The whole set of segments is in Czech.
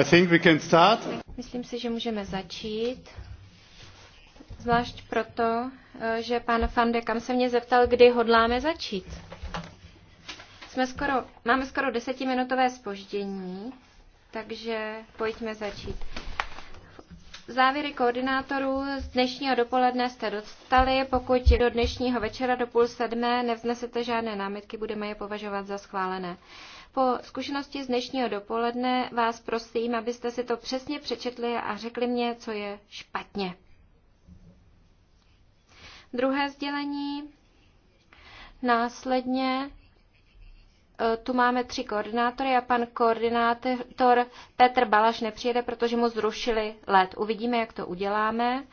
I think we can start. Myslím si, že můžeme začít. Zvlášť proto, eh, že pan Van de Kam se mě zeptal, kdy hodláme začít. Jsme skoro, máme skoro desetiminutové spoždění, takže pojďme začít. Závěry koordinátorů z dnešního dopoledne jste dostali. Pokud do dnešního večera do půl sedmé nevznesete žádné námitky, budeme je považovat za schválené. Po zkušenosti z dnešního dopoledne vás prosím, abyste si to přesně přečetli a řekli mě, co je špatně. Druhé sdělení. Následně e, tu máme tři koordinátory a pan koordinátor Petr Balaš nepřijede, protože mu zrušili let. Uvidíme, jak to uděláme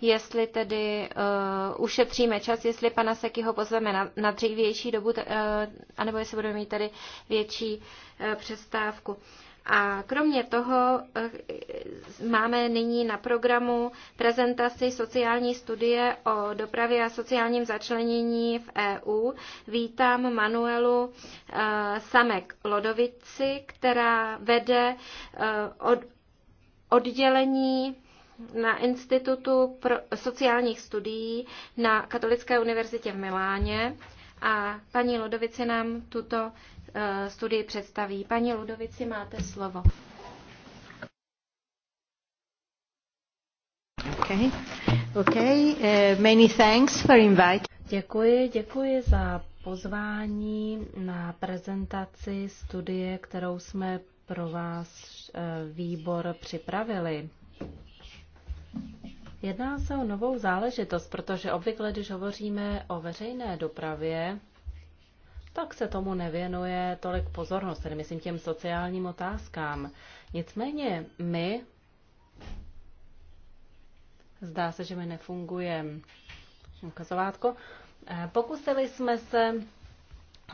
jestli tedy uh, ušetříme čas, jestli pana Sekyho pozveme na, na dřívější dobu, t, uh, anebo jestli budeme mít tady větší uh, přestávku. A kromě toho máme nyní na programu prezentaci sociální studie o dopravě a sociálním začlenění v EU. Vítám Manuelu Samek Lodovici, která vede od, oddělení na Institutu pro sociálních studií na Katolické univerzitě v Miláně a paní Ludovici nám tuto e, studii představí. Paní Ludovici, máte slovo. Okay. Okay. Uh, many thanks for invite. Děkuji, děkuji za pozvání na prezentaci studie, kterou jsme pro vás e, výbor připravili. Jedná se o novou záležitost, protože obvykle, když hovoříme o veřejné dopravě, tak se tomu nevěnuje tolik pozornost, tedy myslím těm sociálním otázkám. Nicméně my, zdá se, že mi nefunguje ukazovátko, eh, pokusili jsme se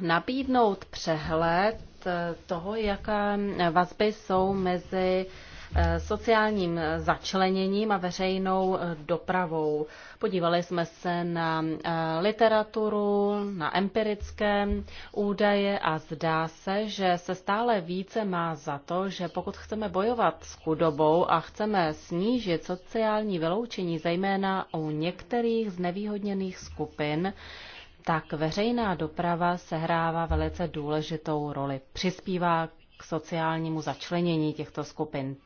nabídnout přehled eh, toho, jaké vazby jsou mezi Eh, sociálním začleněním a veřejnou eh, dopravou. Podívali jsme se na eh, literaturu, na empirické údaje a zdá se, že se stále více má za to, že pokud chceme bojovat s chudobou a chceme snížit sociální vyloučení, zejména u některých znevýhodněných skupin, tak veřejná doprava sehrává velice důležitou roli. Přispívá k sociálnímu začlenění těchto skupin.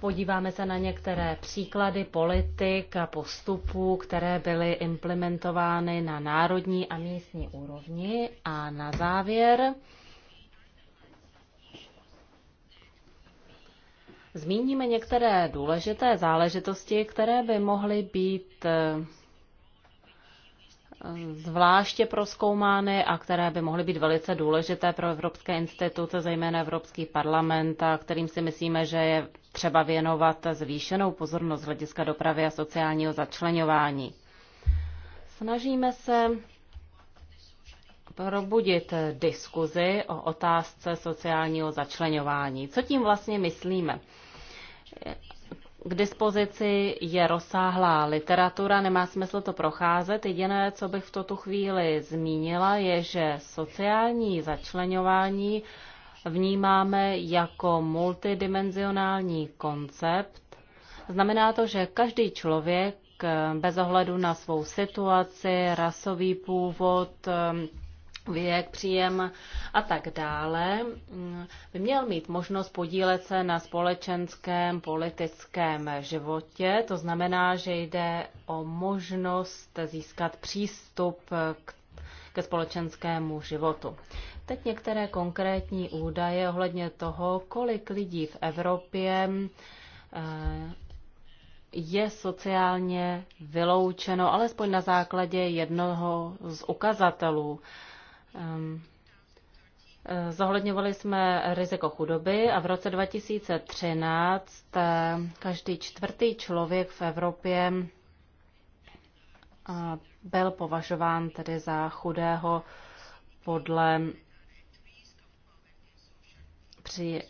Podíváme se na některé příklady politik a postupů, které byly implementovány na národní a místní úrovni. A na závěr zmíníme některé důležité záležitosti, které by mohly být zvláště proskoumány a které by mohly být velice důležité pro evropské instituce, zejména Evropský parlament, a kterým si myslíme, že je třeba věnovat zvýšenou pozornost z hlediska dopravy a sociálního začlenování. Snažíme se probudit diskuzi o otázce sociálního začlenování. Co tím vlastně myslíme? K dispozici je rozsáhlá literatura, nemá smysl to procházet. Jediné, co bych v tuto chvíli zmínila, je, že sociální začlenování vnímáme jako multidimenzionální koncept. Znamená to, že každý člověk eh, bez ohledu na svou situaci, rasový původ, eh, věk, příjem a tak dále, by měl mít možnost podílet se na společenském, politickém životě. To znamená, že jde o možnost získat přístup k ke společenskému životu. Teď některé konkrétní údaje ohledně toho, kolik lidí v Evropě eh, je sociálně vyloučeno, alespoň na základě jednoho z ukazatelů Ehm, eh, zohledňovali jsme riziko chudoby a v roce 2013 eh, každý čtvrtý člověk v Evropě eh, byl považován tedy za chudého podle při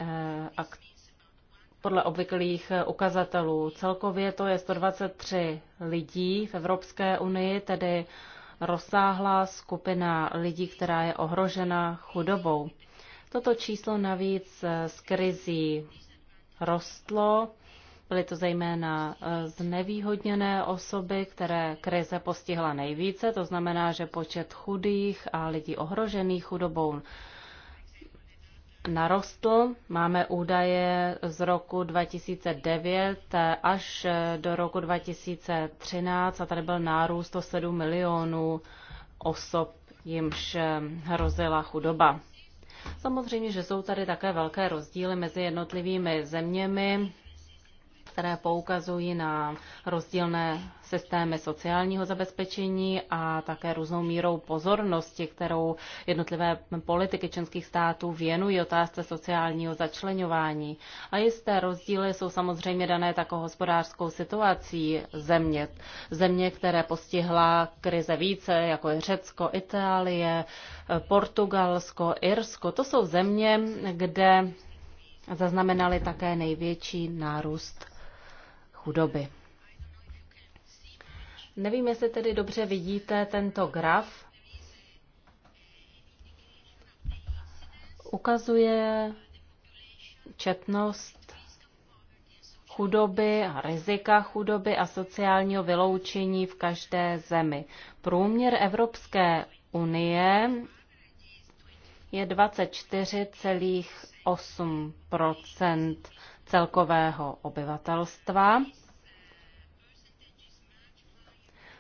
podle obvyklých ukazatelů. Celkově to je 123 lidí v Evropské unii, tedy rozsáhlá skupina lidí, která je ohrožena chudobou. Toto číslo navíc eh, s krizí rostlo. Byly to zejména eh, znevýhodněné osoby, které krize postihla nejvíce, to znamená, že počet chudých a lidí ohrožených chudobou narostl. Máme údaje z roku 2009 až do roku 2013 a tady byl nárůst o 7 milionů osob, jimž hrozila chudoba. Samozřejmě, že jsou tady také velké rozdíly mezi jednotlivými zeměmi které poukazují na rozdílné systémy sociálního zabezpečení a také různou mírou pozornosti, kterou jednotlivé politiky členských států věnují otázce sociálního začlenování. A jisté rozdíly jsou samozřejmě dané takovou hospodářskou situací země. Země, které postihla krize více, jako je Řecko, Itálie, Portugalsko, Irsko, to jsou země, kde zaznamenali také největší nárůst chudoby. Nevím, jestli tedy dobře vidíte tento graf. Ukazuje četnost chudoby a rizika chudoby a sociálního vyloučení v každé zemi. Průměr Evropské unie je 24,8 celkového obyvatelstva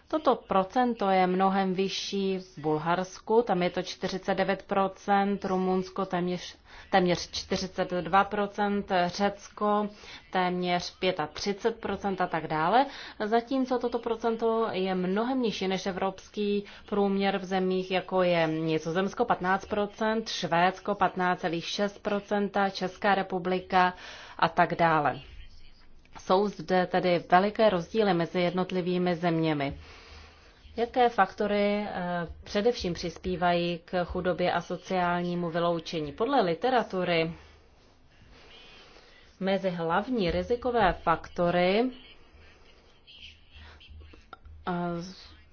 Toto procento je mnohem vyšší v Bulharsku, tam je to 49%, Rumunsko téměř, téměř 42%, Řecko téměř 35% a tak dále, zatímco toto procento je mnohem nižší než evropský průměr v zemích, jako je Nizozemsko 15%, Švédsko 15,6%, Česká republika a tak dále. Jsou zde tedy veliké rozdíly mezi jednotlivými zeměmi. Jaké faktory eh, především přispívají k chudobě a sociálnímu vyloučení? Podle literatury mezi hlavní rizikové faktory eh,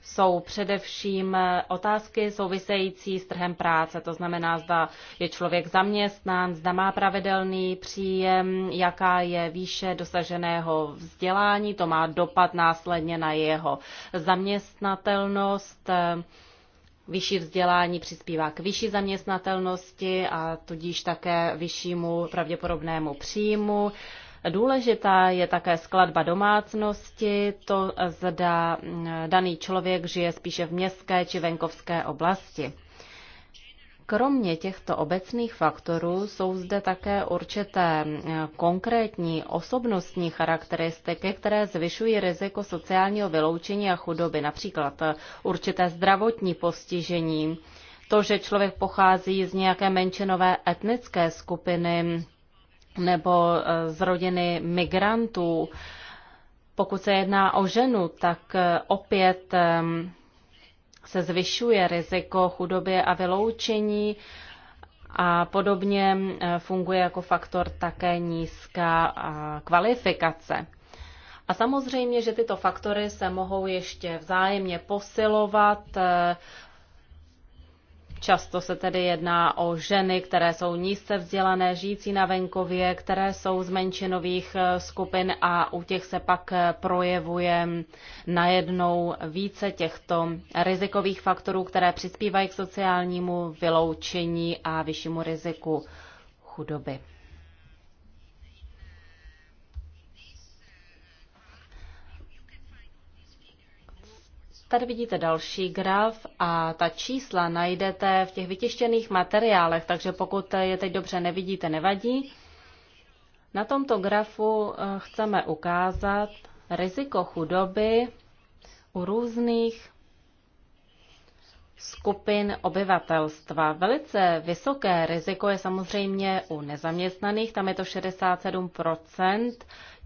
jsou především eh, otázky související s trhem práce, to znamená, zda je člověk zaměstnán, zda má pravidelný příjem, jaká je výše dosaženého vzdělání, to má dopad následně na jeho zaměstnatelnost. Eh, vyšší vzdělání přispívá k vyšší zaměstnatelnosti a tudíž také vyššímu pravděpodobnému příjmu. Důležitá je také skladba domácnosti, to zda mm, daný člověk žije spíše v městské či venkovské oblasti. Kromě těchto obecných faktorů jsou zde také určité mm, konkrétní osobnostní charakteristiky, které zvyšují riziko sociálního vyloučení a chudoby, například eh, určité zdravotní postižení, to, že člověk pochází z nějaké menšinové etnické skupiny, nebo eh, z rodiny migrantů. Pokud se jedná o ženu, tak eh, opět ehm, se zvyšuje riziko chudoby a vyloučení a podobně eh, funguje jako faktor také nízká kvalifikace. A samozřejmě, že tyto faktory se mohou ještě vzájemně posilovat, Často se tedy jedná o ženy, které jsou nízce vzdělané, žijící na venkově, které jsou z menšinových eh, skupin a u těch se pak eh, projevuje najednou více těchto rizikových faktorů, které přispívají k sociálnímu vyloučení a vyššímu riziku chudoby. Tady vidíte další graf a ta čísla najdete v těch vytištěných materiálech, takže pokud je teď dobře nevidíte, nevadí. Na tomto grafu eh, chceme ukázat riziko chudoby u různých skupin obyvatelstva. Velice vysoké riziko je samozřejmě u nezaměstnaných, tam je to 67%.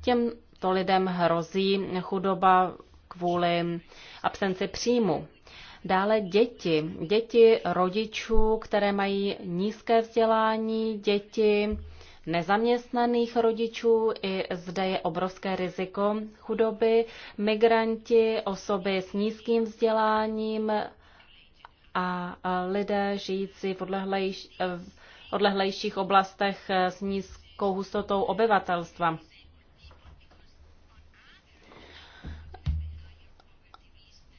Těmto lidem hrozí chudoba kvůli absenci příjmu. Dále děti. Děti rodičů, které mají nízké vzdělání, děti nezaměstnaných rodičů, i zde je obrovské riziko chudoby, migranti, osoby s nízkým vzděláním a lidé žijící v, v odlehlejších oblastech s nízkou hustotou obyvatelstva.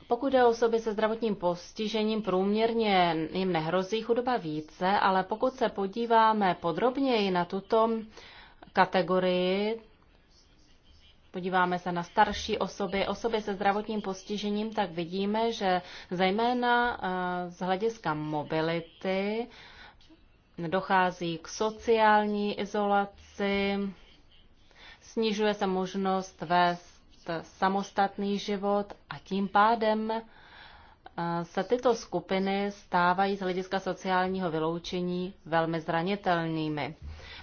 Pokud je o osoby se zdravotním postižením, průměrně jim nehrozí chudoba více, ale pokud se podíváme podrobněji na tuto kategorii, podíváme se na starší osoby, osoby se zdravotním postižením, tak vidíme, že zejména eh, z hlediska mobility dochází k sociální izolaci, snižuje se možnost vést samostatný život a tím pádem eh, se tyto skupiny stávají z hlediska sociálního vyloučení velmi zranitelnými.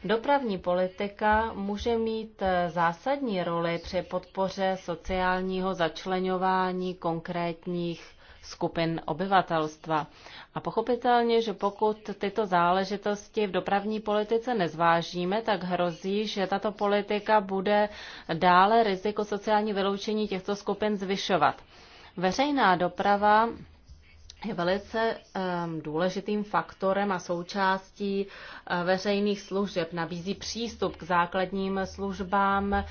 Dopravní politika může mít eh, zásadní roli při podpoře sociálního začlenování konkrétních skupin obyvatelstva. A pochopitelně, že pokud tyto záležitosti v dopravní politice nezvážíme, tak hrozí, že tato politika bude dále riziko sociální vyloučení těchto skupin zvyšovat. Veřejná doprava je velice um, důležitým faktorem a součástí uh, veřejných služeb. Nabízí přístup k základním službám,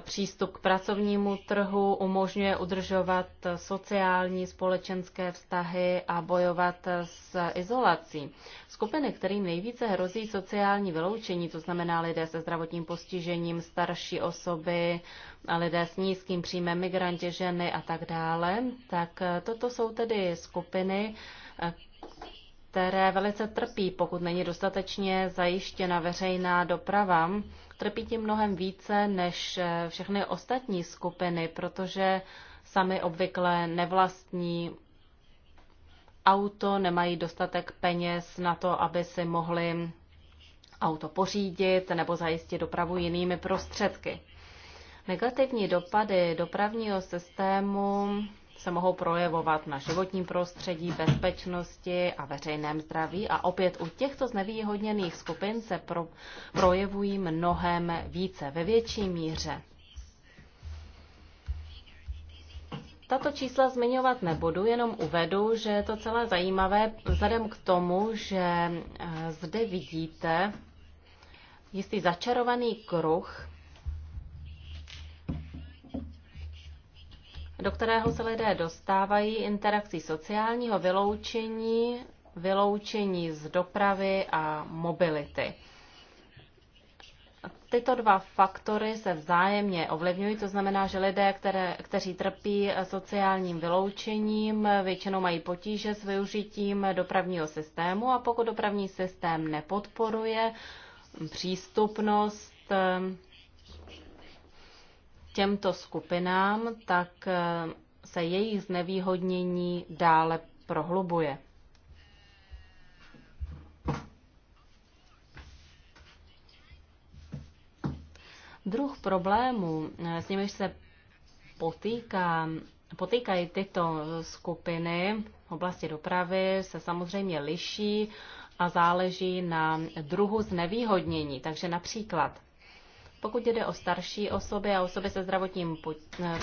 přístup k pracovnímu trhu, umožňuje udržovat sociální, společenské vztahy a bojovat s izolací. Skupiny, kterým nejvíce hrozí sociální vyloučení, to znamená lidé se zdravotním postižením, starší osoby, lidé s nízkým příjmem, migranti, ženy a tak dále, tak toto jsou tedy skupiny, které velice trpí, pokud není dostatečně zajištěna veřejná doprava trpí tím mnohem více než eh, všechny ostatní skupiny, protože sami obvykle nevlastní auto, nemají dostatek peněz na to, aby si mohli auto pořídit nebo zajistit dopravu jinými prostředky. Negativní dopady dopravního systému se mohou projevovat na životním prostředí, bezpečnosti a veřejném zdraví. A opět u těchto znevýhodněných skupin se pro, projevují mnohem více, ve větší míře. Tato čísla zmiňovat nebudu, jenom uvedu, že je to celé zajímavé vzhledem k tomu, že eh, zde vidíte jistý začarovaný kruh, do kterého se lidé dostávají interakcí sociálního vyloučení, vyloučení z dopravy a mobility. Tyto dva faktory se vzájemně ovlivňují, to znamená, že lidé, které, kteří trpí sociálním vyloučením, většinou mají potíže s využitím dopravního systému a pokud dopravní systém nepodporuje přístupnost, těmto skupinám, tak eh, se jejich znevýhodnění dále prohlubuje. Druh problému, eh, s nimiž se potýká, potýkají tyto skupiny v oblasti dopravy, se samozřejmě liší a záleží na druhu znevýhodnění. Takže například pokud jde o starší osoby a osoby se zdravotním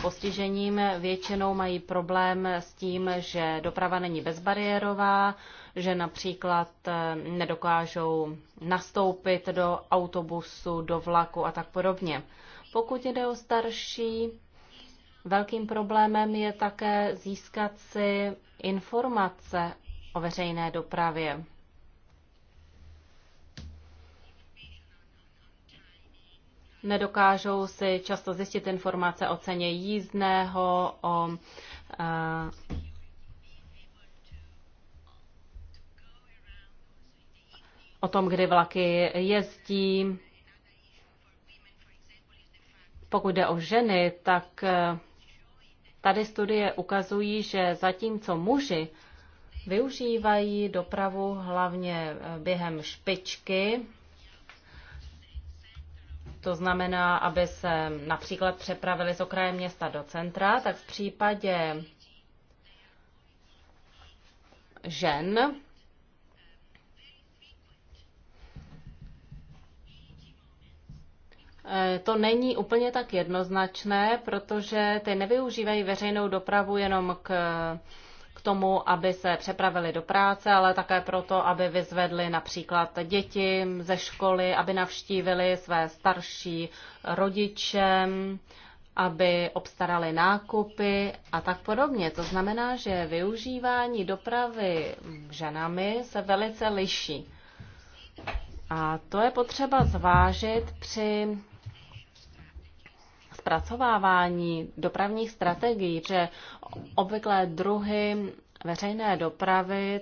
postižením, většinou mají problém s tím, že doprava není bezbariérová, že například eh, nedokážou nastoupit do autobusu, do vlaku a tak podobně. Pokud jde o starší, velkým problémem je také získat si informace o veřejné dopravě. nedokážou si často zjistit informace o ceně jízdného, o eh, o tom, kdy vlaky jezdí. Pokud jde o ženy, tak eh, tady studie ukazují, že zatímco muži využívají dopravu hlavně eh, během špičky, to znamená, aby se například přepravili z okraje města do centra, tak v případě žen To není úplně tak jednoznačné, protože ty nevyužívají veřejnou dopravu jenom k tomu, aby se přepravili do práce, ale také proto, aby vyzvedli například děti ze školy, aby navštívili své starší rodiče, aby obstarali nákupy a tak podobně. To znamená, že využívání dopravy ženami se velice liší. A to je potřeba zvážit při zpracovávání dopravních strategií, že obvyklé druhy veřejné dopravy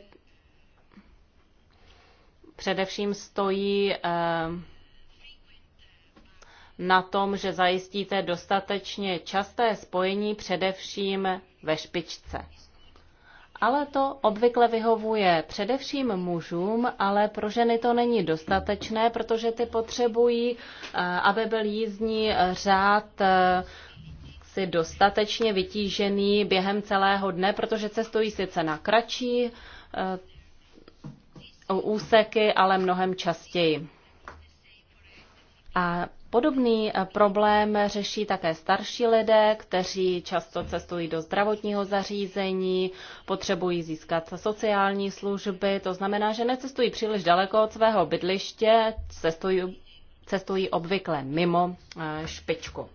především stojí eh, na tom, že zajistíte dostatečně časté spojení především ve špičce ale to obvykle vyhovuje především mužům, ale pro ženy to není dostatečné, protože ty potřebují, eh, aby byl jízdní eh, řád eh, si dostatečně vytížený během celého dne, protože cestují sice na kratší úseky, ale mnohem častěji. A Podobný eh, problém řeší také starší lidé, kteří často cestují do zdravotního zařízení, potřebují získat sociální služby, to znamená, že necestují příliš daleko od svého bydliště, cestují, cestují obvykle mimo eh, špičku.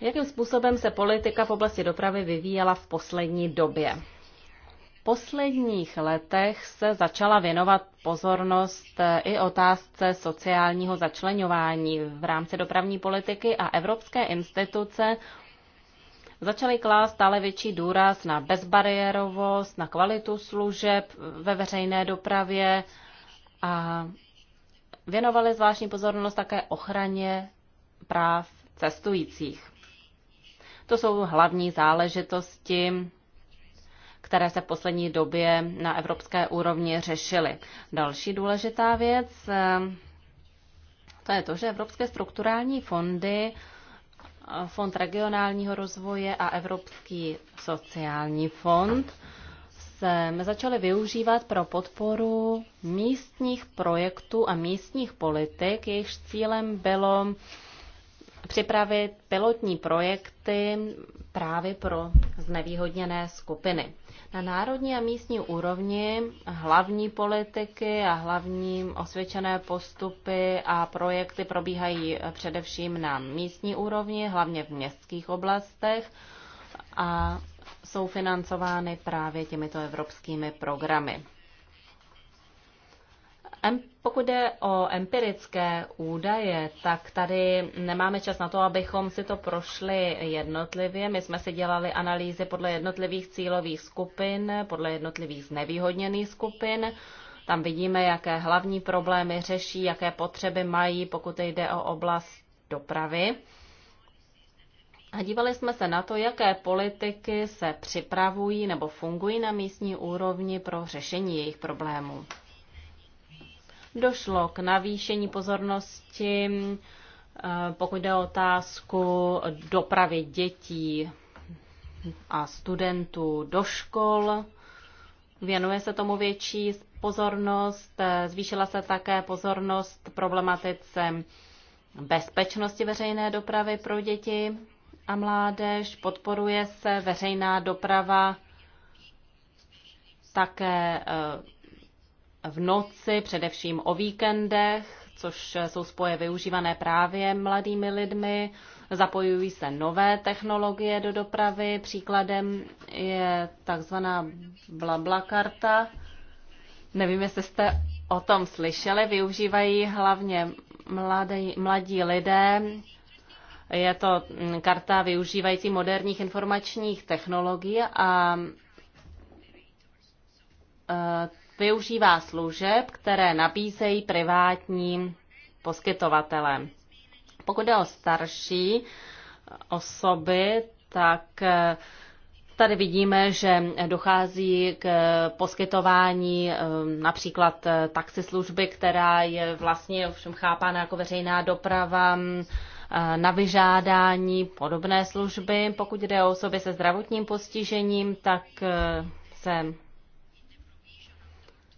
Jakým způsobem se politika v oblasti dopravy vyvíjela v poslední době? posledních letech se začala věnovat pozornost eh, i otázce sociálního začlenování v rámci dopravní politiky a evropské instituce začaly klást stále větší důraz na bezbariérovost, na kvalitu služeb ve veřejné dopravě a věnovaly zvláštní pozornost také ochraně práv cestujících. To jsou hlavní záležitosti které se v poslední době na evropské úrovni řešily. Další důležitá věc, eh, to je to, že evropské strukturální fondy eh, Fond regionálního rozvoje a Evropský sociální fond se začaly využívat pro podporu místních projektů a místních politik, jejichž cílem bylo připravit pilotní projekty právě pro znevýhodněné skupiny. Na národní a místní úrovni hlavní politiky a hlavní osvědčené postupy a projekty probíhají především na místní úrovni, hlavně v městských oblastech a jsou financovány právě těmito evropskými programy. Pokud jde o empirické údaje, tak tady nemáme čas na to, abychom si to prošli jednotlivě. My jsme si dělali analýzy podle jednotlivých cílových skupin, podle jednotlivých znevýhodněných skupin. Tam vidíme, jaké hlavní problémy řeší, jaké potřeby mají, pokud jde o oblast dopravy. A dívali jsme se na to, jaké politiky se připravují nebo fungují na místní úrovni pro řešení jejich problémů došlo k navýšení pozornosti, eh, pokud jde o otázku dopravy dětí a studentů do škol. Věnuje se tomu větší pozornost, eh, zvýšila se také pozornost problematice bezpečnosti veřejné dopravy pro děti a mládež, podporuje se veřejná doprava také eh, v noci, především o víkendech, což jsou spoje využívané právě mladými lidmi. Zapojují se nové technologie do dopravy. Příkladem je takzvaná blabla karta. Nevím, jestli jste o tom slyšeli. Využívají hlavně mladý mladí lidé. Je to karta využívající moderních informačních technologií a e, využívá služeb, které nabízejí privátní poskytovatele. Pokud jde o starší osoby, tak eh, tady vidíme, že dochází k poskytování eh, například eh, taxislužby, která je vlastně ovšem chápána jako veřejná doprava, na vyžádání podobné služby. Pokud jde o osoby se zdravotním postižením, tak se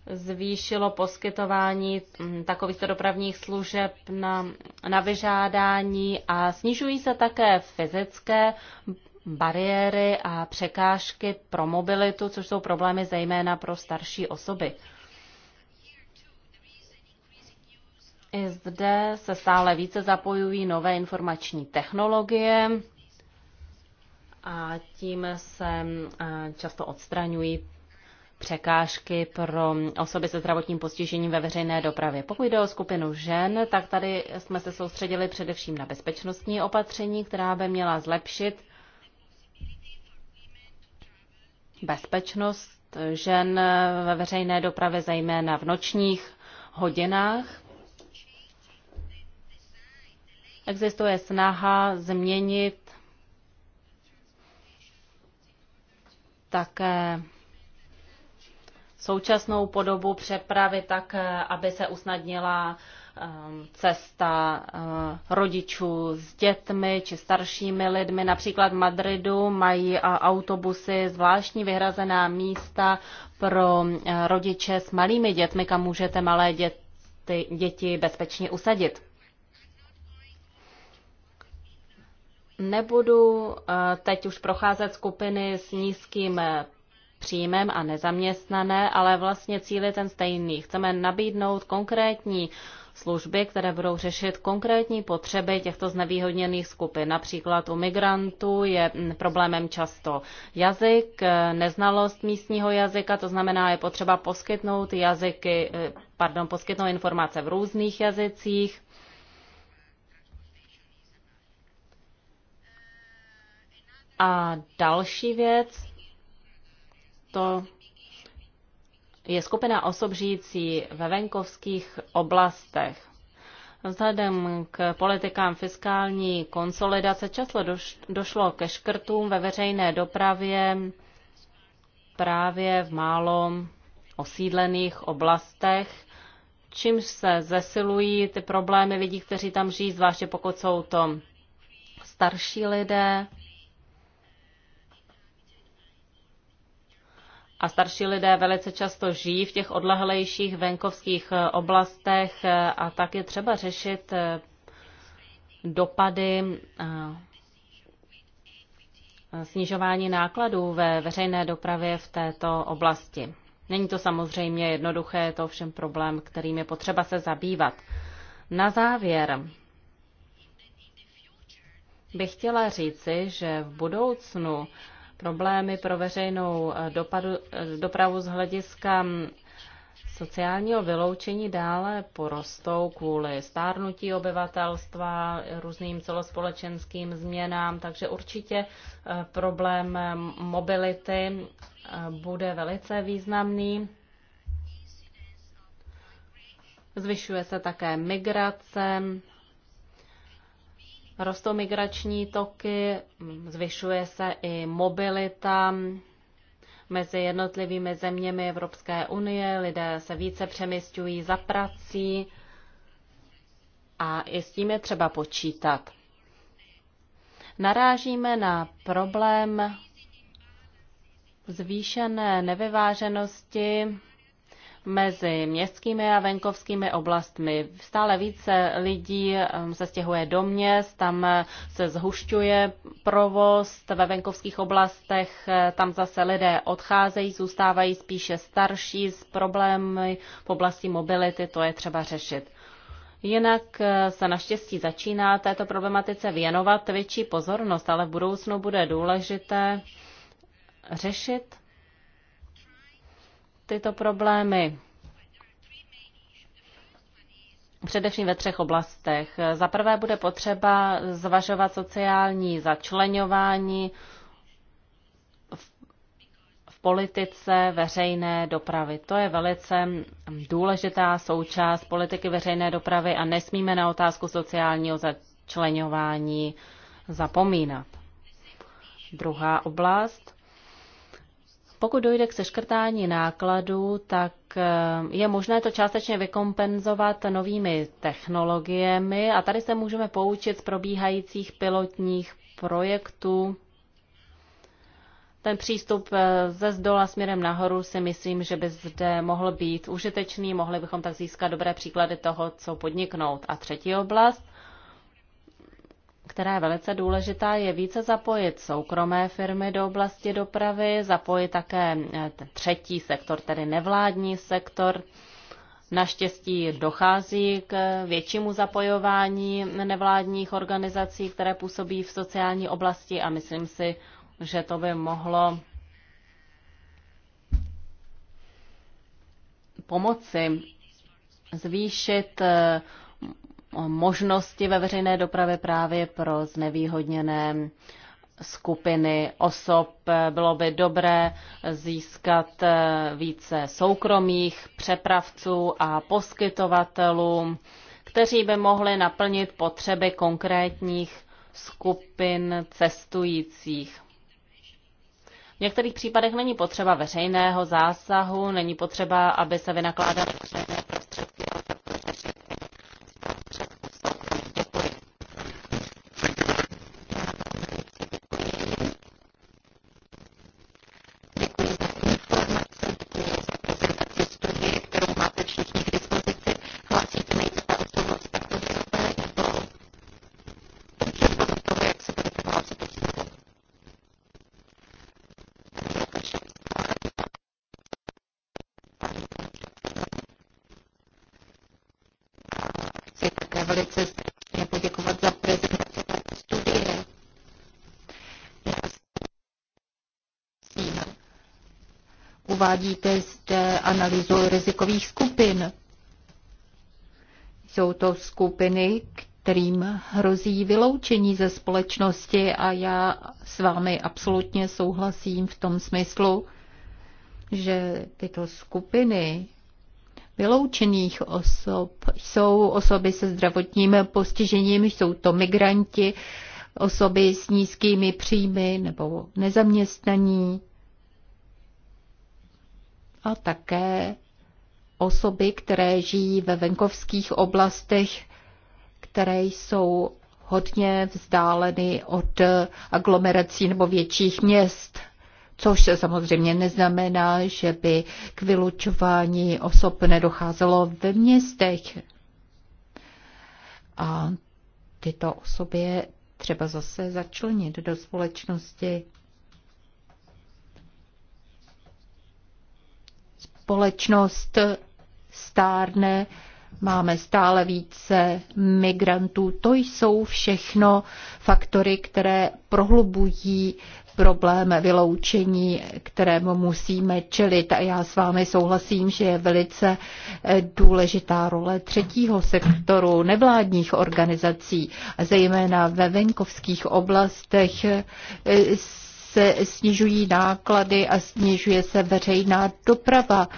zvýšilo poskytování mm, takovýchto dopravních služeb na, na vyžádání a snižují se také fyzické bariéry a překážky pro mobilitu, což jsou problémy zejména pro starší osoby. I zde se stále více zapojují nové informační technologie a tím se mm, často odstraňují překážky pro osoby se zdravotním postižením ve veřejné dopravě. Pokud jde o skupinu žen, tak tady jsme se soustředili především na bezpečnostní opatření, která by měla zlepšit bezpečnost žen ve veřejné dopravě, zejména v nočních hodinách. Existuje snaha změnit také současnou podobu přepravy tak, eh, aby se usnadnila ehm, cesta eh, rodičů s dětmi či staršími lidmi. Například v Madridu mají eh, autobusy zvláštní vyhrazená místa pro rodiče s malými dětmi, kam můžete malé děti, děti bezpečně usadit. Nebudu teď už procházet skupiny s nízkým příjmem a nezaměstnané, ale vlastně cíl je ten stejný. Chceme nabídnout konkrétní služby, které budou řešit konkrétní potřeby těchto znevýhodněných skupin. Například u migrantů je mm, problémem často jazyk, e, neznalost místního jazyka, to znamená, je potřeba poskytnout jazyky, e, pardon, poskytnout informace v různých jazycích. A další věc, to je skupina osob žijící ve venkovských oblastech. Vzhledem k politikám fiskální konsolidace často došlo ke škrtům ve veřejné dopravě právě v málo osídlených oblastech, čímž se zesilují ty problémy lidí, kteří tam žijí, zvláště pokud jsou to starší lidé, a starší lidé velice často žijí v těch odlehlejších venkovských eh, oblastech eh, a tak je třeba řešit eh, dopady snižování nákladů ve veřejné dopravě v této oblasti. Není to samozřejmě jednoduché, je to ovšem problém, kterým je potřeba se zabývat. Na závěr bych chtěla říci, že v budoucnu problémy pro veřejnou eh, dopadu, eh, dopravu z hlediska mm, sociálního vyloučení dále porostou kvůli stárnutí obyvatelstva, různým celospolečenským změnám, takže určitě eh, problém mobility bude velice významný. Zvyšuje se také migrace, Rostou migrační toky, zvyšuje se i mobilita mezi jednotlivými zeměmi Evropské unie, lidé se více přemysťují za prací a i s tím je třeba počítat. Narážíme na problém zvýšené nevyváženosti mezi městskými a venkovskými oblastmi. Stále více lidí um, se stěhuje do měst, tam uh, se zhušťuje provoz, ve venkovských oblastech uh, tam zase lidé odcházejí, zůstávají spíše starší s problémy v oblasti mobility, to je třeba řešit. Jinak uh, se naštěstí začíná této problematice věnovat větší pozornost, ale v budoucnu bude důležité řešit tyto problémy především ve třech oblastech. Za prvé bude potřeba zvažovat sociální začlenování v politice veřejné dopravy. To je velice důležitá součást politiky veřejné dopravy a nesmíme na otázku sociálního začlenování zapomínat. Druhá oblast pokud dojde k seškrtání nákladů, tak eh, je možné to částečně vykompenzovat novými technologiemi a tady se můžeme poučit z probíhajících pilotních projektů. Ten přístup eh, ze zdola směrem nahoru si myslím, že by zde mohl být užitečný, mohli bychom tak získat dobré příklady toho, co podniknout. A třetí oblast která je velice důležitá, je více zapojit soukromé firmy do oblasti dopravy, zapojit také eh, třetí sektor, tedy nevládní sektor. Naštěstí dochází k eh, většímu zapojování nevládních organizací, které působí v sociální oblasti a myslím si, že to by mohlo pomoci zvýšit eh, možnosti ve veřejné dopravě právě pro znevýhodněné skupiny osob. Bylo by dobré získat eh, více soukromých přepravců a poskytovatelů, kteří by mohli naplnit potřeby konkrétních skupin cestujících. V některých případech není potřeba veřejného zásahu, není potřeba, aby se vynakládaly veřejné prostředky Vidíte zde analýzu rizikových skupin. Jsou to skupiny, kterým hrozí vyloučení ze společnosti a já s vámi absolutně souhlasím v tom smyslu, že tyto skupiny vyloučených osob jsou osoby se zdravotním postižením, jsou to migranti, osoby s nízkými příjmy nebo nezaměstnaní a také osoby, které žijí ve venkovských oblastech, které jsou hodně vzdáleny od aglomerací nebo větších měst. Což se samozřejmě neznamená, že by k vylučování osob nedocházelo ve městech. A tyto osoby třeba zase začlenit do společnosti. společnost stárne, máme stále více migrantů. To jsou všechno faktory, které prohlubují problém vyloučení, kterému musíme čelit. A já s vámi souhlasím, že je velice eh, důležitá role třetího sektoru nevládních organizací, zejména ve venkovských oblastech eh, se snižují náklady a snižuje se veřejná doprava.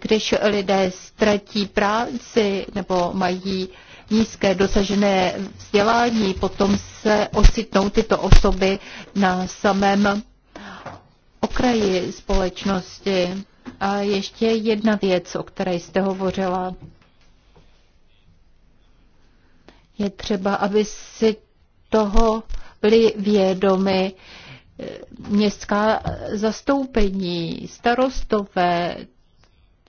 Když lidé ztratí práci nebo mají nízké dosažené vzdělání, potom se ocitnou tyto osoby na samém okraji společnosti. A ještě jedna věc, o které jste hovořila. Je třeba, aby si toho byli vědomi městská zastoupení, starostové,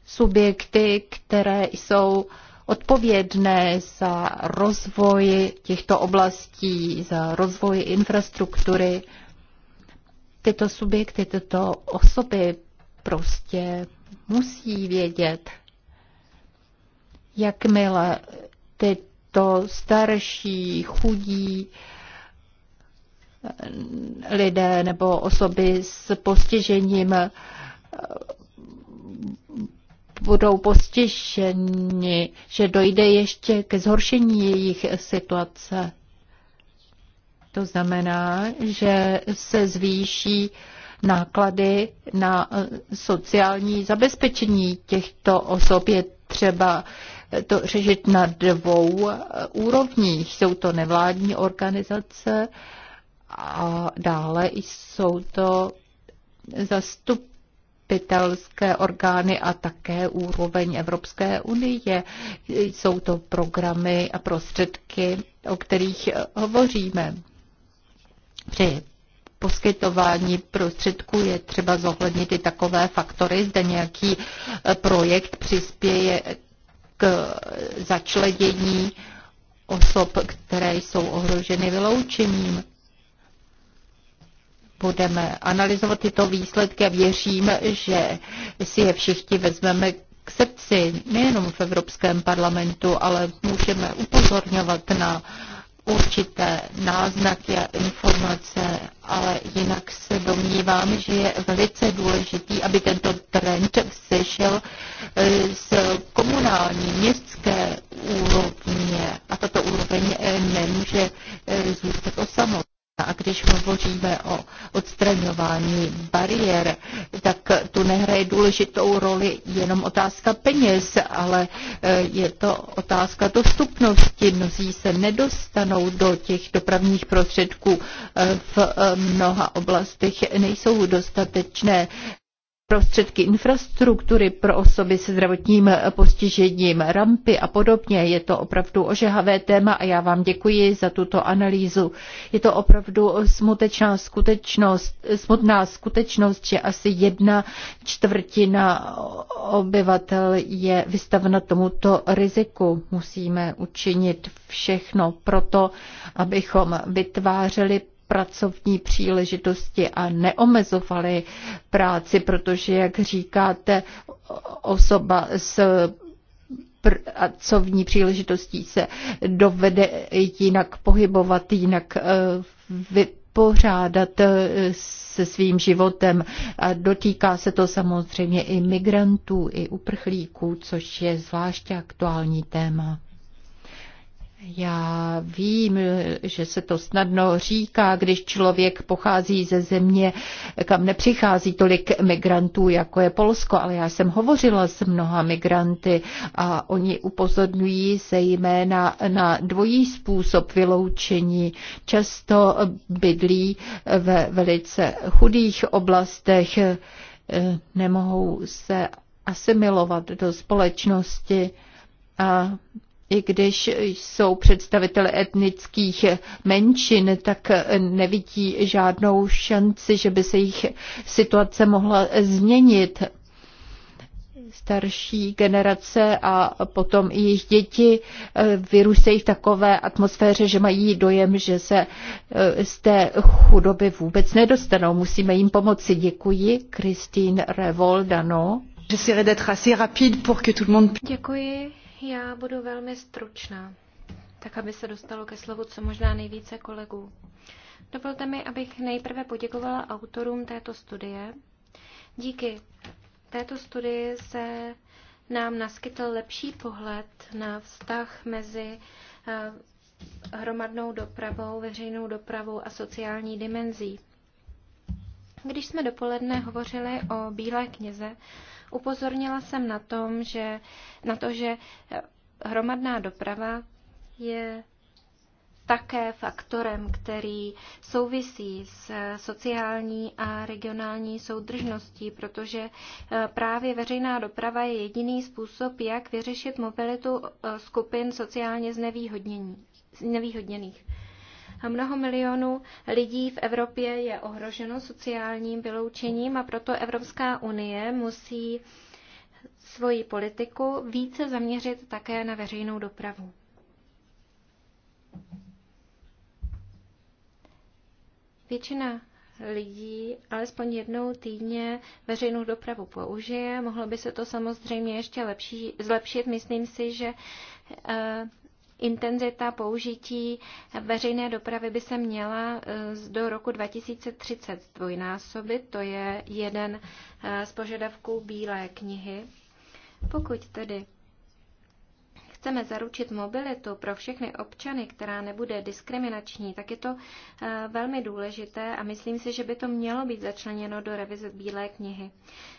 subjekty, které jsou odpovědné za rozvoj těchto oblastí, za rozvoj infrastruktury. Tyto subjekty, tyto osoby prostě musí vědět, jakmile tyto starší, chudí, lidé nebo osoby s postižením eh, budou postiženi, že dojde ještě ke zhoršení jejich situace. To znamená, že se zvýší náklady na eh, sociální zabezpečení těchto osob. Je třeba to řešit na dvou eh, úrovních. Jsou to nevládní organizace, a dále jsou to zastupitelské orgány a také úroveň Evropské unie. Jsou to programy a prostředky, o kterých hovoříme. Při poskytování prostředků je třeba zohlednit i takové faktory, zda nějaký projekt přispěje k začledění osob, které jsou ohroženy vyloučením budeme analyzovat tyto výsledky a věřím, že si je všichni vezmeme k srdci, nejenom v Evropském parlamentu, ale můžeme upozorňovat na určité náznaky a informace, ale jinak se domnívám, že je velice důležitý, aby tento trend sešel eh, z komunální městské úrovně a tato úroveň eh, nemůže eh, zůstat osamotná. A když hovoříme o odstraňování bariér, tak tu nehraje důležitou roli jenom otázka peněz, ale e, je to otázka dostupnosti. Mnozí se nedostanou do těch dopravních prostředků. E, v e, mnoha oblastech nejsou dostatečné prostředky infrastruktury pro osoby se zdravotním postižením, rampy a podobně. Je to opravdu ožehavé téma a já vám děkuji za tuto analýzu. Je to opravdu smutečná skutečnost, smutná skutečnost, že asi jedna čtvrtina obyvatel je vystavena tomuto riziku. Musíme učinit všechno proto, abychom vytvářeli pracovní příležitosti a neomezovali práci, protože, jak říkáte, osoba s pracovní příležitostí se dovede jinak pohybovat, jinak eh, vypořádat eh, se svým životem. A dotýká se to samozřejmě i migrantů, i uprchlíků, což je zvláště aktuální téma. Já vím, že se to snadno říká, když člověk pochází ze země, kam nepřichází tolik migrantů, jako je Polsko, ale já jsem hovořila s mnoha migranty a oni upozorňují se jména na dvojí způsob vyloučení. Často bydlí ve velice chudých oblastech, eh, nemohou se asimilovat do společnosti a i když jsou představitelé etnických menšin, tak nevidí žádnou šanci, že by se jejich situace mohla změnit. Starší generace a potom i jejich děti vyrůstají v takové atmosféře, že mají dojem, že se eh, z té chudoby vůbec nedostanou. Musíme jim pomoci. Děkuji. Christine Revoldano. Děkuji. Já budu velmi stručná, tak aby se dostalo ke slovu co možná nejvíce kolegů. Dovolte mi, abych nejprve poděkovala autorům této studie. Díky této studii se nám naskytl lepší pohled na vztah mezi eh, hromadnou dopravou, veřejnou dopravou a sociální dimenzí. Když jsme dopoledne hovořili o Bílé knize, Upozornila jsem na, tom, že, na to, že eh, hromadná doprava je také faktorem, který souvisí s eh, sociální a regionální soudržností, protože eh, právě veřejná doprava je jediný způsob, jak vyřešit mobilitu skupin sociálně znevýhodněných. Mnoho milionů lidí v Evropě je ohroženo sociálním vyloučením a proto Evropská unie musí svoji politiku více zaměřit také na veřejnou dopravu. Většina lidí alespoň jednou týdně veřejnou dopravu použije. Mohlo by se to samozřejmě ještě lepší, zlepšit. Myslím si, že eh, intenzita použití veřejné dopravy by se měla eh, do roku 2030 dvojnásobit. To je jeden eh, z požadavků Bílé knihy. Pokud tedy chceme zaručit mobilitu pro všechny občany, která nebude diskriminační, tak je to eh, velmi důležité a myslím si, že by to mělo být začleněno do revize Bílé knihy.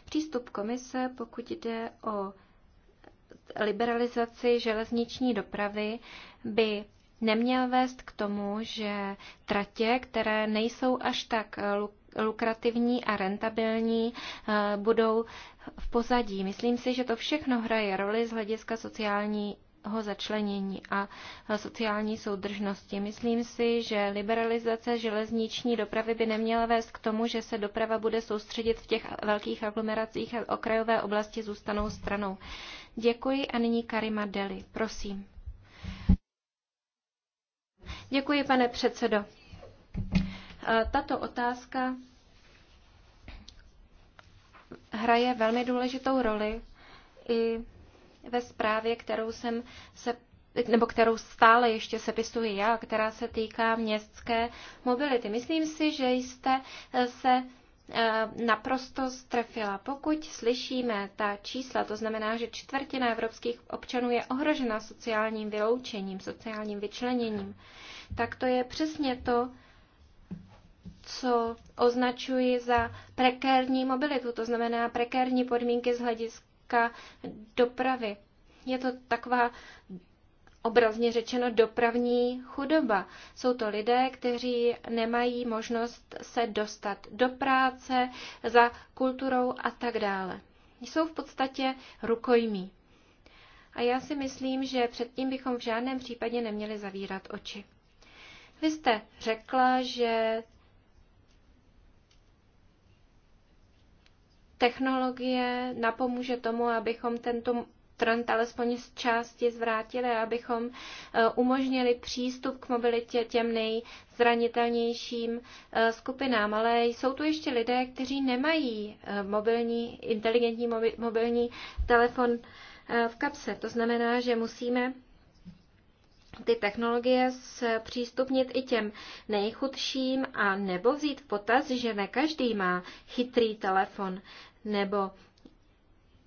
Přístup komise, pokud jde o liberalizaci železniční dopravy by neměl vést k tomu, že tratě, které nejsou až tak lukrativní a rentabilní, eh, budou v pozadí. Myslím si, že to všechno hraje roli z hlediska sociální začlenění a sociální soudržnosti. Myslím si, že liberalizace železniční dopravy by neměla vést k tomu, že se doprava bude soustředit v těch velkých aglomeracích a okrajové oblasti zůstanou stranou. Děkuji a nyní Karima Deli. Prosím. Děkuji, pane předsedo. Tato otázka hraje velmi důležitou roli i ve zprávě, kterou jsem se nebo kterou stále ještě sepisuji já, která se týká městské mobility. Myslím si, že jste se eh, naprosto strefila. Pokud slyšíme ta čísla, to znamená, že čtvrtina evropských občanů je ohrožena sociálním vyloučením, sociálním vyčleněním, tak to je přesně to, co označuji za prekérní mobilitu, to znamená prekérní podmínky z hlediska týká dopravy. Je to taková obrazně řečeno dopravní chudoba. Jsou to lidé, kteří nemají možnost se dostat do práce, za kulturou a tak dále. Jsou v podstatě rukojmí. A já si myslím, že předtím bychom v žádném případě neměli zavírat oči. Vy jste řekla, že technologie napomůže tomu, abychom tento trend alespoň z části zvrátili, abychom e, umožnili přístup k mobilitě těm nejzranitelnějším e, skupinám. Ale jsou tu ještě lidé, kteří nemají e, mobilní, inteligentní mobilní telefon v kapse. To znamená, že musíme ty technologie zpřístupnit i těm nejchudším a nebo vzít v potaz, že ne každý má chytrý telefon nebo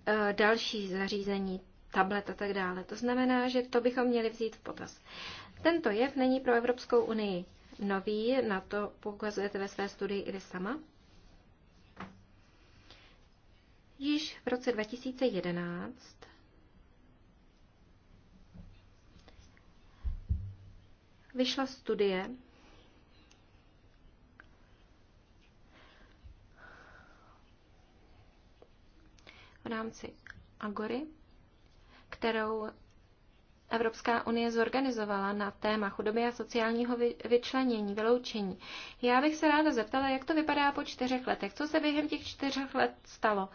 e, další zařízení, tablet a tak dále. To znamená, že to bychom měli vzít v potaz. Tento jev není pro Evropskou unii nový, na to poukazujete ve své studii i vy sama. Již v roce 2011 vyšla studie, v rámci Agory, kterou Evropská unie zorganizovala na téma chudoby a sociálního vyčlenění, vyloučení. Já bych se ráda zeptala, jak to vypadá po čtyřech letech. Co se během těch čtyřech let stalo?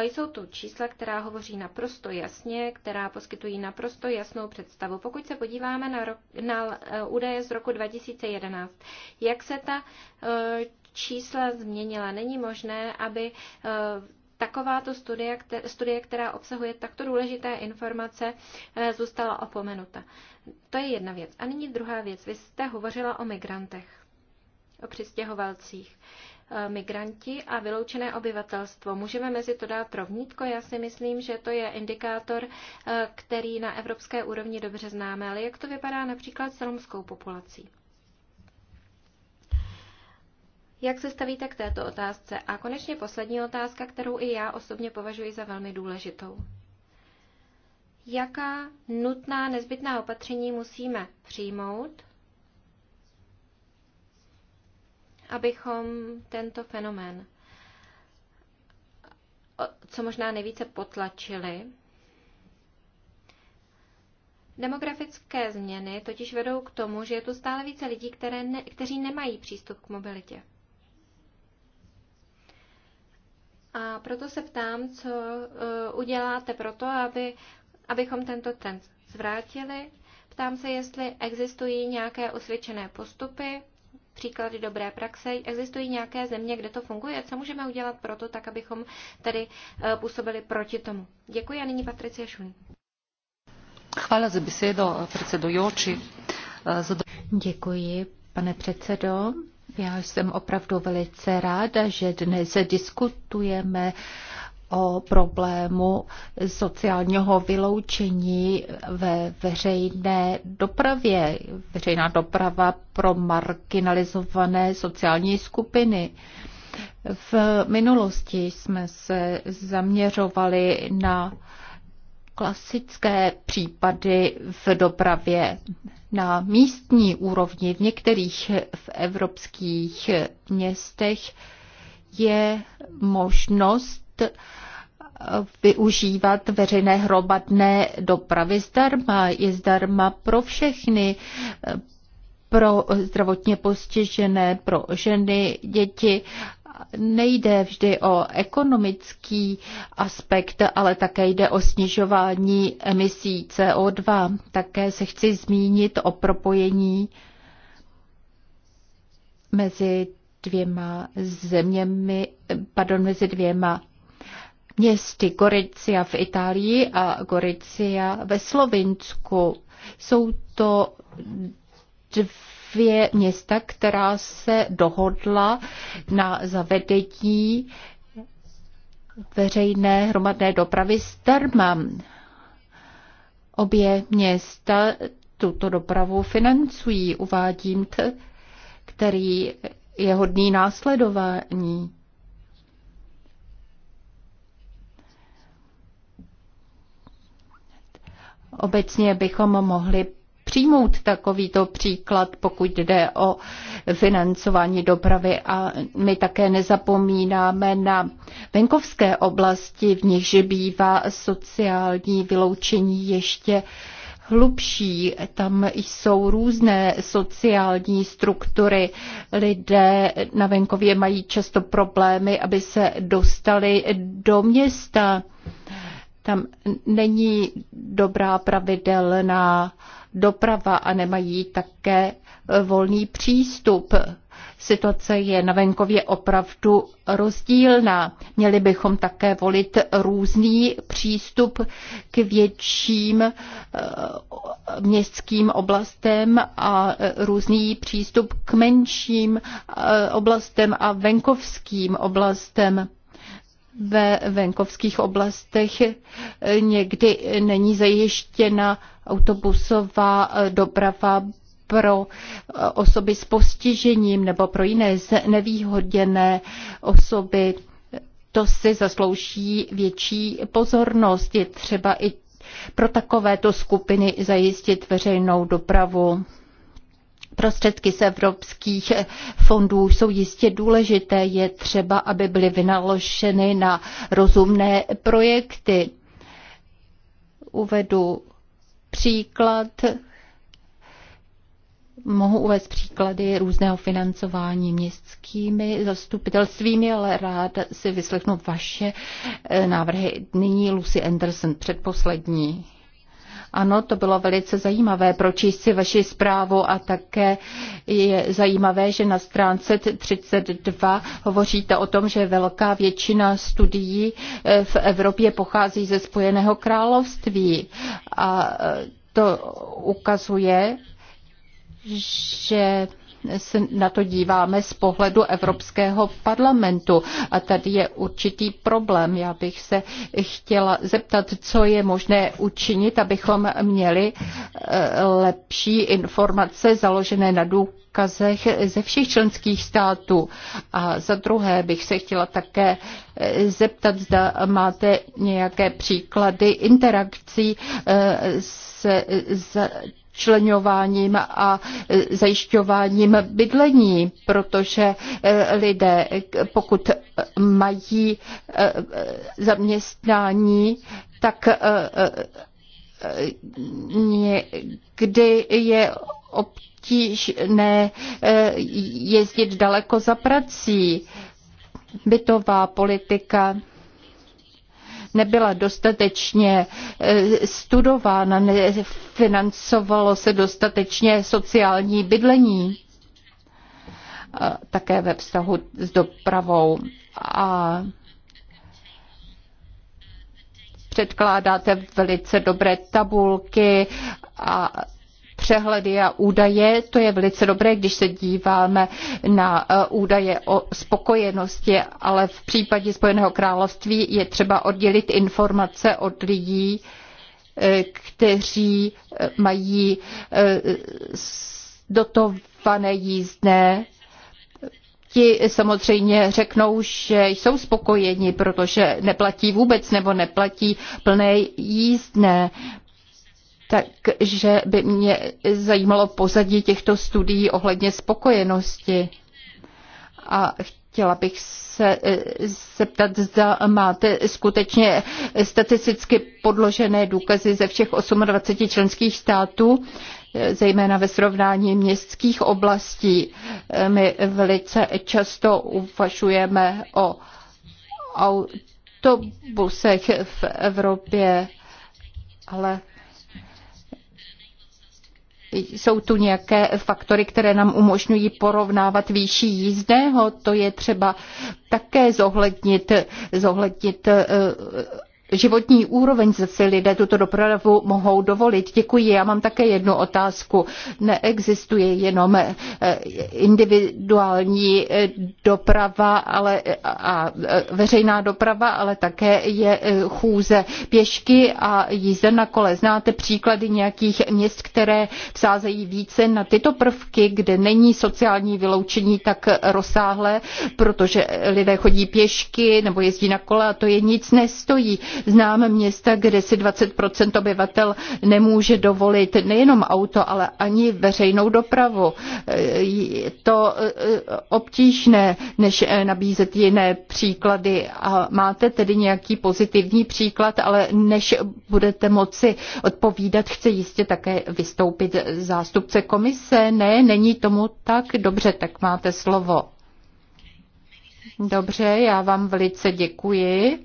Jsou tu čísla, která hovoří naprosto jasně, která poskytují naprosto jasnou představu. Pokud se podíváme na, rok, na e, údaje z roku 2011, jak se ta e, čísla změnila. Není možné, aby e, takováto studie, studie, která obsahuje takto důležité informace, eh, zůstala opomenuta. To je jedna věc. A nyní druhá věc. Vy jste hovořila o migrantech, o přistěhovalcích eh, migranti a vyloučené obyvatelstvo. Můžeme mezi to dát rovnítko? Já si myslím, že to je indikátor, eh, který na evropské úrovni dobře známe, ale jak to vypadá například s romskou populací? Jak se stavíte k této otázce? A konečně poslední otázka, kterou i já osobně považuji za velmi důležitou. Jaká nutná nezbytná opatření musíme přijmout, abychom tento fenomén co možná nejvíce potlačili. Demografické změny totiž vedou k tomu, že je tu stále více lidí, které ne, kteří nemají přístup k mobilitě. A proto se ptám, co eh, uděláte pro to, aby, abychom tento trend zvrátili. Ptám se, jestli existují nějaké osvědčené postupy, příklady dobré praxe, existují nějaké země, kde to funguje, co můžeme udělat pro to, tak abychom tady eh, působili proti tomu. Děkuji a nyní Patricia Šun. Chvála za besedo, eh, Joči. Děkuji, pane předsedo. Já jsem opravdu velice ráda, že dnes diskutujeme o problému sociálního vyloučení ve veřejné dopravě. Veřejná doprava pro marginalizované sociální skupiny. V minulosti jsme se zaměřovali na klasické případy v dopravě na místní úrovni v některých v evropských městech je možnost využívat veřejné hromadné dopravy zdarma. Je zdarma pro všechny, pro zdravotně postižené, pro ženy, děti nejde vždy o ekonomický aspekt, ale také jde o snižování emisí CO2. Také se chci zmínit o propojení mezi dvěma zeměmi, pardon, mezi dvěma městy Goricia v Itálii a Goricia ve Slovinsku. Jsou to dv dvě města, která se dohodla na zavedení veřejné hromadné dopravy s termem. Obě města tuto dopravu financují, uvádím, t, který je hodný následování. Obecně bychom mohli přijmout takovýto příklad, pokud jde o financování dopravy. A my také nezapomínáme na venkovské oblasti, v nichž bývá sociální vyloučení ještě hlubší. Tam jsou různé sociální struktury. Lidé na venkově mají často problémy, aby se dostali do města. Tam není dobrá pravidelná doprava a nemají také volný přístup. Situace je na venkově opravdu rozdílná. Měli bychom také volit různý přístup k větším eh, městským oblastem a eh, různý přístup k menším eh, oblastem a venkovským oblastem ve venkovských oblastech někdy není zajištěna autobusová doprava pro osoby s postižením nebo pro jiné nevýhodněné osoby. To si zaslouží větší pozornost. Je třeba i pro takovéto skupiny zajistit veřejnou dopravu. Prostředky z evropských fondů jsou jistě důležité. Je třeba, aby byly vynaloženy na rozumné projekty. Uvedu příklad. Mohu uvést příklady různého financování městskými zastupitelstvími, ale rád si vyslechnu vaše eh, návrhy. Nyní Lucy Anderson, předposlední. Ano, to bylo velice zajímavé pročíst si vaši zprávu a také je zajímavé, že na stránce 32 hovoříte o tom, že velká většina studií eh, v Evropě pochází ze Spojeného království. A eh, to ukazuje, že se na to díváme z pohledu Evropského parlamentu. A tady je určitý problém. Já bych se chtěla zeptat, co je možné učinit, abychom měli eh, lepší informace založené na důkazech ze všech členských států. A za druhé bych se chtěla také eh, zeptat, zda máte nějaké příklady interakcí s eh, se vyčlenováním a e, zajišťováním bydlení, protože e, lidé, pokud e, mají zaměstnání, tak kdy je obtížné jezdit daleko za prací. Bytová politika nebyla dostatečně eh, studována, nefinancovalo se dostatečně sociální bydlení také ve vztahu s dopravou. A předkládáte velice dobré tabulky a přehledy a údaje. To je velice dobré, když se díváme na e, údaje o spokojenosti, ale v případě Spojeného království je třeba oddělit informace od lidí, e, kteří e, mají dotované jízdné ti samozřejmě řeknou, že jsou spokojeni, protože neplatí vůbec nebo neplatí plné jízdné. Takže by mě zajímalo pozadí těchto studií ohledně spokojenosti. A chtěla bych se eh, zeptat, zda máte skutečně statisticky podložené důkazy ze všech 28 členských států, eh, zejména ve srovnání městských oblastí. Eh, my velice často uvažujeme o autobusech v Evropě, ale jsou tu nějaké faktory, které nám umožňují porovnávat výši jízdného, to je třeba také zohlednit, zohlednit eh, životní úroveň, zda si lidé tuto dopravu mohou dovolit. Děkuji. Já mám také jednu otázku. Neexistuje jenom eh, individuální eh, doprava ale, a veřejná doprava, ale také je eh, chůze pěšky a jízda na kole. Znáte příklady nějakých měst, které vsázejí více na tyto prvky, kde není sociální vyloučení tak rozsáhlé, protože lidé chodí pěšky nebo jezdí na kole a to je nic nestojí Znám města, kde si 20% obyvatel nemůže dovolit nejenom auto, ale ani veřejnou dopravu. Je to e, obtížné, než e, nabízet jiné příklady. A máte tedy nějaký pozitivní příklad, ale než budete moci odpovídat, chce jistě také vystoupit zástupce komise. Ne, není tomu tak. Dobře, tak máte slovo. Dobře, já vám velice děkuji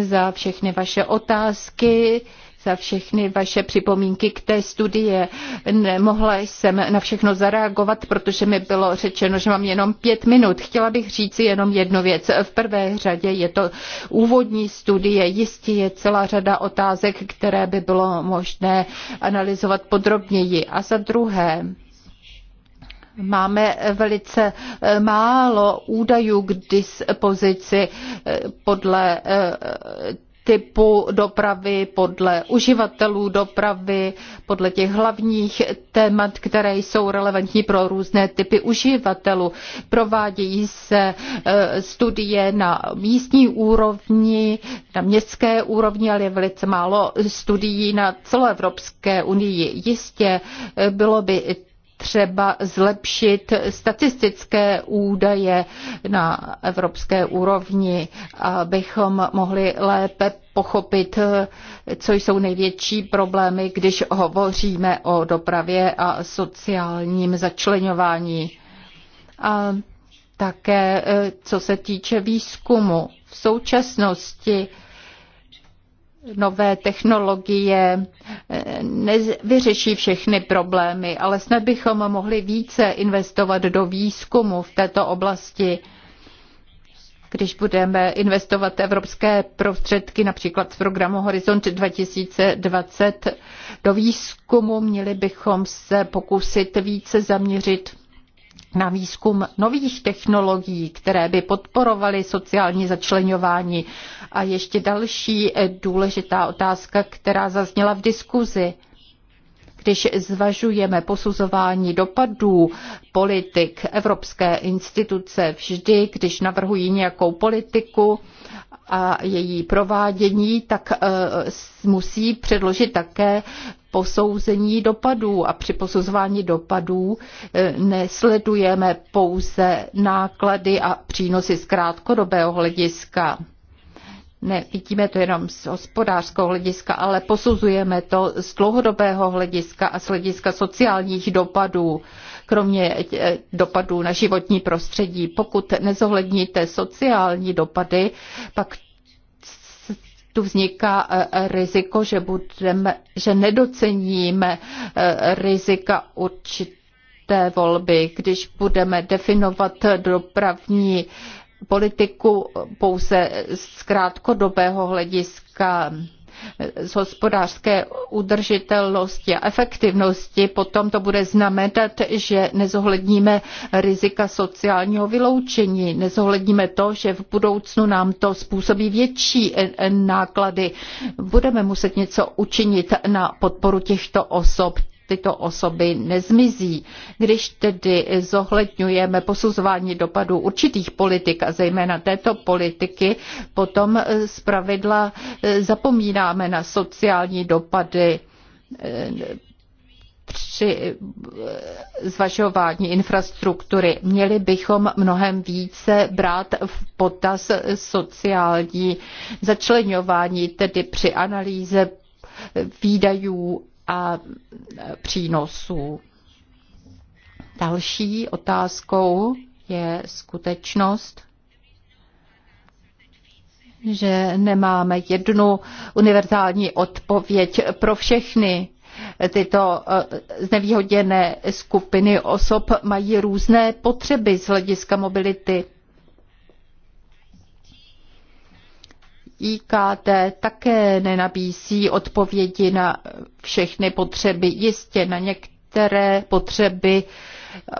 za všechny vaše otázky, za všechny vaše připomínky k té studie. Nemohla jsem na všechno zareagovat, protože mi bylo řečeno, že mám jenom pět minut. Chtěla bych říct jenom jednu věc. V prvé řadě je to úvodní studie. Jistě je celá řada otázek, které by bylo možné analyzovat podrobněji. A za druhé, Máme velice eh, málo údajů k dispozici eh, podle eh, typu dopravy, podle uživatelů dopravy, podle těch hlavních témat, které jsou relevantní pro různé typy uživatelů. Provádějí se studie na místní úrovni, na městské úrovni, ale je velice málo studií na celoevropské unii. Jistě bylo by třeba zlepšit statistické údaje na evropské úrovni, abychom mohli lépe pochopit, co jsou největší problémy, když hovoříme o dopravě a sociálním začlenování. A také eh, co se týče výzkumu. V současnosti nové technologie eh, nevyřeší všechny problémy, ale snad bychom mohli více investovat do výzkumu v této oblasti, když budeme investovat evropské prostředky, například z programu Horizont 2020 do výzkumu, měli bychom se pokusit více zaměřit na výzkum nových technologií, které by podporovaly sociální začlenování. A ještě další eh, důležitá otázka, která zazněla v diskuzi. Když zvažujeme posuzování dopadů politik Evropské instituce vždy, když navrhují nějakou politiku a její provádění, tak eh, musí předložit také posouzení dopadů a při posuzování dopadů eh, nesledujeme pouze náklady a přínosy z krátkodobého hlediska. Nevidíme to jenom z hospodářského hlediska, ale posuzujeme to z dlouhodobého hlediska a z hlediska sociálních dopadů, kromě eh, dopadů na životní prostředí. Pokud nezohledníte sociální dopady, pak tu vzniká e, e, riziko, že, budeme, že nedoceníme e, rizika určité volby, když budeme definovat dopravní politiku pouze z krátkodobého hlediska z hospodářské udržitelnosti a efektivnosti, potom to bude znamenat, že nezohledníme rizika sociálního vyloučení, nezohledníme to, že v budoucnu nám to způsobí větší náklady. Budeme muset něco učinit na podporu těchto osob tyto osoby nezmizí. Když tedy zohledňujeme posuzování dopadů určitých politik a zejména této politiky, potom pravidla eh, zapomínáme na sociální dopady eh, při eh, zvažování infrastruktury. Měli bychom mnohem více brát v potaz sociální začlenování, tedy při analýze výdajů a e, přínosů. Další otázkou je skutečnost, že nemáme jednu univerzální odpověď pro všechny. Tyto e, znevýhodněné skupiny osob mají různé potřeby z hlediska mobility. IKT také nenabízí odpovědi na všechny potřeby. Jistě na některé potřeby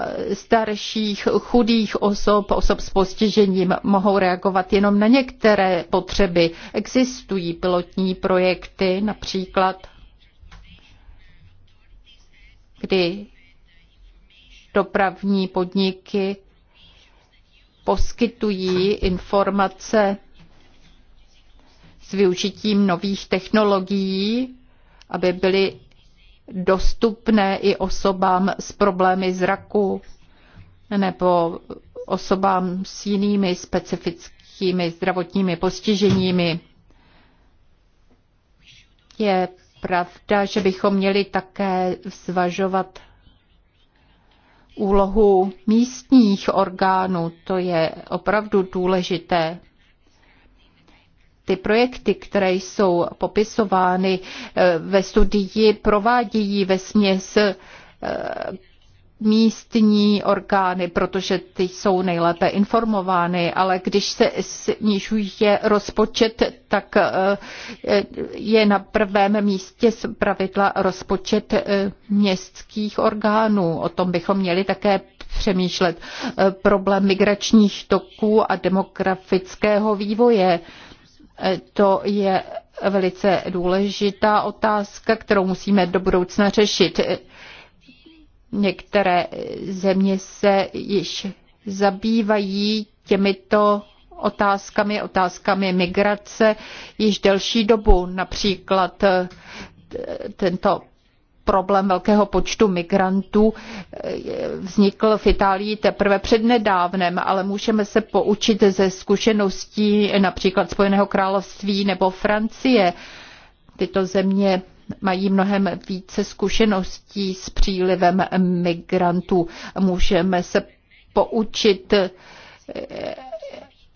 eh, starších, chudých osob, osob s postižením mohou reagovat jenom na některé potřeby. Existují pilotní projekty, například kdy dopravní podniky poskytují informace s využitím nových technologií, aby byly dostupné i osobám s problémy zraku nebo osobám s jinými specifickými zdravotními postiženími. Je pravda, že bychom měli také zvažovat úlohu místních orgánů. To je opravdu důležité ty projekty, které jsou popisovány eh, ve studii, provádějí ve směs eh, místní orgány, protože ty jsou nejlépe informovány, ale když se snižuje rozpočet, tak eh, je na prvém místě z pravidla rozpočet městských orgánů. O tom bychom měli také přemýšlet. Problém migračních toků a demografického vývoje to je velice důležitá otázka, kterou musíme do budoucna řešit. Některé země se již zabývají těmito otázkami, otázkami migrace již delší dobu. Například tento problém velkého počtu migrantů eh, vznikl v Itálii teprve přednedávnem, ale můžeme se poučit ze zkušeností například Spojeného království nebo Francie. Tyto země mají mnohem více zkušeností s přílivem migrantů. Můžeme se poučit eh,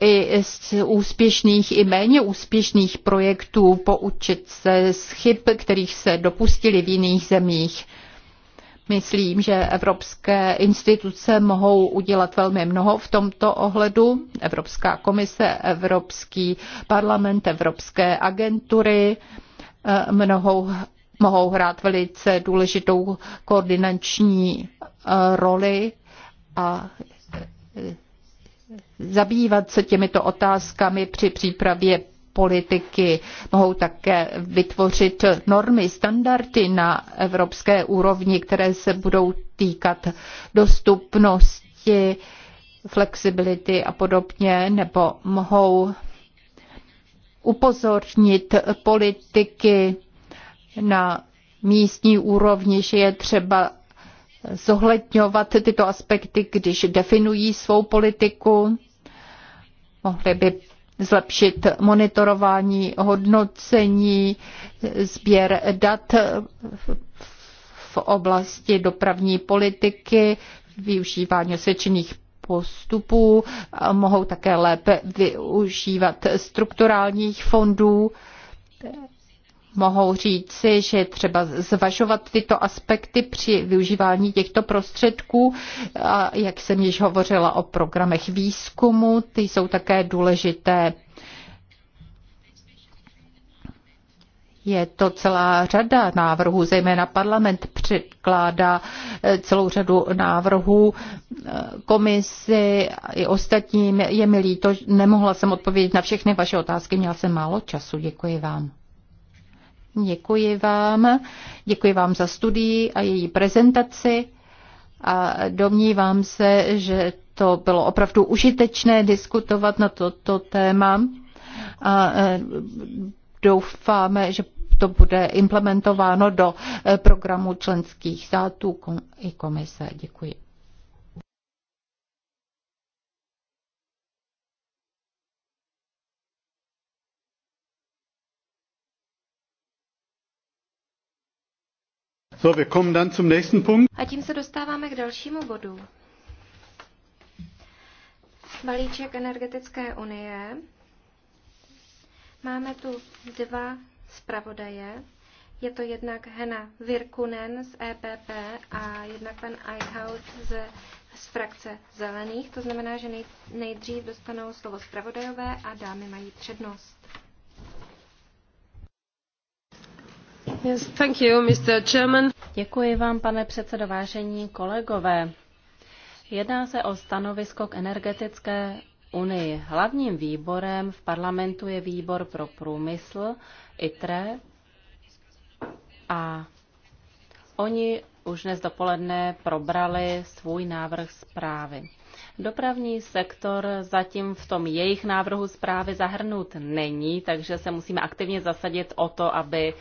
i z úspěšných i méně úspěšných projektů, poučit se z chyb, kterých se dopustili v jiných zemích. Myslím, že evropské instituce mohou udělat velmi mnoho v tomto ohledu. Evropská komise, Evropský parlament, evropské agentury eh, mnohou, mohou hrát velice důležitou koordinační eh, roli a eh, zabývat se těmito otázkami při přípravě politiky, mohou také vytvořit normy, standardy na evropské úrovni, které se budou týkat dostupnosti, flexibility a podobně, nebo mohou upozornit politiky na místní úrovni, že je třeba zohledňovat tyto aspekty, když definují svou politiku. Mohli by zlepšit monitorování, hodnocení, sběr dat v oblasti dopravní politiky, využívání osvědčených postupů, mohou také lépe využívat strukturálních fondů mohou říci, že třeba zvažovat tyto aspekty při využívání těchto prostředků. A jak jsem již hovořila o programech výzkumu, ty jsou také důležité. Je to celá řada návrhů, zejména parlament předkládá eh, celou řadu návrhů eh, komisi i ostatním. Je mi líto, nemohla jsem odpovědět na všechny vaše otázky, měla jsem málo času. Děkuji vám. Děkuji vám. Děkuji vám za studii a její prezentaci a domnívám se, že to bylo opravdu užitečné diskutovat na toto téma a eh, doufáme, že to bude implementováno do eh, programu členských států i komise. Děkuji. So, wir kommen dann zum nächsten Punkt. A tím se dostáváme k dalšímu bodu. Balíček energetické unie. Máme tu dva zpravodaje. Je to jednak Hena Virkunen z EPP a jednak pan Eichhout z, z frakce Zelených. To znamená, že nej, nejdřív dostanou slovo zpravodajové a dámy mají přednost. Yes, thank you, Mr. Chairman. Děkuji vám, pane předsedo, vážení kolegové. Jedná se o stanovisko k energetické unii. Hlavním výborem v parlamentu je výbor pro průmysl, ITRE, a oni už dnes dopoledne probrali svůj návrh zprávy. Dopravní sektor zatím v tom jejich návrhu zprávy zahrnut není, takže se musíme aktivně zasadit o to, aby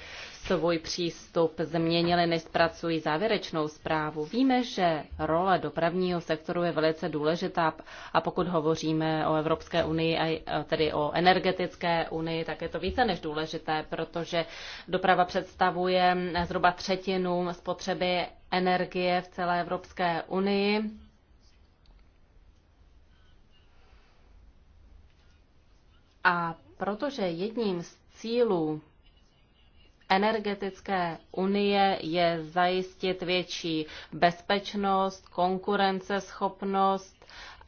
svůj přístup změnili, než zpracují závěrečnou zprávu. Víme, že role dopravního sektoru je velice důležitá a pokud hovoříme o Evropské unii, a e, tedy o energetické unii, tak je to více než důležité, protože doprava představuje zhruba třetinu spotřeby energie v celé Evropské unii. A protože jedním z cílů energetické unie je zajistit větší bezpečnost, konkurenceschopnost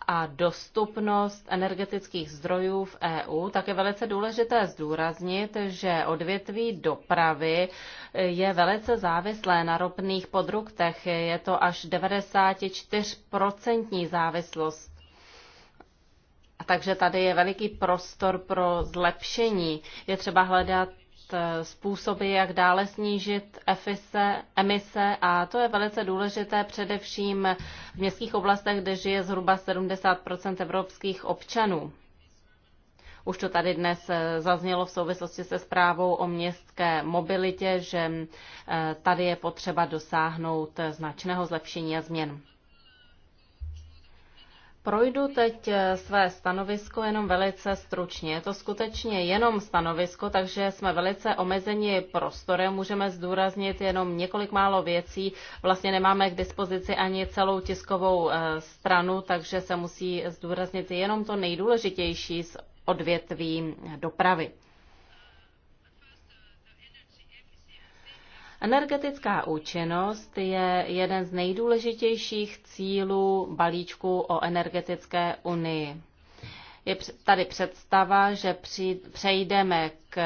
a dostupnost energetických zdrojů v EU, tak je velice důležité zdůraznit, že odvětví dopravy je velice závislé na ropných podruktech. Je to až 94% závislost. Takže tady je veliký prostor pro zlepšení. Je třeba hledat Eh, způsoby, jak dále snížit efise, emise a to je velice důležité především v městských oblastech, kde žije zhruba 70 evropských občanů. Už to tady dnes eh, zaznělo v souvislosti se zprávou o městské mobilitě, že eh, tady je potřeba dosáhnout značného zlepšení a změn. Projdu teď eh, své stanovisko jenom velice stručně. Je to skutečně jenom stanovisko, takže jsme velice omezeni prostorem, můžeme zdůraznit jenom několik málo věcí. Vlastně nemáme k dispozici ani celou tiskovou eh, stranu, takže se musí zdůraznit jenom to nejdůležitější z odvětví dopravy. Energetická účinnost je jeden z nejdůležitějších cílů balíčku o energetické unii. Je tady představa, že přejdeme k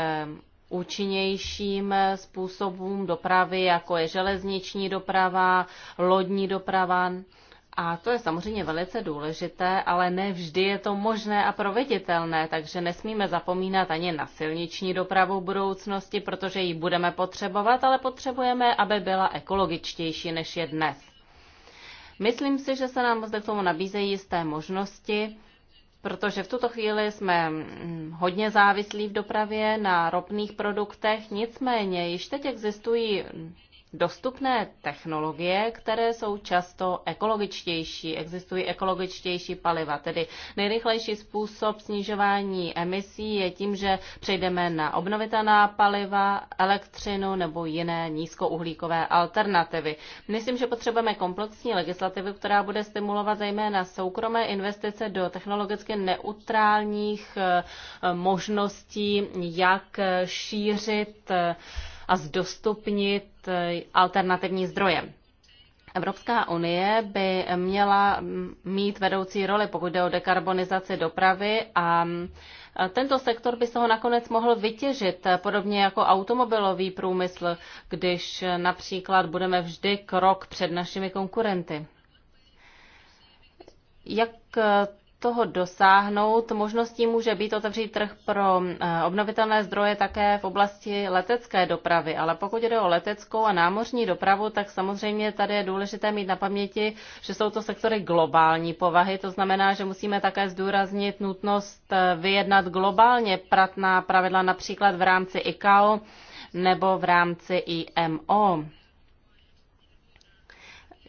účinnějším způsobům dopravy, jako je železniční doprava, lodní doprava a to je samozřejmě velice důležité, ale ne vždy je to možné a proveditelné, takže nesmíme zapomínat ani na silniční dopravu v budoucnosti, protože ji budeme potřebovat, ale potřebujeme, aby byla ekologičtější než je dnes. Myslím si, že se nám zde k tomu nabízejí jisté možnosti, protože v tuto chvíli jsme mm, hodně závislí v dopravě na ropných produktech, nicméně již teď existují dostupné technologie, které jsou často ekologičtější, existují ekologičtější paliva. Tedy nejrychlejší způsob snižování emisí je tím, že přejdeme na obnovitelná paliva, elektřinu nebo jiné nízkouhlíkové alternativy. Myslím, že potřebujeme komplexní legislativu, která bude stimulovat zejména soukromé investice do technologicky neutrálních eh, možností, jak šířit eh, a zdostupnit eh, alternativní zdroje. Evropská unie by měla mm, mít vedoucí roli, pokud jde o dekarbonizaci dopravy a eh, tento sektor by se ho nakonec mohl vytěžit, eh, podobně jako automobilový průmysl, když například budeme vždy krok před našimi konkurenty. Jak toho dosáhnout, možností může být otevřít trh pro eh, obnovitelné zdroje také v oblasti letecké dopravy. Ale pokud jde o leteckou a námořní dopravu, tak samozřejmě tady je důležité mít na paměti, že jsou to sektory globální povahy. To znamená, že musíme také zdůraznit nutnost eh, vyjednat globálně pratná pravidla například v rámci ICAO nebo v rámci IMO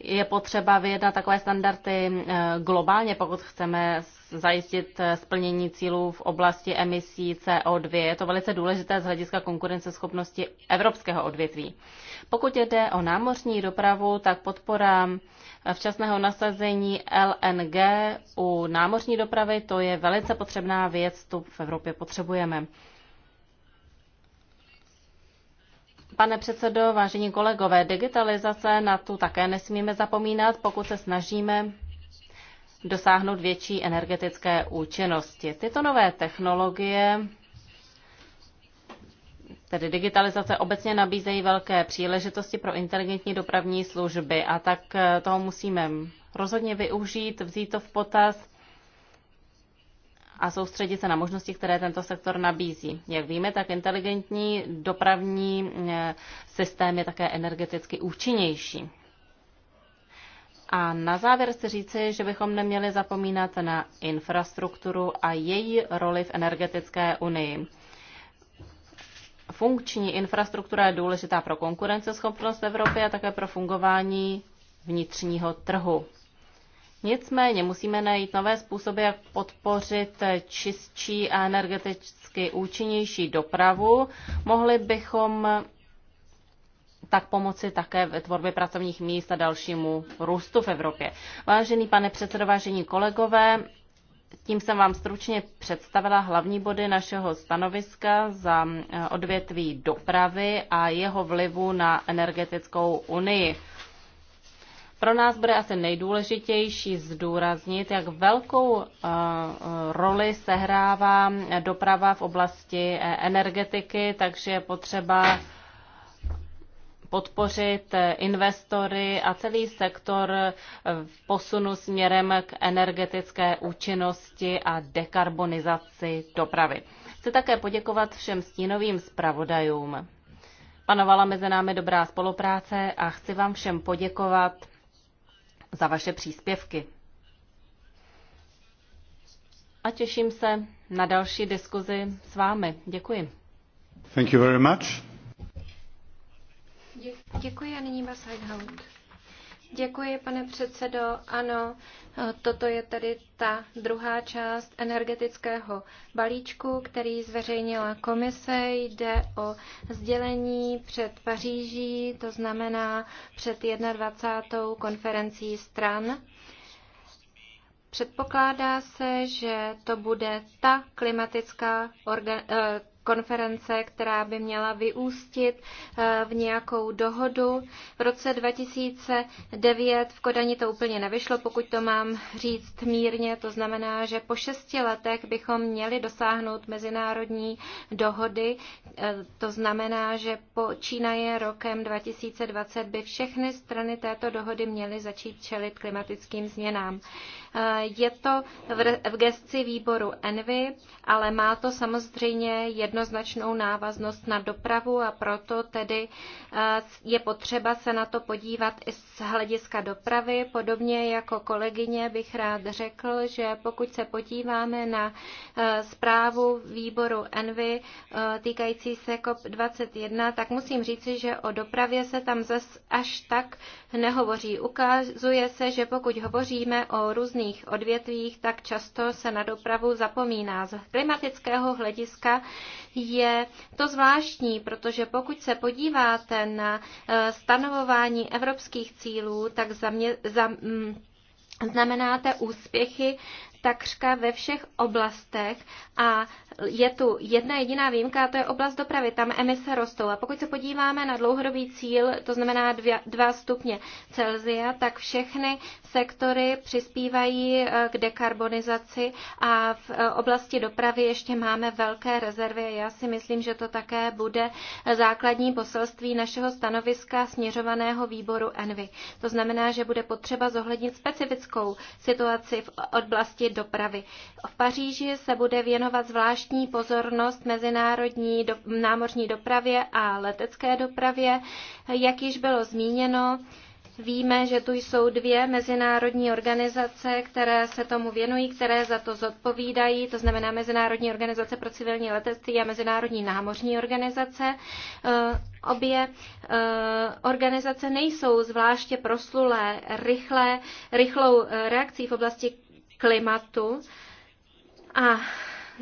je potřeba vyjednat takové standardy eh, globálně, pokud chceme zajistit eh, splnění cílů v oblasti emisí CO2. Je to velice důležité z hlediska konkurenceschopnosti evropského odvětví. Pokud jde o námořní dopravu, tak podpora včasného nasazení LNG u námořní dopravy, to je velice potřebná věc, tu v Evropě potřebujeme. Pane předsedo, vážení kolegové, digitalizace na tu také nesmíme zapomínat, pokud se snažíme dosáhnout větší energetické účinnosti. Tyto nové technologie, tedy digitalizace, obecně nabízejí velké příležitosti pro inteligentní dopravní služby a tak toho musíme rozhodně využít, vzít to v potaz a soustředit se na možnosti, které tento sektor nabízí. Jak víme, tak inteligentní dopravní e, systém je také energeticky účinnější. A na závěr chci říci, že bychom neměli zapomínat na infrastrukturu a její roli v energetické unii. Funkční infrastruktura je důležitá pro konkurenceschopnost Evropy a také pro fungování vnitřního trhu. Nicméně musíme najít nové způsoby, jak podpořit čistší a energeticky účinnější dopravu. Mohli bychom tak pomoci také ve tvorbě pracovních míst a dalšímu růstu v Evropě. Vážený pane předsedo, vážení kolegové, tím jsem vám stručně představila hlavní body našeho stanoviska za eh, odvětví dopravy a jeho vlivu na energetickou unii. Pro nás bude asi nejdůležitější zdůraznit, jak velkou eh, eh, roli sehrává doprava v oblasti eh, energetiky, takže je potřeba podpořit investory a celý sektor v posunu směrem k energetické účinnosti a dekarbonizaci dopravy. Chci také poděkovat všem stínovým zpravodajům. Panovala mezi námi dobrá spolupráce a chci vám všem poděkovat za vaše příspěvky. A těším se na další diskuzi s vámi. Děkuji. Thank you very much. Děkuji a nyní vás Heidhout. Děkuji, pane předsedo. Ano, toto je tedy ta druhá část energetického balíčku, který zveřejnila komise. Jde o sdělení před Paříží, to znamená před 21. konferencí stran. Předpokládá se, že to bude ta klimatická organ- eh, konference, která by měla vyústit eh, v nějakou dohodu. V roce 2009 v Kodani to úplně nevyšlo, pokud to mám říct mírně, to znamená, že po šesti letech bychom měli dosáhnout mezinárodní dohody. Eh, to znamená, že počínaje rokem 2020 by všechny strany této dohody měly začít čelit klimatickým změnám. Eh, je to v gesci výboru ENVY, ale má to samozřejmě jednoduché jednoznačnou návaznost na dopravu a proto tedy eh, je potřeba se na to podívat i z hlediska dopravy. Podobně jako kolegyně bych rád řekl, že pokud se podíváme na eh, zprávu výboru Envy eh, týkající se COP21, tak musím říci, že o dopravě se tam zas až tak nehovoří. Ukazuje se, že pokud hovoříme o různých odvětvích, tak často se na dopravu zapomíná. Z klimatického hlediska je to zvláštní, protože pokud se podíváte na eh, stanovování evropských cílů, tak za mě, za, mm, znamenáte úspěchy takřka ve všech oblastech a je tu jedna jediná výjimka, a to je oblast dopravy. Tam emise rostou. A pokud se podíváme na dlouhodobý cíl, to znamená 2 stupně Celzia, tak všechny sektory přispívají eh, k dekarbonizaci a v eh, oblasti dopravy ještě máme velké rezervy. Já si myslím, že to také bude eh, základní poselství našeho stanoviska směřovaného výboru ENVY. To znamená, že bude potřeba zohlednit specifickou situaci v oblasti dopravy. V Paříži se bude věnovat zvláštní pozornost mezinárodní do, námořní dopravě a letecké dopravě. Jak již bylo zmíněno, Víme, že tu jsou dvě mezinárodní organizace, které se tomu věnují, které za to zodpovídají, to znamená Mezinárodní organizace pro civilní letectví a Mezinárodní námořní organizace. Eh, obě eh, organizace nejsou zvláště proslulé rychlé, rychlou eh, reakcí v oblasti klimatu a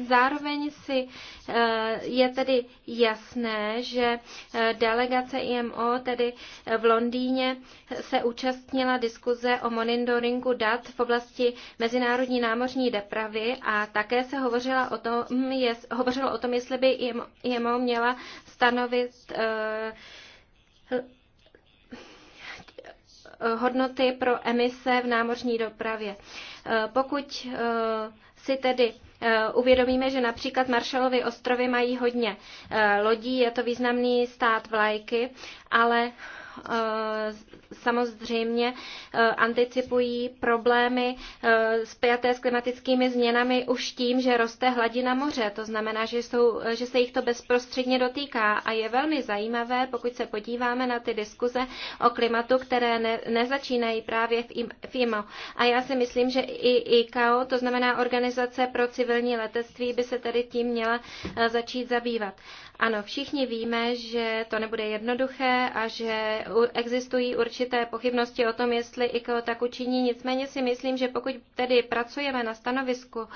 Zároveň si eh, je tedy jasné, že eh, delegace IMO tedy eh, v Londýně se účastnila diskuze o monitoringu dat v oblasti mezinárodní námořní depravy a také se hovořila o tom, hm, je, hovořilo o tom, jestli by IMO měla stanovit Eh, hodnoty pro emise v námořní dopravě. Eh, pokud eh, si tedy uvědomíme, že například Marshallovy ostrovy mají hodně lodí, je to významný stát vlajky, ale Eh, samozřejmě eh, anticipují problémy eh, spjaté s klimatickými změnami už tím, že roste hladina moře. To znamená, že, jsou, že se jich to bezprostředně dotýká a je velmi zajímavé, pokud se podíváme na ty diskuze o klimatu, které ne, nezačínají právě v IMO. A já si myslím, že i ICAO, to znamená Organizace pro civilní letectví, by se tedy tím měla začít zabývat. Ano, všichni víme, že to nebude jednoduché a že existují určité pochybnosti o tom, jestli ICAO tak učiní. Nicméně si myslím, že pokud tedy pracujeme na stanovisku,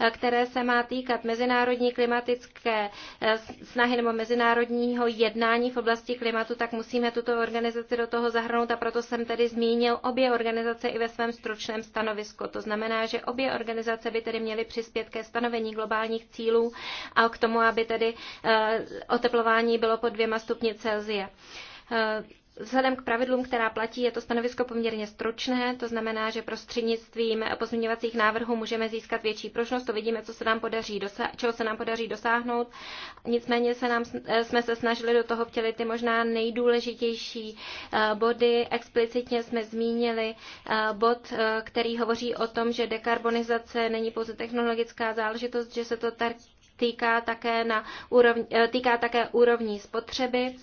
eh, které se má týkat mezinárodní klimatické eh, snahy nebo mezinárodního jednání v oblasti klimatu, tak musíme tuto organizaci do toho zahrnout a proto jsem tedy zmínil obě organizace i ve svém stručném stanovisku. To znamená, že obě organizace by tedy měly přispět ke stanovení globálních cílů a k tomu, aby tedy eh, oteplování bylo pod dvěma stupni Celsia. Eh, vzhledem k pravidlům, která platí, je to stanovisko poměrně stručné, to znamená, že prostřednictvím pozměňovacích návrhů můžeme získat větší pružnost, to vidíme, co se nám podaří dosa- čeho se nám podaří dosáhnout. Nicméně se nám, eh, jsme se snažili do toho vtělit ty možná nejdůležitější eh, body. Explicitně jsme zmínili bod, který hovoří o tom, že dekarbonizace není pouze technologická záležitost, že se to tak týká také, na úrovni, eh, týká také úrovní spotřeby,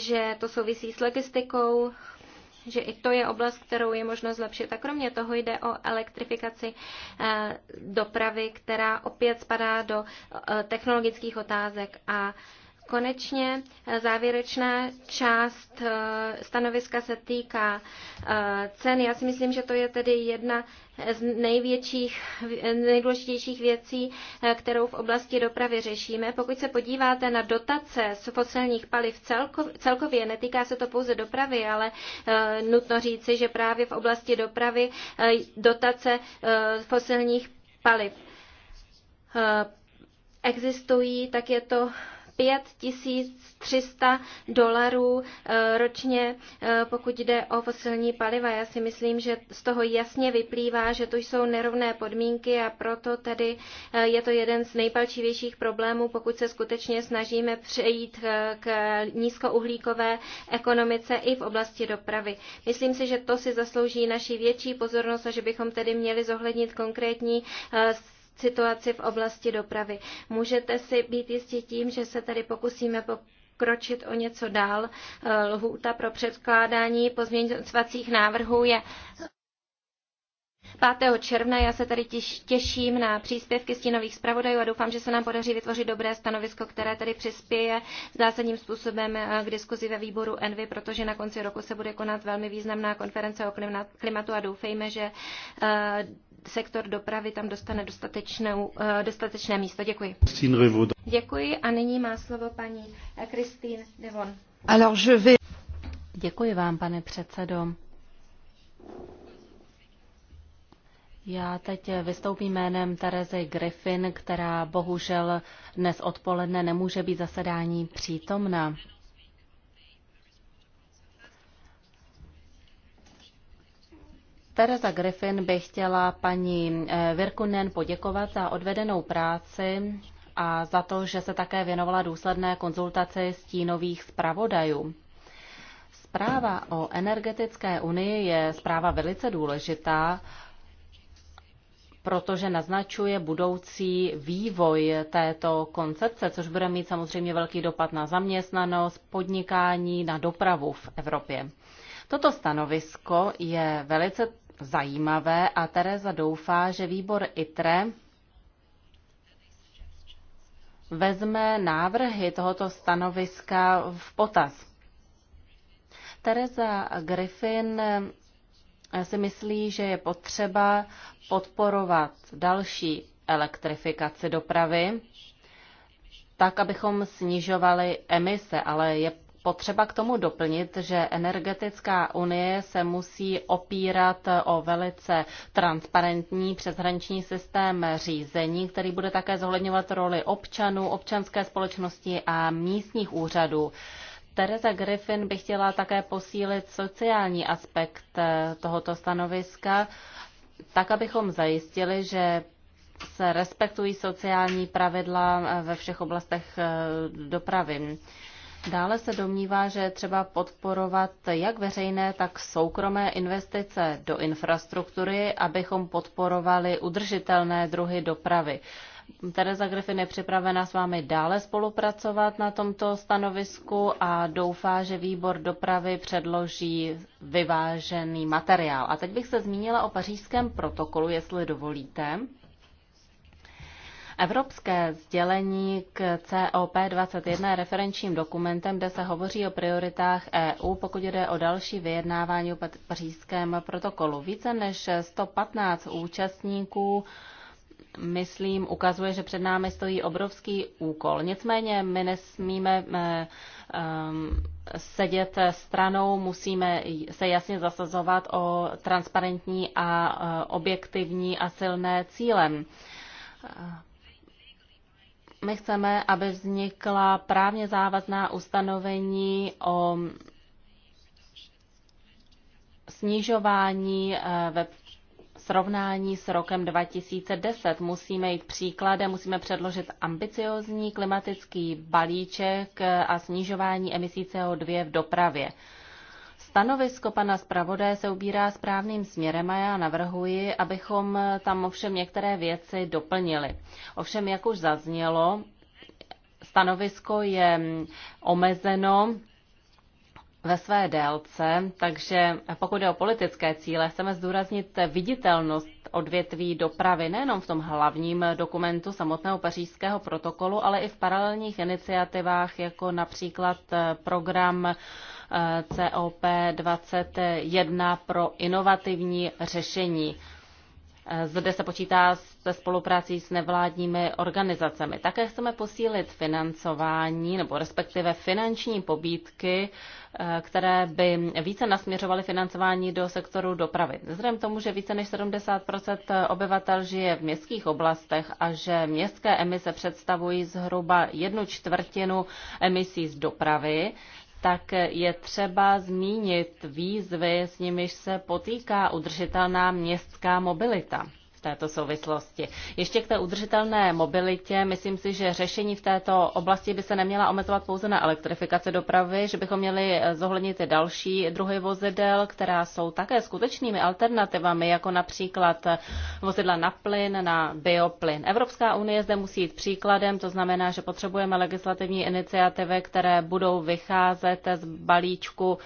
že to souvisí s logistikou, že i to je oblast, kterou je možno zlepšit. A kromě toho jde o elektrifikaci eh, dopravy, která opět spadá do eh, technologických otázek a Konečně eh, závěrečná část eh, stanoviska se týká eh, cen. Já si myslím, že to je tedy jedna z největších, nejdůležitějších věcí, kterou v oblasti dopravy řešíme. Pokud se podíváte na dotace z fosilních paliv celkově, netýká se to pouze dopravy, ale nutno říci, že právě v oblasti dopravy dotace fosilních paliv existují, tak je to 5300 dolarů eh, ročně, eh, pokud jde o fosilní paliva. Já si myslím, že z toho jasně vyplývá, že to jsou nerovné podmínky a proto tedy eh, je to jeden z nejpalčivějších problémů, pokud se skutečně snažíme přejít k nízkouhlíkové ekonomice i v oblasti dopravy. Myslím si, že to si zaslouží naši větší pozornost a že bychom tedy měli zohlednit konkrétní situaci v oblasti dopravy. Můžete si být jistí tím, že se tady pokusíme po kročit o něco dál. Eh, lhůta pro předkládání pozměňovacích návrhů je 5. června. Já se tady těším na příspěvky stínových zpravodajů a doufám, že se nám podaří vytvořit dobré stanovisko, které tedy přispěje zásadním způsobem eh, k diskuzi ve výboru Envy, protože na konci roku se bude konat velmi významná konference o klimatu a doufejme, že eh, sektor dopravy tam dostane dostatečnou, eh, dostatečné místo. Děkuji. Děkuji a nyní má slovo paní Christine Devon. Děkuji vám, pane předsedo. Já teď vystoupím jménem Terezy Griffin, která bohužel dnes odpoledne nemůže být zasedání přítomna. Tereza Griffin by chtěla paní eh, Virkunen poděkovat za odvedenou práci a za to, že se také věnovala důsledné konzultaci stínových zpravodajů. Zpráva o energetické unii je zpráva velice důležitá, protože naznačuje budoucí vývoj této koncepce, což bude mít samozřejmě velký dopad na zaměstnanost, podnikání, na dopravu v Evropě. Toto stanovisko je velice zajímavé a Tereza doufá, že výbor ITRE vezme návrhy tohoto stanoviska v potaz. Tereza Griffin já si myslí, že je potřeba podporovat další elektrifikaci dopravy, tak, abychom snižovali emise, ale je potřeba k tomu doplnit, že energetická unie se musí opírat o velice transparentní přeshraniční systém řízení, který bude také zohledňovat roli občanů, občanské společnosti a místních úřadů. Tereza Griffin by chtěla také posílit sociální aspekt eh, tohoto stanoviska, tak abychom zajistili, že se respektují sociální pravidla eh, ve všech oblastech eh, dopravy. Dále se domnívá, že třeba podporovat jak veřejné, tak soukromé investice do infrastruktury, abychom podporovali udržitelné druhy dopravy. Tereza Griffin je připravena s vámi dále spolupracovat na tomto stanovisku a doufá, že výbor dopravy předloží vyvážený materiál. A teď bych se zmínila o pařížském protokolu, jestli dovolíte. Evropské sdělení k COP21 je referenčním dokumentem, kde se hovoří o prioritách EU, pokud jde o další vyjednávání o pařížském protokolu. Více než 115 účastníků myslím, ukazuje, že před námi stojí obrovský úkol. Nicméně my nesmíme eh, eh, sedět stranou, musíme se jasně zasazovat o transparentní a eh, objektivní a silné cílem. My chceme, aby vznikla právně závazná ustanovení o snižování ve srovnání s rokem 2010. Musíme jít příkladem, musíme předložit ambiciozní klimatický balíček a snižování emisí CO2 v dopravě. Stanovisko pana zpravodaje se ubírá správným směrem a já navrhuji, abychom tam ovšem některé věci doplnili. Ovšem, jak už zaznělo, stanovisko je omezeno ve své délce, takže pokud je o politické cíle, chceme zdůraznit viditelnost odvětví dopravy nejenom v tom hlavním dokumentu samotného pařížského protokolu, ale i v paralelních iniciativách, jako například eh, program eh, COP21 pro inovativní řešení. Zde se počítá se spoluprácí s nevládními organizacemi. Také chceme posílit financování nebo respektive finanční pobídky, eh, které by více nasměřovaly financování do sektoru dopravy. Vzhledem tomu, že více než 70 obyvatel žije v městských oblastech a že městské emise představují zhruba jednu čtvrtinu emisí z dopravy, tak je třeba zmínit výzvy, s nimiž se potýká udržitelná městská mobilita v této souvislosti. Ještě k té udržitelné mobilitě, myslím si, že řešení v této oblasti by se neměla omezovat pouze na elektrifikaci dopravy, že bychom měli eh, zohlednit i další druhy vozidel, která jsou také skutečnými alternativami, jako například eh, vozidla na plyn, na bioplyn. Evropská unie zde musí jít příkladem, to znamená, že potřebujeme legislativní iniciativy, které budou vycházet z balíčku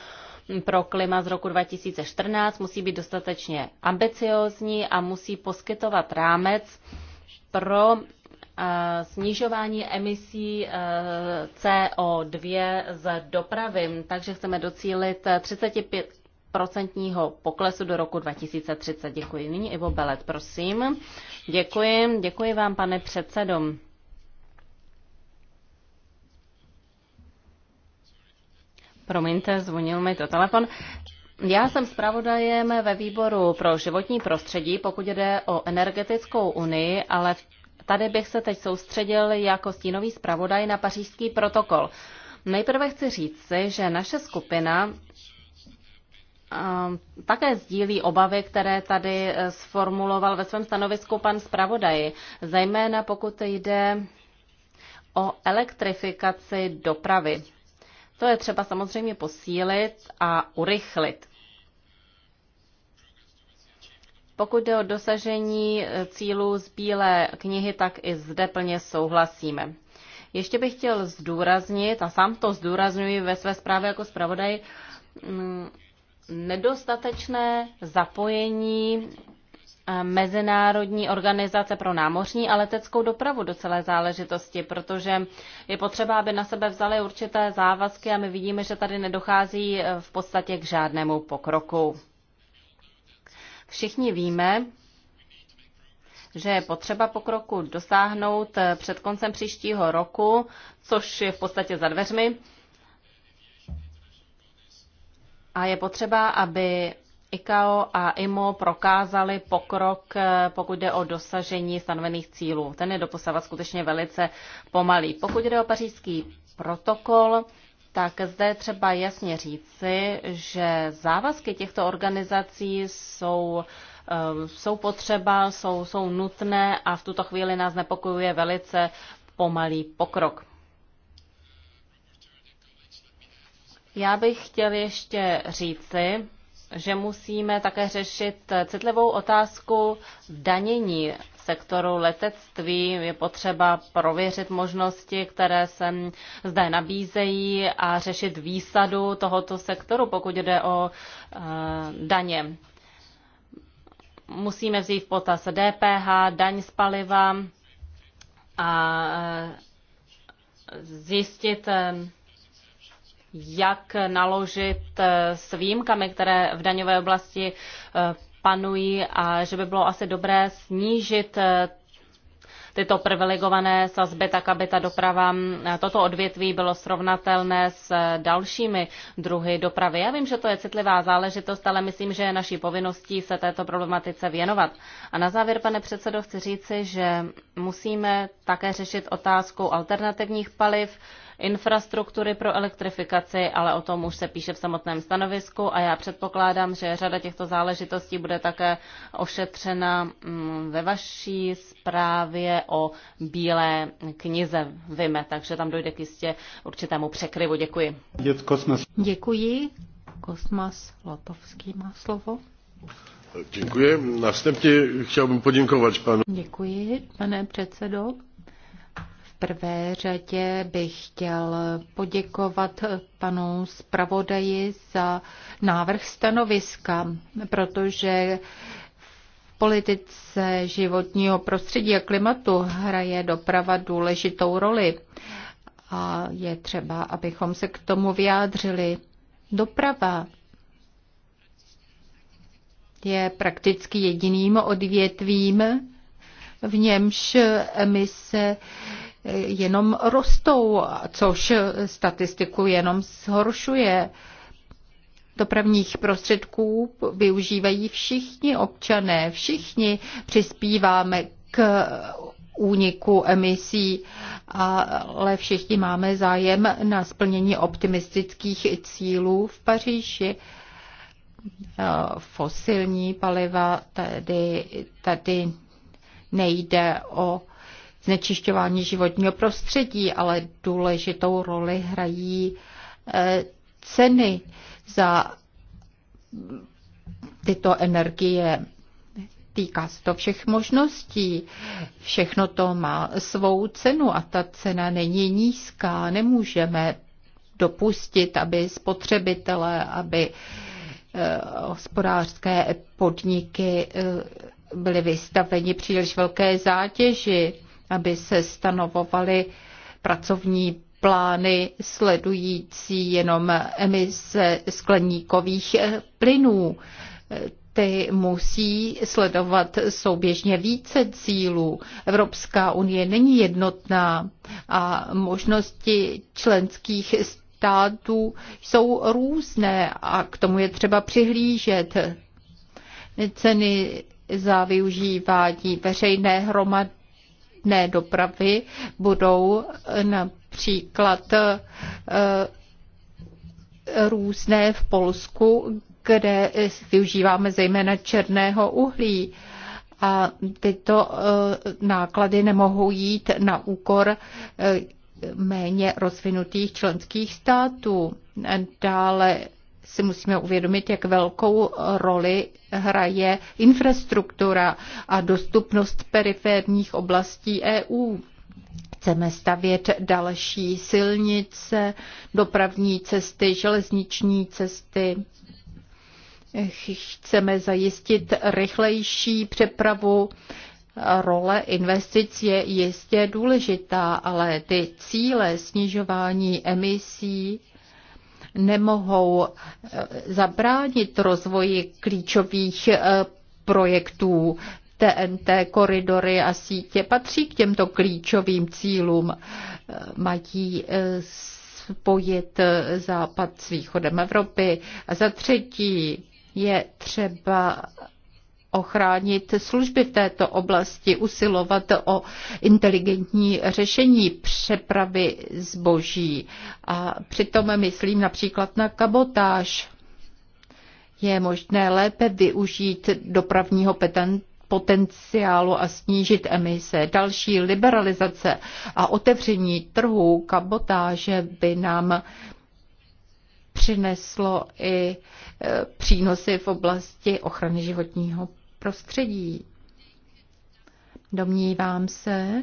pro klima z roku 2014 musí být dostatečně ambiciózní a musí poskytovat rámec pro eh, snižování emisí eh, CO2 z dopravy. Takže chceme docílit 35 eh, procentního poklesu do roku 2030. Děkuji. Nyní Ivo Belet, prosím. Děkuji, děkuji vám, pane předsedom. Promiňte, zvonil mi to telefon. Já jsem zpravodajem ve výboru pro životní prostředí, pokud jde o energetickou unii, ale tady bych se teď soustředil jako stínový zpravodaj na pařížský protokol. Nejprve chci si, že naše skupina také sdílí obavy, které tady e, sformuloval ve svém stanovisku pan zpravodaj, zejména pokud jde o elektrifikaci dopravy. To je třeba samozřejmě posílit a urychlit. Pokud jde o dosažení eh, cílů z Bílé knihy, tak i zde plně souhlasíme. Ještě bych chtěl zdůraznit, a sám to zdůrazňuji ve své zprávě jako zpravodaj, mm, nedostatečné zapojení Mezinárodní organizace pro námořní a leteckou dopravu do celé záležitosti, protože je potřeba, aby na sebe vzali určité závazky a my vidíme, že tady nedochází e, v podstatě k žádnému pokroku. Všichni víme, že je potřeba pokroku dosáhnout e, před koncem příštího roku, což je v podstatě za dveřmi. A je potřeba, aby ICAO a IMO prokázali pokrok, eh, pokud jde o dosažení stanovených cílů. Ten je doposavat skutečně velice pomalý. Pokud jde o pařížský protokol, tak zde třeba jasně říci, že závazky těchto organizací jsou eh, jsou potřeba, jsou, jsou nutné a v tuto chvíli nás nepokojuje velice pomalý pokrok. Já bych chtěl ještě říci, že musíme také řešit citlivou otázku danění sektoru letectví. Je potřeba prověřit možnosti, které se zde nabízejí a řešit výsadu tohoto sektoru, pokud jde o eh, daně. Musíme vzít v potaz DPH, daň z paliva a eh, zjistit eh, jak naložit eh, s výjimkami, které v daňové oblasti eh, panují a že by bylo asi dobré snížit eh, tyto privilegované sazby, tak aby ta doprava, toto odvětví bylo srovnatelné s dalšími druhy dopravy. Já vím, že to je citlivá záležitost, ale myslím, že je naší povinností se této problematice věnovat. A na závěr, pane předsedo, chci říci, že musíme také řešit otázku alternativních paliv, infrastruktury pro elektrifikaci, ale o tom už se píše v samotném stanovisku a já předpokládám, že řada těchto záležitostí bude také ošetřena mm, ve vaší zprávě o Bílé knize VIME, takže tam dojde k jistě určitému překryvu. Děkuji. Děkuji. Kosmas Lotovský má slovo. Děkuji. Na chtěl bych poděkovat panu. Děkuji, pane předsedo prvé řadě bych chtěl poděkovat panu zpravodaji za návrh stanoviska, protože v politice životního prostředí a klimatu hraje doprava důležitou roli a je třeba, abychom se k tomu vyjádřili. Doprava je prakticky jediným odvětvím, v němž emise jenom rostou, což statistiku jenom zhoršuje. Dopravních prostředků využívají všichni občané, všichni přispíváme k úniku emisí, ale všichni máme zájem na splnění optimistických cílů v Paříži. Fosilní paliva tady, tady nejde o znečišťování životního prostředí, ale důležitou roli hrají eh, ceny za tyto energie. Týká se to všech možností. Všechno to má svou cenu a ta cena není nízká. Nemůžeme dopustit, aby spotřebitelé, aby eh, hospodářské podniky eh, byly vystaveni příliš velké zátěži aby se stanovovaly pracovní plány sledující jenom emise skleníkových plynů. Ty musí sledovat souběžně více cílů. Evropská unie není jednotná a možnosti členských států jsou různé a k tomu je třeba přihlížet. Ceny za využívání veřejné hromady nezbytné dopravy budou například eh, různé v Polsku, kde využíváme zejména černého uhlí. A tyto eh, náklady nemohou jít na úkor eh, méně rozvinutých členských států. Dále si musíme uvědomit, jak velkou roli hraje infrastruktura a dostupnost periférních oblastí EU. Chceme stavět další silnice, dopravní cesty, železniční cesty. Chceme zajistit rychlejší přepravu. Role investic je jistě důležitá, ale ty cíle snižování emisí nemohou eh, zabránit rozvoji klíčových eh, projektů. TNT, koridory a sítě patří k těmto klíčovým cílům. Eh, mají spojit západ s východem Evropy. A za třetí je třeba ochránit služby v této oblasti, usilovat o inteligentní řešení přepravy zboží. A přitom myslím například na kabotáž. Je možné lépe využít dopravního potenciálu a snížit emise. Další liberalizace a otevření trhu kabotáže by nám přineslo i e, přínosy v oblasti ochrany životního prostředí. Domnívám se,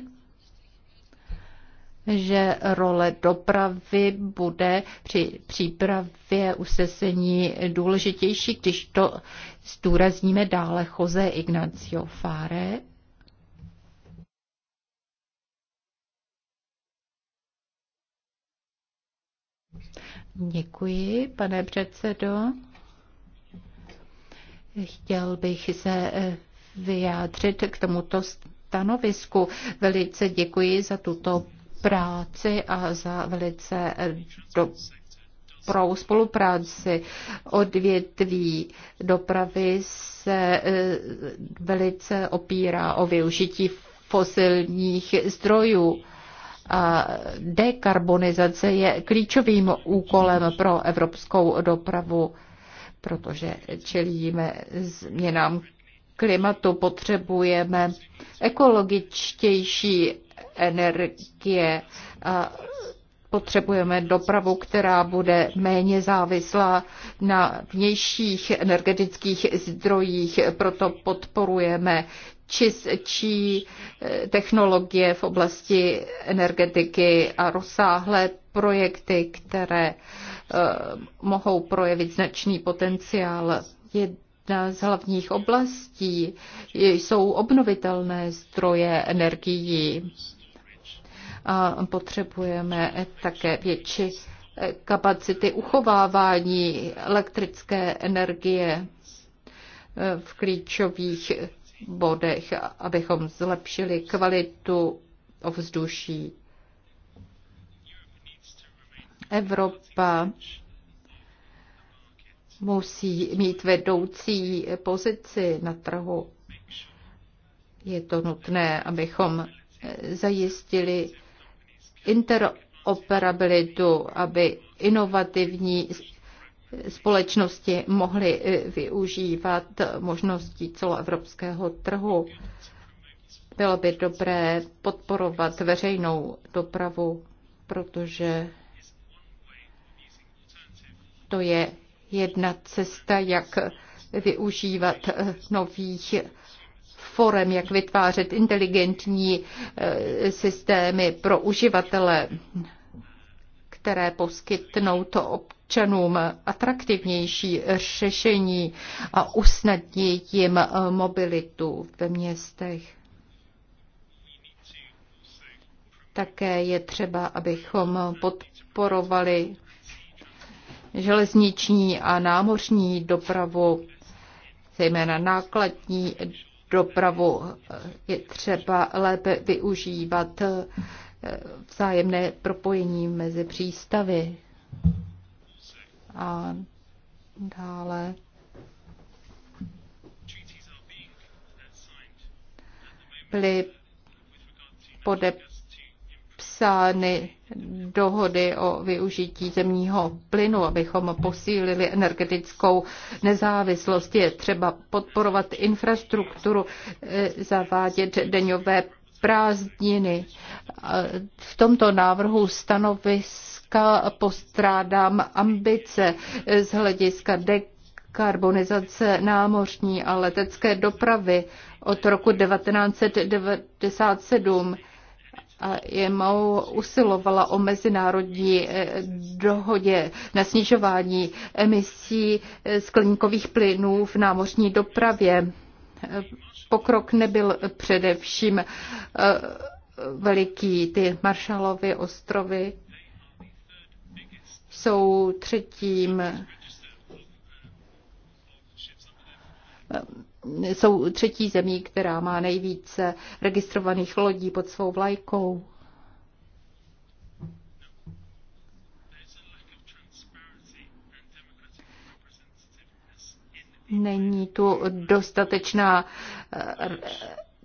že role dopravy bude při přípravě usesení důležitější, když to zdůrazníme dále Jose Ignacio Fare. Děkuji, pane předsedo. Chtěl bych se eh, vyjádřit k tomuto stanovisku. Velice děkuji za tuto práci a za velice pro eh, spolupráci odvětví dopravy se eh, velice opírá o využití fosilních zdrojů. A dekarbonizace je klíčovým úkolem pro evropskou dopravu protože čelíme změnám klimatu, potřebujeme ekologičtější energie a potřebujeme dopravu, která bude méně závislá na vnějších energetických zdrojích, proto podporujeme čistší eh, technologie v oblasti energetiky a rozsáhlé projekty, které eh, mohou projevit značný potenciál. Jedna z hlavních oblastí jsou obnovitelné zdroje energií. A potřebujeme také větší eh, kapacity uchovávání elektrické energie v klíčových bodech, abychom zlepšili kvalitu ovzduší. Evropa musí mít vedoucí pozici na trhu. Je to nutné, abychom zajistili interoperabilitu, aby inovativní společnosti mohly eh, využívat možností celoevropského trhu. Bylo by dobré podporovat veřejnou dopravu, protože to je jedna cesta, jak využívat eh, nových forem, jak vytvářet inteligentní eh, systémy pro uživatele které poskytnou to občanům atraktivnější řešení a usnadní jim eh, mobilitu ve městech. Také je třeba, abychom podporovali železniční a námořní dopravu, zejména nákladní dopravu. Je třeba lépe využívat eh, vzájemné propojení mezi přístavy a dále byly podepsány dohody o využití zemního plynu, abychom posílili energetickou nezávislost. Je třeba podporovat infrastrukturu, eh, zavádět deňové prázdniny. V tomto návrhu stanoviska postrádám ambice z hlediska dekarbonizace námořní a letecké dopravy od roku 1997 a IMO usilovala o mezinárodní eh, dohodě na snižování emisí eh, skleníkových plynů v námořní dopravě pokrok nebyl především eh, veliký. Ty Maršalovy ostrovy jsou třetím eh, jsou třetí zemí, která má nejvíce registrovaných lodí pod svou vlajkou. Není tu dostatečná eh,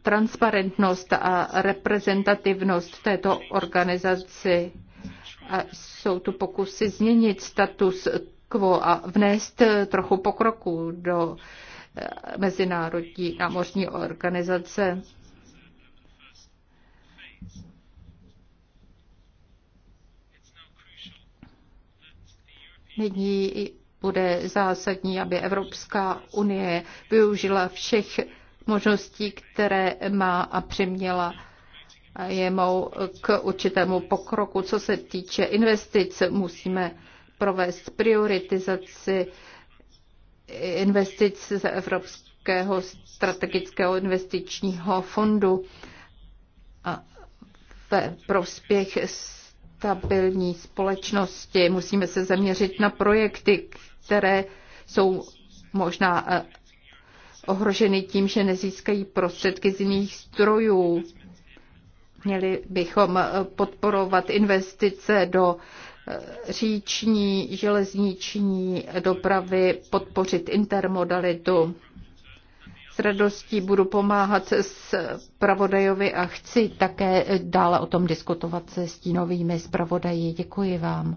transparentnost a reprezentativnost této organizaci. A jsou tu pokusy změnit status quo a vnést eh, trochu pokroku do eh, Mezinárodní námořní organizace. Nyní bude zásadní, aby Evropská unie využila všech možností, které má a přiměla jemou k určitému pokroku. Co se týče investic, musíme provést prioritizaci investic z Evropského strategického investičního fondu a ve prospěch stabilní společnosti. Musíme se zaměřit na projekty, které jsou možná eh, ohroženy tím, že nezískají prostředky z jiných strojů. Měli bychom eh, podporovat investice do eh, říční, železniční dopravy, podpořit intermodalitu. S radostí budu pomáhat s pravodajovi a chci také dále o tom diskutovat se stínovými zpravodaji. Děkuji vám.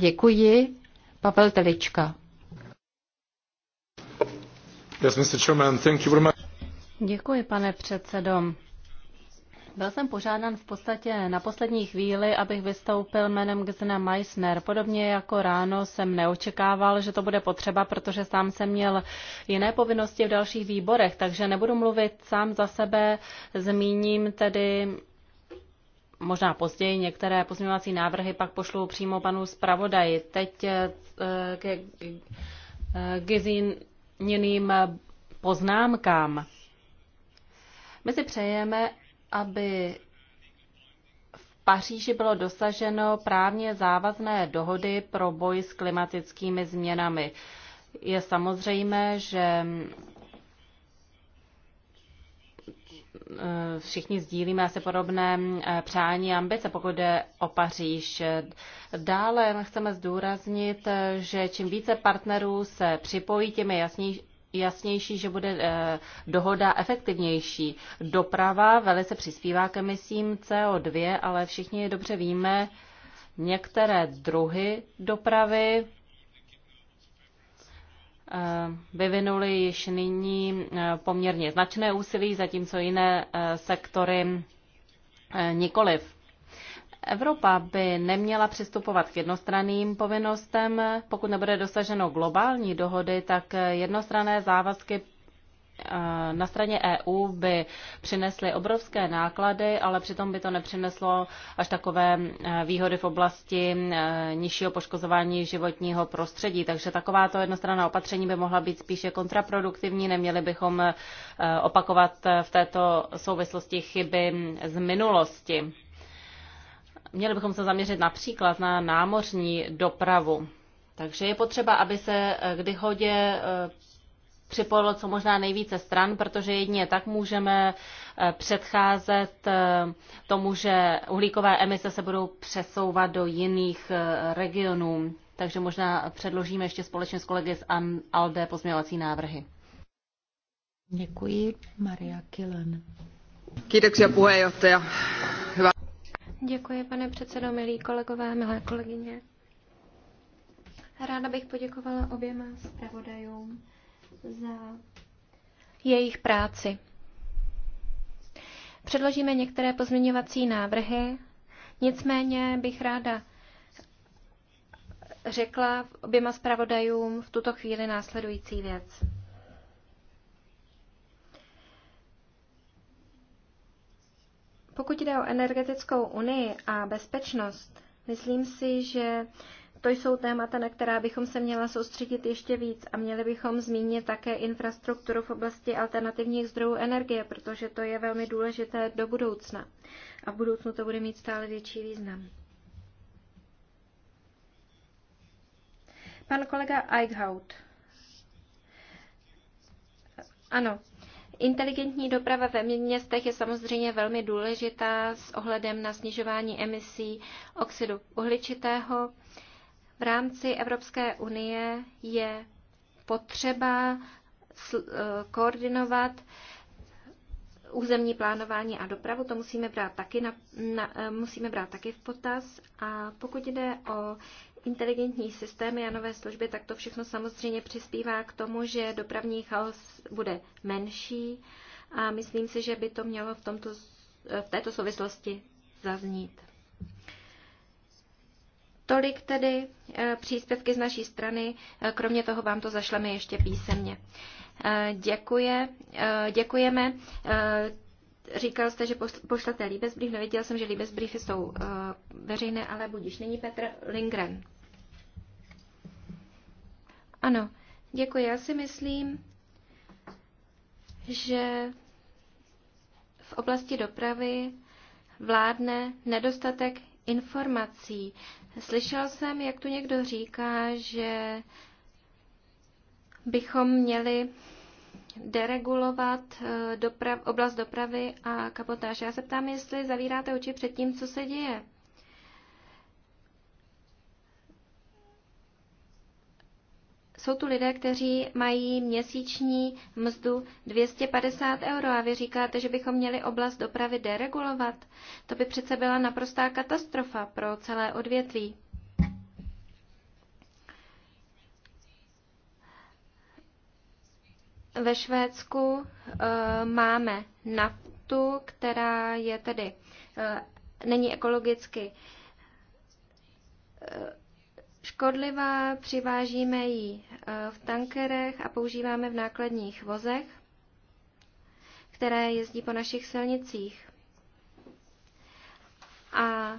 Děkuji. Pavel Telička. Yes, Mr. Chairman, thank you very much. Děkuji, pane předsedo. Byl jsem požádán v podstatě na poslední chvíli, abych vystoupil jménem Gzena Meissner. Podobně jako ráno jsem neočekával, že to bude potřeba, protože sám jsem měl jiné povinnosti v dalších výborech, takže nebudu mluvit sám za sebe, zmíním tedy možná později některé pozměňovací návrhy pak pošlu přímo panu zpravodaji. Teď eh, k gizíněným poznámkám. My si přejeme, aby v Paříži bylo dosaženo právně závazné dohody pro boj s klimatickými změnami. Je samozřejmé, že Eh, všichni sdílíme asi podobné eh, přání ambice, pokud jde o Paříž. Dále chceme zdůraznit, eh, že čím více partnerů se připojí, tím je jasnější, jasnější, že bude dohoda efektivnější. Doprava velice přispívá k emisím CO2, ale všichni dobře víme, některé druhy dopravy Eh, vyvinuli již nyní eh, poměrně značné úsilí, zatímco jiné eh, sektory nikoliv. Evropa by neměla přistupovat k jednostranným povinnostem. Pokud nebude dosaženo globální dohody, tak jednostranné závazky na straně EU by přinesly obrovské náklady, ale přitom by to nepřineslo až takové e, výhody v oblasti e, nižšího poškozování životního prostředí. Takže takováto jednostranná opatření by mohla být spíše kontraproduktivní. Neměli bychom e, opakovat v této souvislosti chyby z minulosti. Měli bychom se zaměřit například na námořní dopravu. Takže je potřeba, aby se kdy hodě připojilo co možná nejvíce stran, protože jedině tak můžeme eh, předcházet eh, tomu, že uhlíkové emise se budou přesouvat do jiných eh, regionů. Takže možná předložíme ještě společně s kolegy z ALDE pozměňovací návrhy. Děkuji, Maria Kilen. Kiitoksia puheenjohtaja. Hyvä. Děkuji, pane předsedo, milí kolegové, milé kolegyně. Ráda bych poděkovala oběma zpravodajům za jejich práci. Předložíme některé pozměňovací návrhy, nicméně bych ráda řekla oběma zpravodajům v tuto chvíli následující věc. Pokud jde o energetickou unii a bezpečnost, myslím si, že to jsou témata, na která bychom se měla soustředit ještě víc a měli bychom zmínit také infrastrukturu v oblasti alternativních zdrojů energie, protože to je velmi důležité do budoucna. A v budoucnu to bude mít stále větší význam. Pan kolega Eichhout. Ano, Inteligentní doprava ve městech je samozřejmě velmi důležitá s ohledem na snižování emisí oxidu uhličitého v rámci Evropské unie je potřeba eh, koordinovat územní plánování a dopravu, to musíme brát taky, na, na, eh, musíme brát taky v potaz. A pokud jde o inteligentní systémy a nové služby, tak to všechno samozřejmě přispívá k tomu, že dopravní chaos bude menší a myslím si, že by to mělo v, tomto, eh, v této souvislosti zaznít. Tolik tedy eh, příspěvky z naší strany, eh, kromě toho vám to zašleme ještě písemně. Eh, děkuje, děkujeme. Říkal jste, že pošlete líbezbrief, nevěděl jsem, že líbezbriefy jsou veřejné, ale budíš. Není Petr Lindgren. Ano, děkuji. Já si myslím, že v oblasti dopravy vládne nedostatek informací. Slyšel jsem, jak tu někdo říká, že bychom měli deregulovat eh, doprav, oblast dopravy a kapotáž. Já se ptám, jestli zavíráte oči před tím, co se děje. Jsou tu lidé, kteří mají měsíční mzdu 250 euro a vy říkáte, že bychom měli oblast dopravy deregulovat. To by přece byla naprostá katastrofa pro celé odvětví. Ve Švédsku uh, máme naftu, která je tedy uh, není ekologicky uh, škodlivá, přivážíme ji e, v tankerech a používáme v nákladních vozech, které jezdí po našich silnicích. A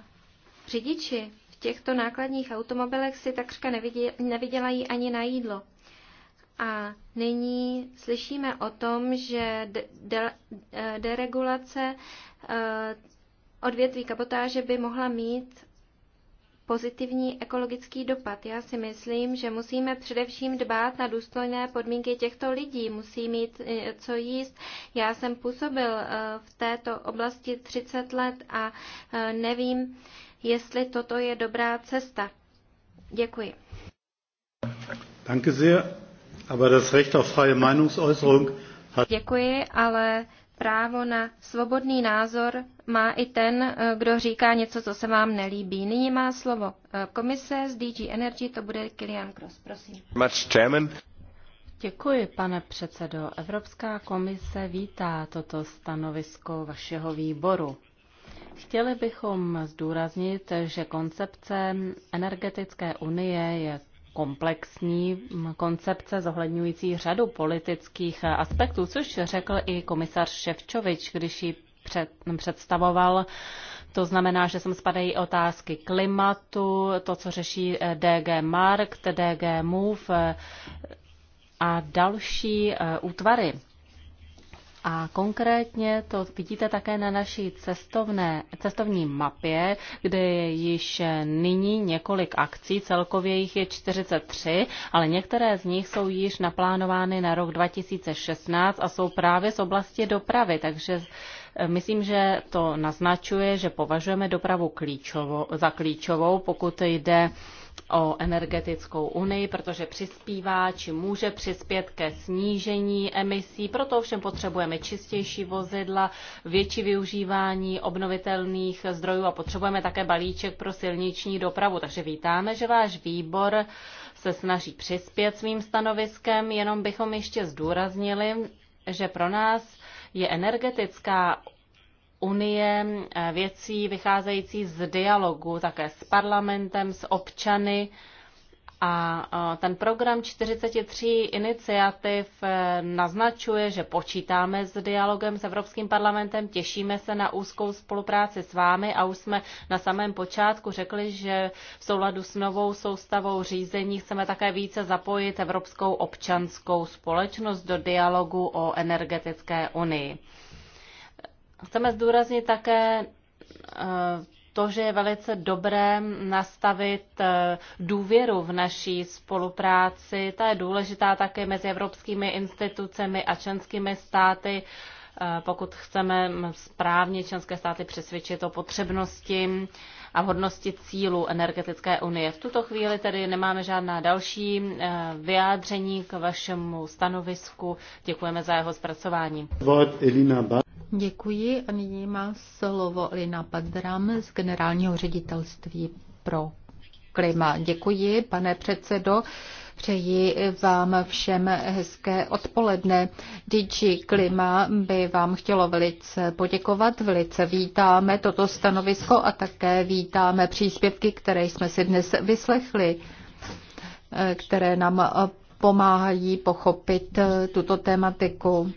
řidiči v těchto nákladních automobilech si takřka nevydělají ani na jídlo. A nyní slyšíme o tom, že de- deregulace e, odvětví kabotáže by mohla mít pozitivní ekologický dopad. Já si myslím, že musíme především dbát na důstojné podmínky těchto lidí, musí mít eh, co jíst. Já jsem působil eh, v této oblasti 30 let a eh, nevím, jestli toto je dobrá cesta. Děkuji. Děkuji, ale Právo na svobodný názor má i ten, eh, kdo říká něco, co se vám nelíbí. Nyní má slovo eh, komise z DG Energy, to bude Kilian Cross, prosím. Děkuji, pane předsedo. Evropská komise vítá toto stanovisko vašeho výboru. Chtěli bychom zdůraznit, že koncepce energetické unie je komplexní koncepce zohledňující řadu politických aspektů, což řekl i komisař Ševčovič, když ji před, představoval. To znamená, že sem spadají otázky klimatu, to, co řeší eh, DG Markt, DG Move eh, a další eh, útvary. A konkrétně to vidíte také na naší cestovné, cestovní mapě, kde je již nyní několik akcí, celkově jich je 43, ale některé z nich jsou již naplánovány na rok 2016 a jsou právě z oblasti dopravy, takže eh, Myslím, že to naznačuje, že považujeme dopravu klíčovou, za klíčovou, pokud jde o energetickou unii, protože přispívá či může přispět ke snížení emisí. Proto ovšem potřebujeme čistější vozidla, větší využívání obnovitelných zdrojů a potřebujeme také balíček pro silniční dopravu. Takže vítáme, že váš výbor se snaží přispět svým stanoviskem, jenom bychom ještě zdůraznili, že pro nás je energetická unie eh, věcí vycházející z dialogu také s parlamentem, s občany. A eh, ten program 43 iniciativ eh, naznačuje, že počítáme s dialogem s Evropským parlamentem, těšíme se na úzkou spolupráci s vámi a už jsme na samém počátku řekli, že v souladu s novou soustavou řízení chceme také více zapojit Evropskou občanskou společnost do dialogu o energetické unii. Chceme zdůraznit také eh, to, že je velice dobré nastavit eh, důvěru v naší spolupráci. Ta je důležitá také mezi evropskými institucemi a členskými státy, eh, pokud chceme správně členské státy přesvědčit o potřebnosti a vhodnosti cílů energetické unie. V tuto chvíli tedy nemáme žádná další eh, vyjádření k vašemu stanovisku. Děkujeme za jeho zpracování. Děkuji a nyní má slovo Lina Badram z generálního ředitelství pro klima. Děkuji, pane předsedo. Přeji vám všem hezké odpoledne. DG Klima by vám chtělo velice poděkovat, velice vítáme toto stanovisko a také vítáme příspěvky, které jsme si dnes vyslechli, které nám pomáhají pochopit tuto tématiku.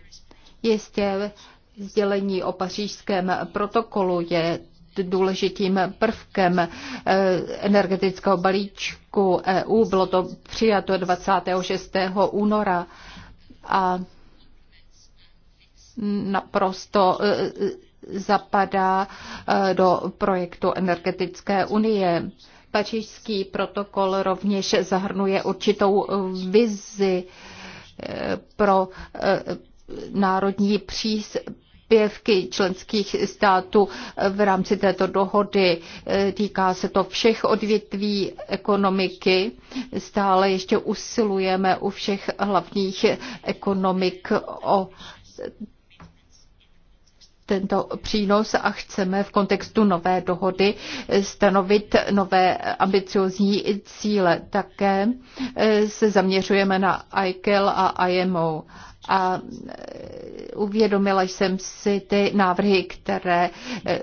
Jistě sdělení o pařížském protokolu je důležitým prvkem eh, energetického balíčku EU. Bylo to přijato 26. února a naprosto eh, zapadá eh, do projektu energetické unie. Pařížský protokol rovněž zahrnuje určitou vizi pro národní příspěvky příspěvky členských států v rámci této dohody. Týká se to všech odvětví ekonomiky. Stále ještě usilujeme u všech hlavních ekonomik o tento přínos a chceme v kontextu nové dohody stanovit nové ambiciozní cíle. Také eh, se zaměřujeme na ICAL a IMO a eh, uvědomila jsem si ty návrhy, které eh,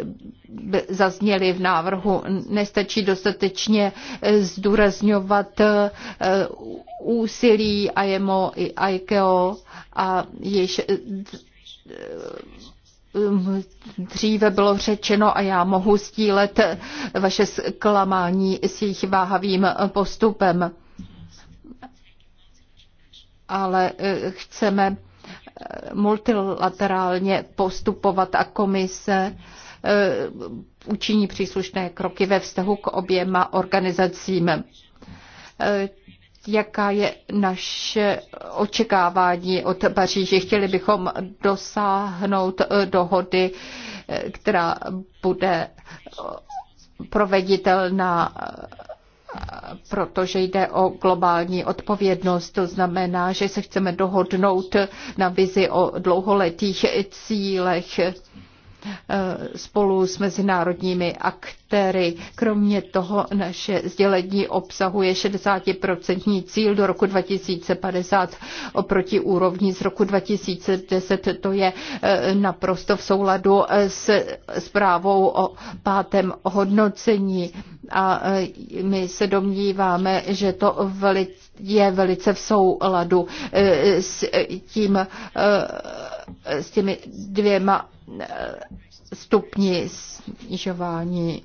zazněly v návrhu. Nestačí dostatečně zdůrazňovat úsilí IMO i ICAO a již Ehm, dříve bylo řečeno a já mohu stílet vaše zklamání s jejich váhavým postupem. Ale eh, chceme eh, multilaterálně postupovat a komise eh, učiní příslušné kroky ve vztahu k oběma organizacím jaká je naše očekávání od Paříže. Chtěli bychom dosáhnout eh, dohody, eh, která bude eh, proveditelná protože jde o globální odpovědnost. To znamená, že se chceme dohodnout na vizi o dlouholetých cílech Eh, spolu s mezinárodními aktéry. Kromě toho naše sdělení obsahuje 60% cíl do roku 2050 oproti úrovni z roku 2010. To je eh, naprosto v souladu eh, s zprávou o pátém hodnocení a my se domníváme, že to je velice v souladu s tím s těmi dvěma eh, stupni snižování.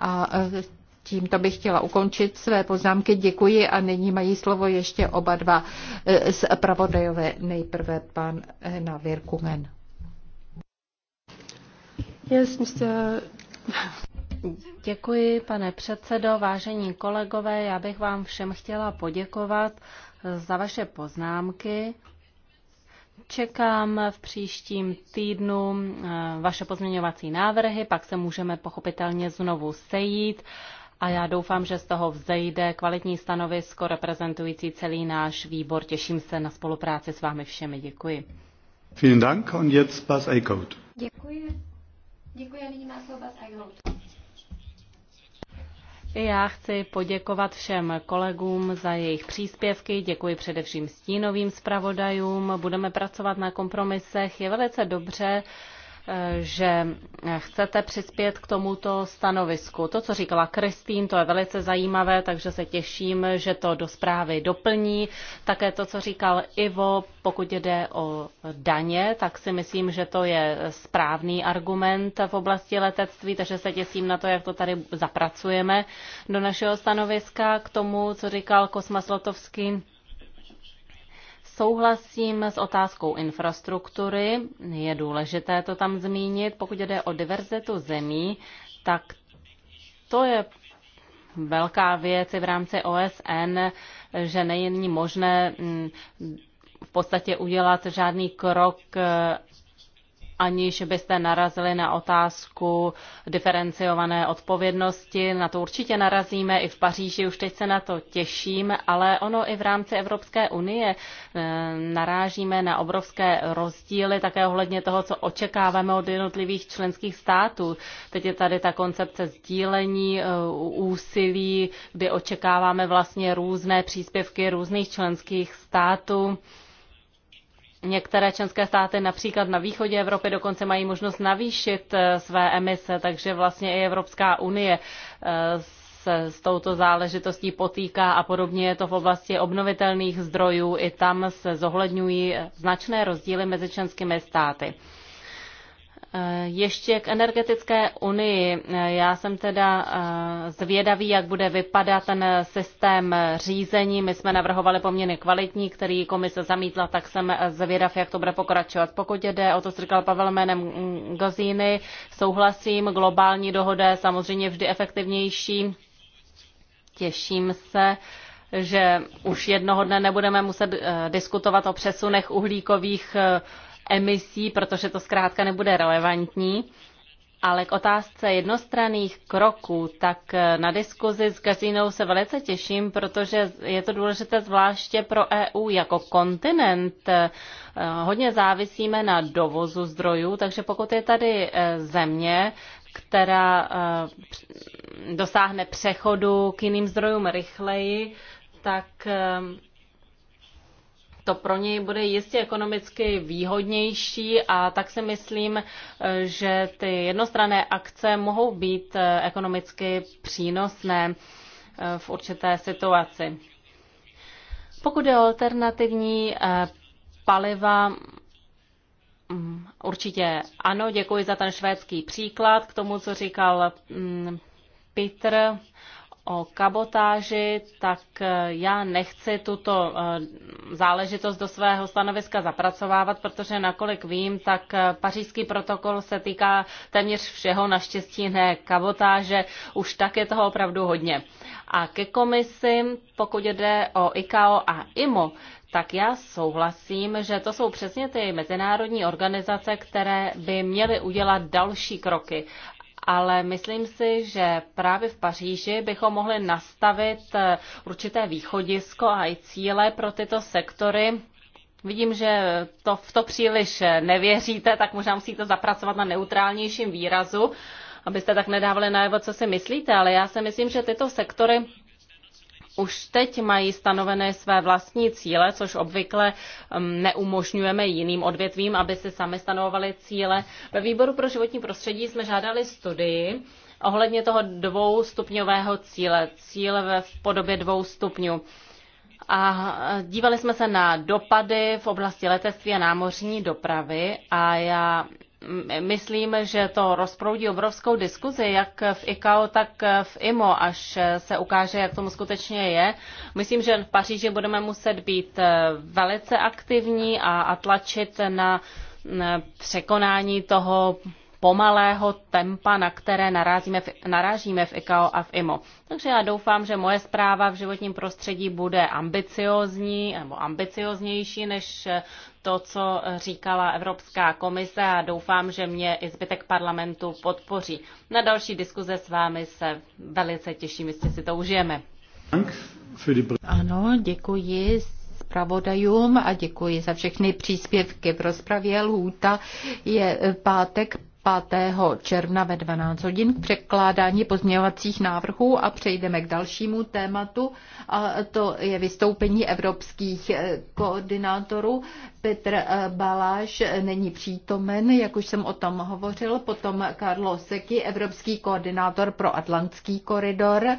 A eh, tímto bych chtěla ukončit své poznámky. Děkuji a nyní mají slovo ještě oba dva eh, z Pravodajové. Nejprve pan Hena Virkumen. Yes, Mr. Děkuji, pane předsedo, vážení kolegové. Já bych vám všem chtěla poděkovat za vaše poznámky. Čekám v příštím týdnu eh, vaše pozměňovací návrhy, pak se můžeme pochopitelně znovu sejít a já doufám, že z toho vzejde kvalitní stanovisko reprezentující celý náš výbor. Těším se na spolupráci s vámi všemi. Děkuji. Vielen Dank und jetzt Bas Eickhout. Děkuji. Děkuji nyní má slovo Bas Eickhout. I já chci poděkovat všem kolegům za jejich příspěvky, děkuji především stínovým zpravodajům, budeme pracovat na kompromisech. Je velice dobře, že chcete přispět k tomuto stanovisku. To, co říkala Kristýn, to je velice zajímavé, takže se těším, že to do zprávy doplní. Také to, co říkal Ivo, pokud jde o daně, tak si myslím, že to je správný argument v oblasti letectví, takže se těším na to, jak to tady zapracujeme do našeho stanoviska k tomu, co říkal Kosmas Lotovský Souhlasím s otázkou infrastruktury. Je důležité to tam zmínit. Pokud jde o diverzitu zemí, tak to je velká věc i v rámci OSN, že není možné mm, v podstatě udělat žádný krok eh, aniž byste narazili na otázku diferenciované odpovědnosti. Na to určitě narazíme i v Paříži, už teď se na to těším, ale ono i v rámci Evropské unie eh, narážíme na obrovské rozdíly také ohledně toho, co očekáváme od jednotlivých členských států. Teď je tady ta koncepce sdílení eh, úsilí, kdy očekáváme vlastně různé příspěvky různých členských států. Některé členské státy například na východě Evropy dokonce mají možnost navýšit eh, své emise, takže vlastně i Evropská unie eh, se s touto záležitostí potýká a podobně je to v oblasti obnovitelných zdrojů. I tam se zohledňují značné rozdíly mezi členskými státy. Eh, ještě k energetické unii. Eh, já jsem teda eh, zvědavý, jak bude vypadat ten systém řízení. My jsme navrhovali poměrně kvalitní, který komise zamítla, tak jsem zvědav, jak to bude pokračovat. Pokud jde o to, co říkal Pavel jménem Gozíny, souhlasím, globální dohoda je samozřejmě vždy efektivnější. Těším se že už jednoho dne nebudeme muset diskutovat o přesunech uhlíkových emisí, protože to zkrátka nebude relevantní. Ale k otázce jednostranných kroků, tak na diskuzi s Gazínou se velice těším, protože je to důležité zvláště pro EU jako kontinent. Eh, hodně závisíme na dovozu zdrojů, takže pokud je tady eh, země, která eh, dosáhne přechodu k jiným zdrojům rychleji, tak to pro něj bude jistě ekonomicky výhodnější a tak si myslím, eh, že ty jednostranné akce mohou být eh, ekonomicky přínosné eh, v určité situaci. Pokud je o alternativní paliva, mm, určitě ano, děkuji za ten švédský příklad k tomu, co říkal mm, Petr o kabotáži, tak eh, já nechci tuto eh, záležitost do svého stanoviska zapracovávat, protože nakolik vím, tak eh, pařížský protokol se týká téměř všeho, naštěstí ne kabotáže, už tak je toho opravdu hodně. A ke komisi, pokud jde o ICAO a IMO, tak já souhlasím, že to jsou přesně ty mezinárodní organizace, které by měly udělat další kroky ale myslím si, že právě v Paříži bychom mohli nastavit eh, určité východisko a i cíle pro tyto sektory. Vidím, že to, v to příliš eh, nevěříte, tak možná musíte zapracovat na neutrálnějším výrazu, abyste tak nedávali najevo, co si myslíte, ale já si myslím, že tyto sektory už teď mají stanovené své vlastní cíle, což obvykle um, neumožňujeme jiným odvětvím, aby si sami stanovovali cíle. Ve výboru pro životní prostředí jsme žádali studii ohledně toho dvoustupňového cíle, cíle v podobě dvou stupňů. A eh, dívali jsme se na dopady v oblasti letectví a námořní dopravy a já myslím, že to rozproudí obrovskou diskuzi, jak v ICAO, tak v IMO, až se ukáže, jak tomu skutečně je. Myslím, že v Paříži budeme muset být eh, velice aktivní a, a tlačit na překonání toho pomalého tempa, na které narazíme v, narážíme v ICAO a v IMO. Takže já doufám, že moje zpráva v životním prostředí bude ambiciozní nebo ambicioznější než eh, to, co říkala Evropská komise a doufám, že mě i zbytek parlamentu podpoří. Na další diskuze s vámi se velice těším, jestli si to užijeme. Ano, děkuji zpravodajům a děkuji za všechny příspěvky v rozpravě. Lhůta je pátek 5. června ve 12 hodin k překládání pozměňovacích návrhů a přejdeme k dalšímu tématu a to je vystoupení evropských eh, koordinátorů. Petr eh, Baláš není přítomen, jak už jsem o tom hovořil, potom Karlo Seky, evropský koordinátor pro Atlantský koridor.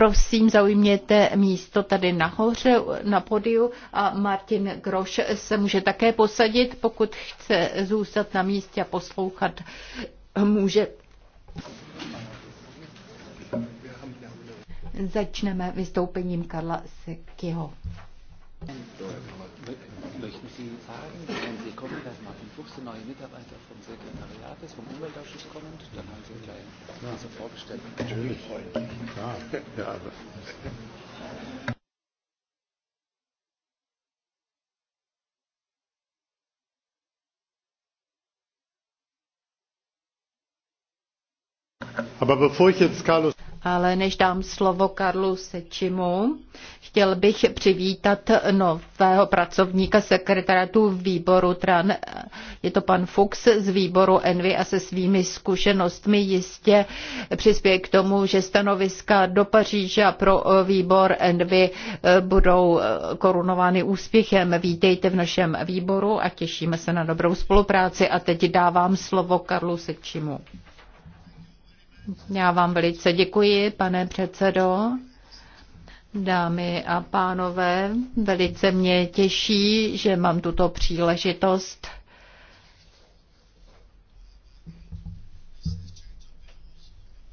Prosím, zaujměte místo tady nahoře na podiu a Martin Groš se může také posadit, pokud chce zůstat na místě a poslouchat může. Začneme vystoupením Karla Sekyho möchten Sie sagen, wenn Sie kommen, dass Martin Fuchs der neue Mitarbeiter vom Sekretariat ist, vom Umweltausschuss kommend, dann haben Sie gleich ja. diese vorgestellt. Natürlich. Ja, ja, aber. Aber bevor ich jetzt Carlos Ale než dám slovo Karlu Sečimu, Chtěl bych přivítat nového pracovníka sekretariatu výboru TRAN. Je to pan Fuchs z výboru Envy a se svými zkušenostmi jistě přispěje k tomu, že stanoviska do Paříže pro výbor Envy budou korunovány úspěchem. Vítejte v našem výboru a těšíme se na dobrou spolupráci. A teď dávám slovo Karlu Sečimu. Já vám velice děkuji, pane předsedo. Dámy a pánové, velice mě těší, že mám tuto příležitost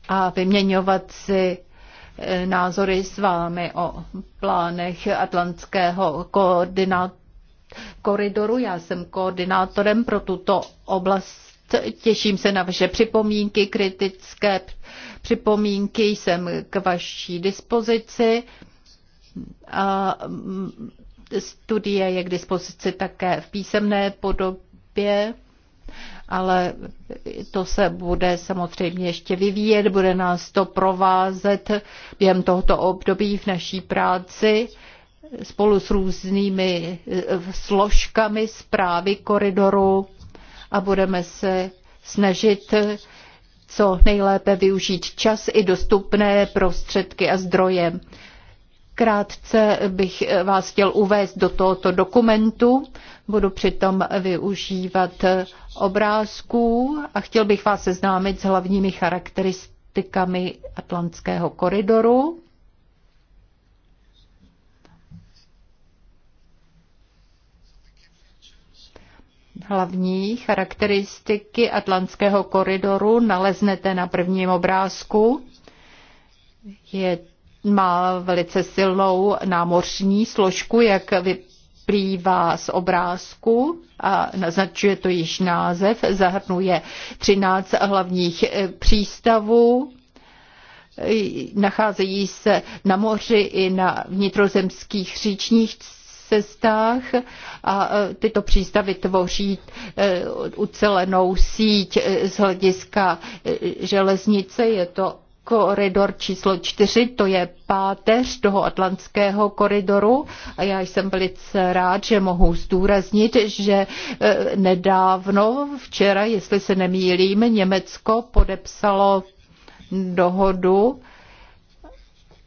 a vyměňovat si eh, názory s vámi o plánech Atlantského koridoru. Já jsem koordinátorem pro tuto oblast. Těším se na vaše připomínky, kritické připomínky, jsem k vaší dispozici. A mm, studie je k dispozici také v písemné podobě, ale to se bude samozřejmě ještě vyvíjet, bude nás to provázet během tohoto období v naší práci spolu s různými eh, složkami zprávy koridoru a budeme se snažit co nejlépe využít čas i dostupné prostředky a zdroje. Krátce bych vás chtěl uvést do tohoto dokumentu. Budu přitom využívat obrázků a chtěl bych vás seznámit s hlavními charakteristikami Atlantského koridoru. Hlavní charakteristiky Atlantského koridoru naleznete na prvním obrázku. Je, má velice silnou námořní složku, jak vyplývá z obrázku a naznačuje to již název. Zahrnuje 13 hlavních eh, přístavů, eh, nacházejí se na moři i na vnitrozemských říčních cestách a e, tyto přístavy tvoří e, ucelenou síť e, z hlediska železnice. Je to koridor číslo čtyři, to je páteř toho atlantského koridoru a já jsem velice rád, že mohu zdůraznit, že nedávno, včera, jestli se nemýlím, Německo podepsalo dohodu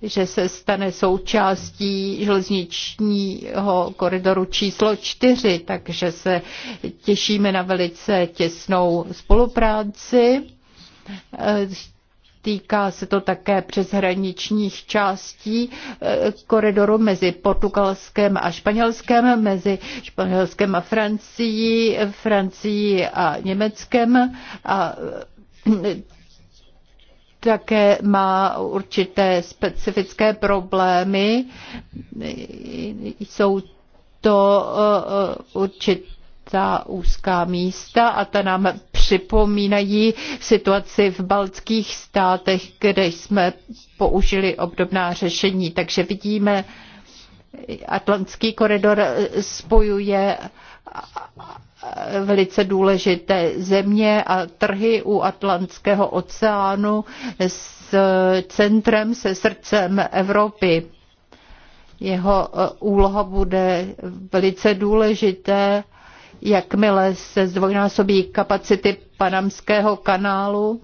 že se stane součástí železničního koridoru číslo čtyři, takže se těšíme na velice těsnou spolupráci. Týká se to také přeshraničních částí eh, koridoru mezi Portugalskem a Španělskem, mezi Španělskem a Francií, Francií a Německem a eh, také má určité specifické problémy. Jsou to eh, určitá úzká místa a ta nám připomínají situaci v baltských státech, kde jsme použili obdobná řešení. Takže vidíme, Atlantský koridor spojuje velice důležité země a trhy u Atlantského oceánu s centrem, se srdcem Evropy. Jeho eh, úloha bude velice důležité, jakmile se zdvojnásobí kapacity Panamského kanálu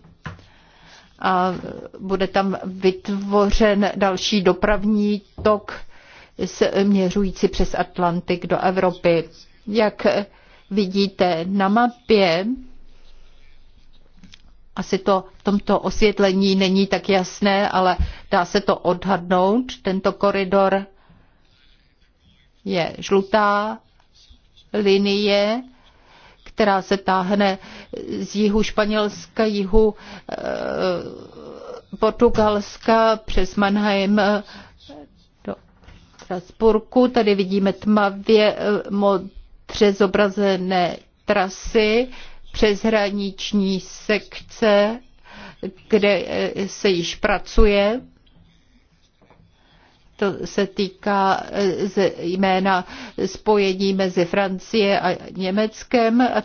a bude tam vytvořen další dopravní tok směřující eh, přes Atlantik do Evropy. Jak eh, vidíte na mapě, asi to v tomto osvětlení není tak jasné, ale dá se to odhadnout. Tento koridor je žlutá linie, která se táhne z jihu Španělska, jihu eh, Portugalska přes Mannheim Strasburku. Tady vidíme tmavě eh, modře zobrazené trasy, přeshraniční sekce, kde eh, se již pracuje. To se týká eh, jména spojení mezi Francie a Německem. A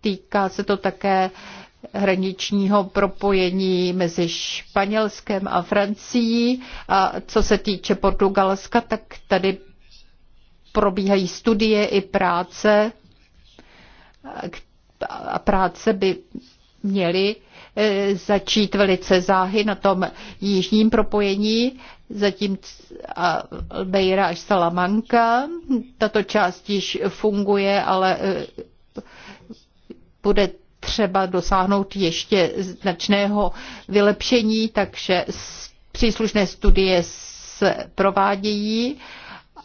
týká se to také uh, hraničního propojení mezi Španělskem a Francií. A co se týče Portugalska, tak tady probíhají studie i práce a práce by měly e, začít velice záhy na tom jižním propojení, zatím Beira až Salamanca. Tato část již funguje, ale e, bude třeba dosáhnout ještě značného vylepšení, takže příslušné studie se provádějí.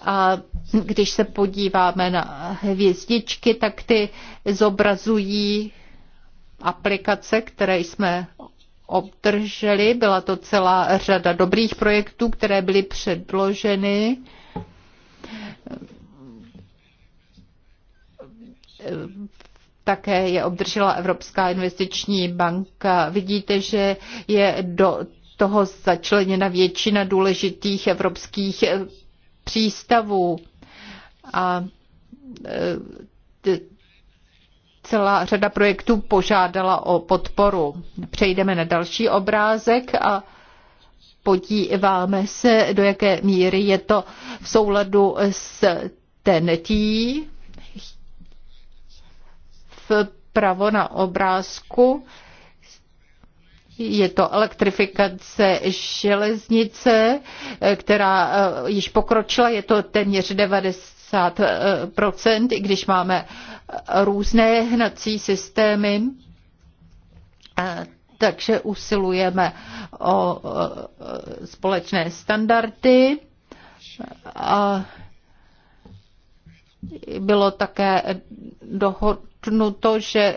A když se podíváme na hvězdičky, tak ty zobrazují aplikace, které jsme obdrželi. Byla to celá řada dobrých projektů, které byly předloženy také je obdržela Evropská investiční banka. Vidíte, že je do toho začleněna většina důležitých evropských eh, přístavů. A eh, celá řada projektů požádala o podporu. Přejdeme na další obrázek a podíváme se, do jaké míry je to v souladu s TNT vpravo na obrázku. Je to elektrifikace železnice, která eh, již pokročila, je to téměř 90 i když máme různé hnací systémy, eh, takže usilujeme o eh, společné standardy. A bylo také dohod to, že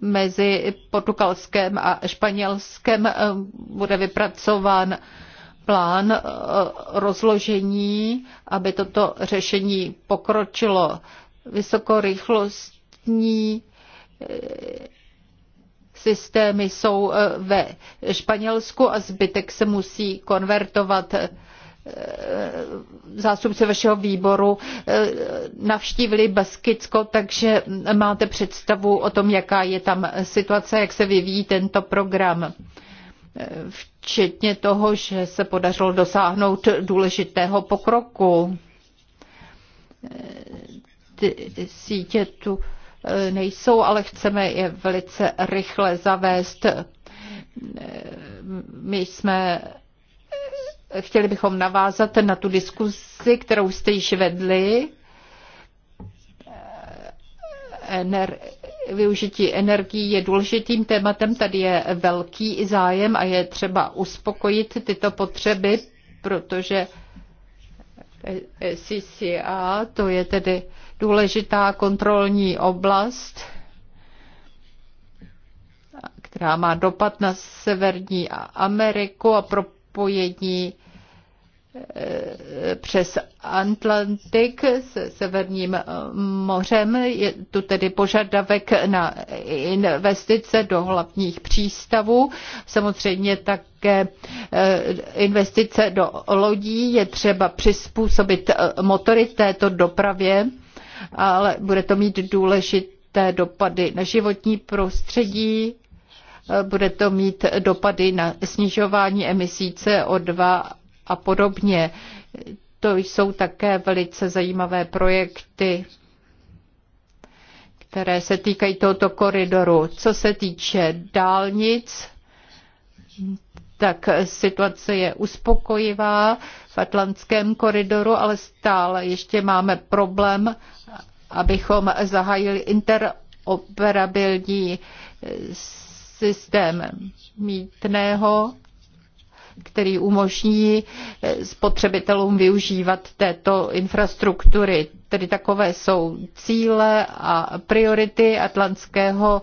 mezi Portugalskem a Španělskem eh, bude vypracován plán eh, rozložení, aby toto řešení pokročilo vysokorychlostní eh, systémy jsou ve Španělsku a zbytek se musí konvertovat Eh, zástupci vašeho výboru eh, navštívili Baskicko, takže máte představu o tom, jaká je tam situace, jak se vyvíjí tento program eh, včetně toho, že se podařilo dosáhnout důležitého pokroku. Ty sítě tu nejsou, ale chceme je velice rychle zavést. My jsme Chtěli bychom navázat na tu diskusi, kterou jste již vedli. Ener- využití energií je důležitým tématem. Tady je velký zájem a je třeba uspokojit tyto potřeby, protože CCA, to je tedy důležitá kontrolní oblast, která má dopad na Severní Ameriku a pro spojení eh, přes Atlantik se Severním mořem. Je tu tedy požadavek na investice do hlavních přístavů. Samozřejmě také eh, investice do lodí je třeba přizpůsobit eh, motory této dopravě, ale bude to mít důležité dopady na životní prostředí, bude to mít dopady na snižování emisí CO2 a podobně. To jsou také velice zajímavé projekty, které se týkají tohoto koridoru. Co se týče dálnic, tak situace je uspokojivá v Atlantském koridoru, ale stále ještě máme problém, abychom zahájili interoperabilní systém mítného, který umožní spotřebitelům využívat této infrastruktury. Tedy takové jsou cíle a priority Atlantského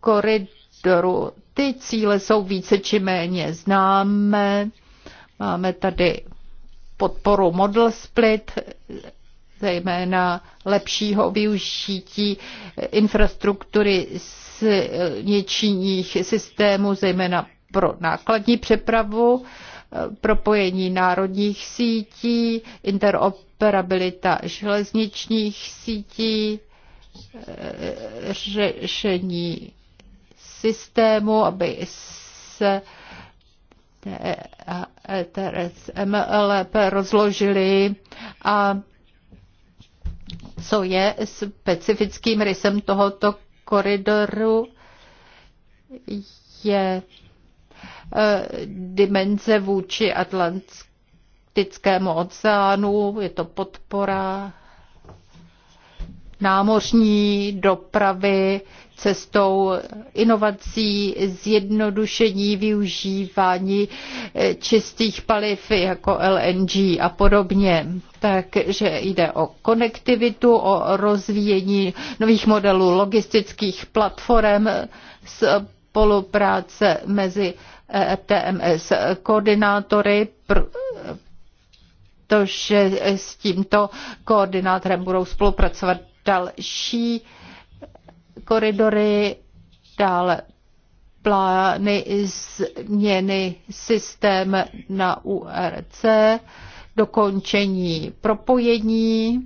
koridoru. Ty cíle jsou více či méně známé. Máme tady podporu model split, zejména lepšího využití infrastruktury železničních systémů, zejména pro nákladní přepravu, propojení národních sítí, interoperabilita železničních sítí, eh, řešení systému, aby se eh, TRSM lépe rozložili a co je specifickým rysem tohoto koridoru je e, dimenze vůči Atlantickému oceánu, je to podpora námořní dopravy, cestou inovací, zjednodušení využívání eh, čistých paliv jako LNG a podobně. Takže jde o konektivitu, o rozvíjení nových modelů logistických platform, spolupráce mezi e TMS koordinátory, protože s tímto koordinátorem budou spolupracovat další koridory, dále plány změny systém na URC, dokončení propojení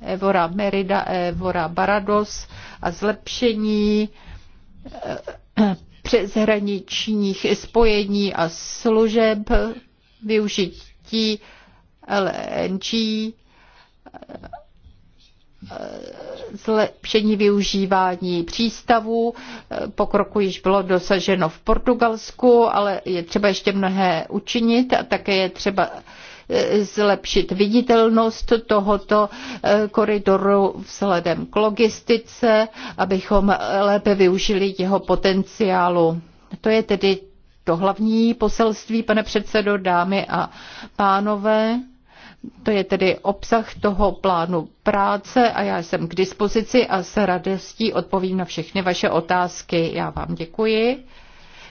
Evora Merida, Evora Barados a zlepšení eh, přeshraničních spojení a služeb, využití LNG zlepšení využívání přístavů. Pokroku již bylo dosaženo v Portugalsku, ale je třeba ještě mnohé učinit a také je třeba eh, zlepšit viditelnost tohoto eh, koridoru vzhledem k logistice, abychom lépe využili jeho potenciálu. To je tedy to hlavní poselství, pane předsedo, dámy a pánové. To je tedy obsah toho plánu práce a já jsem k dispozici a s radostí odpovím na všechny vaše otázky. Já vám děkuji.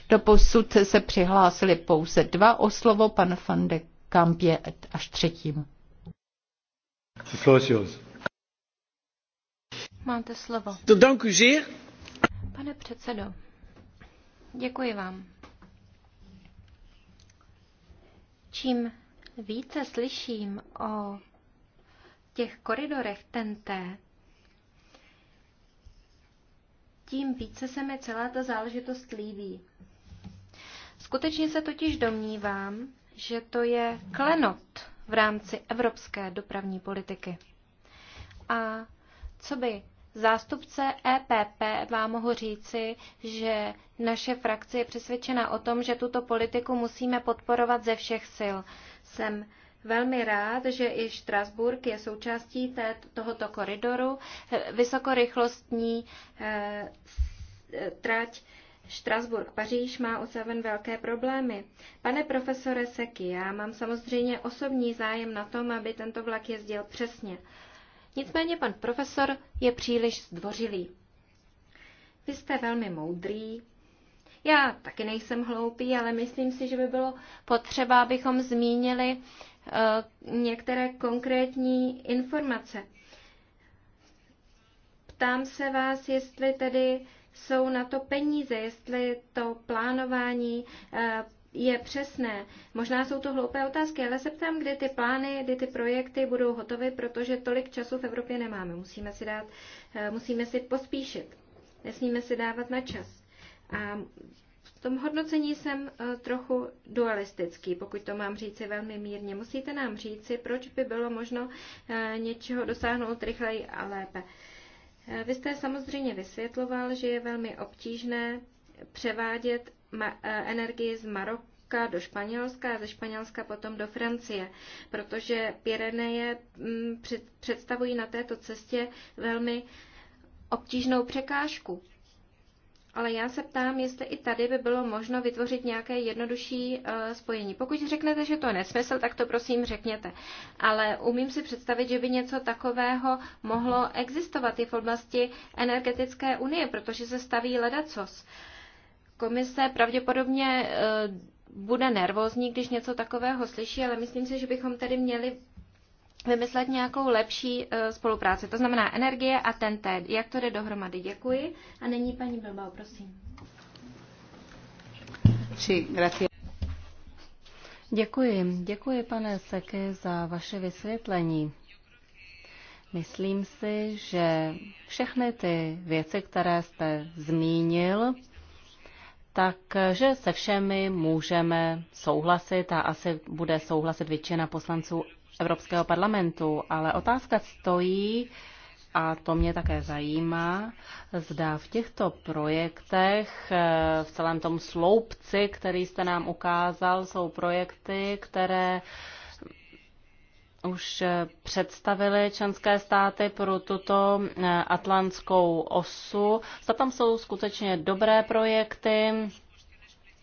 Do posud se přihlásili pouze dva o slovo, pan van de Kamp je až třetím. Máte slovo. Pane předsedo, děkuji vám. Čím více slyším o těch koridorech TNT, tím více se mi celá ta záležitost líbí. Skutečně se totiž domnívám, že to je klenot v rámci evropské dopravní politiky. A co by zástupce EPP vám mohu říci, že naše frakce je přesvědčena o tom, že tuto politiku musíme podporovat ze všech sil. Jsem velmi rád, že i Štrasburg je součástí té, tohoto koridoru. Vysokorychlostní eh, eh trať Štrasburg-Paříž má u Seven velké problémy. Pane profesore Seky, já mám samozřejmě osobní zájem na tom, aby tento vlak jezdil přesně. Nicméně pan profesor je příliš zdvořilý. Vy jste velmi moudrý, já taky nejsem hloupý, ale myslím si, že by bylo potřeba, abychom zmínili eh, některé konkrétní informace. Ptám se vás, jestli tedy jsou na to peníze, jestli to plánování eh, je přesné. Možná jsou to hloupé otázky, ale se ptám, kdy ty plány, kdy ty projekty budou hotovy, protože tolik času v Evropě nemáme. Musíme si, dát, eh, musíme si pospíšit. Nesmíme si dávat na čas. A v tom hodnocení jsem eh, trochu dualistický, pokud to mám říci velmi mírně. Musíte nám říci, proč by bylo možno eh, něčeho dosáhnout rychleji a lépe. Eh, vy jste samozřejmě vysvětloval, že je velmi obtížné převádět energii z Maroka do Španělska a ze Španělska potom do Francie, protože Pireneje mm, představují na této cestě velmi obtížnou překážku. Ale já se ptám, jestli i tady by bylo možno vytvořit nějaké jednodušší eh, spojení. Pokud řeknete, že to je nesmysl, tak to prosím řekněte. Ale umím si představit, že by něco takového mohlo existovat i v oblasti energetické unie, protože se staví ledacos. Komise pravděpodobně eh, bude nervózní, když něco takového slyší, ale myslím si, že bychom tady měli vymyslet nějakou lepší eh, spolupráci. To znamená energie a ten TED. Jak to jde dohromady? Děkuji. A nyní paní Bilbao, prosím. Sí, Děkuji. Děkuji, pane Seke, za vaše vysvětlení. Myslím si, že všechny ty věci, které jste zmínil, takže se všemi můžeme souhlasit a asi bude souhlasit většina poslanců Evropského parlamentu, ale otázka stojí, a to mě také zajímá, zda v těchto projektech, eh, v celém tom sloupci, který jste nám ukázal, jsou projekty, které už eh, představili členské státy pro tuto eh, atlantskou osu. Zda tam jsou skutečně dobré projekty,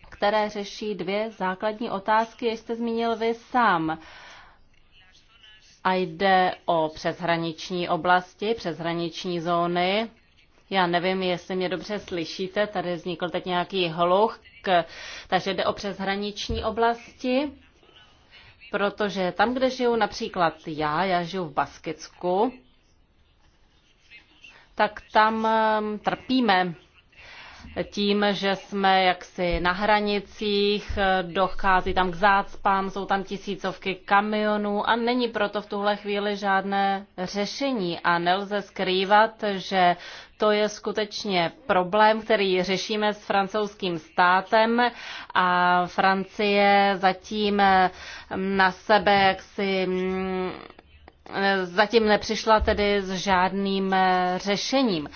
které řeší dvě základní otázky, jak jste zmínil vy sám a jde o přeshraniční oblasti, přeshraniční zóny. Já nevím, jestli mě dobře slyšíte, tady vznikl teď nějaký hluch, takže jde o přeshraniční oblasti, protože tam, kde žiju například já, já žiju v Baskicku, tak tam eh, trpíme tím, že jsme jaksi na hranicích, dochází tam k zácpám, jsou tam tisícovky kamionů a není proto v tuhle chvíli žádné řešení a nelze skrývat, že to je skutečně problém, který řešíme s francouzským státem a Francie zatím na sebe jaksi mm, zatím nepřišla tedy s žádným řešením.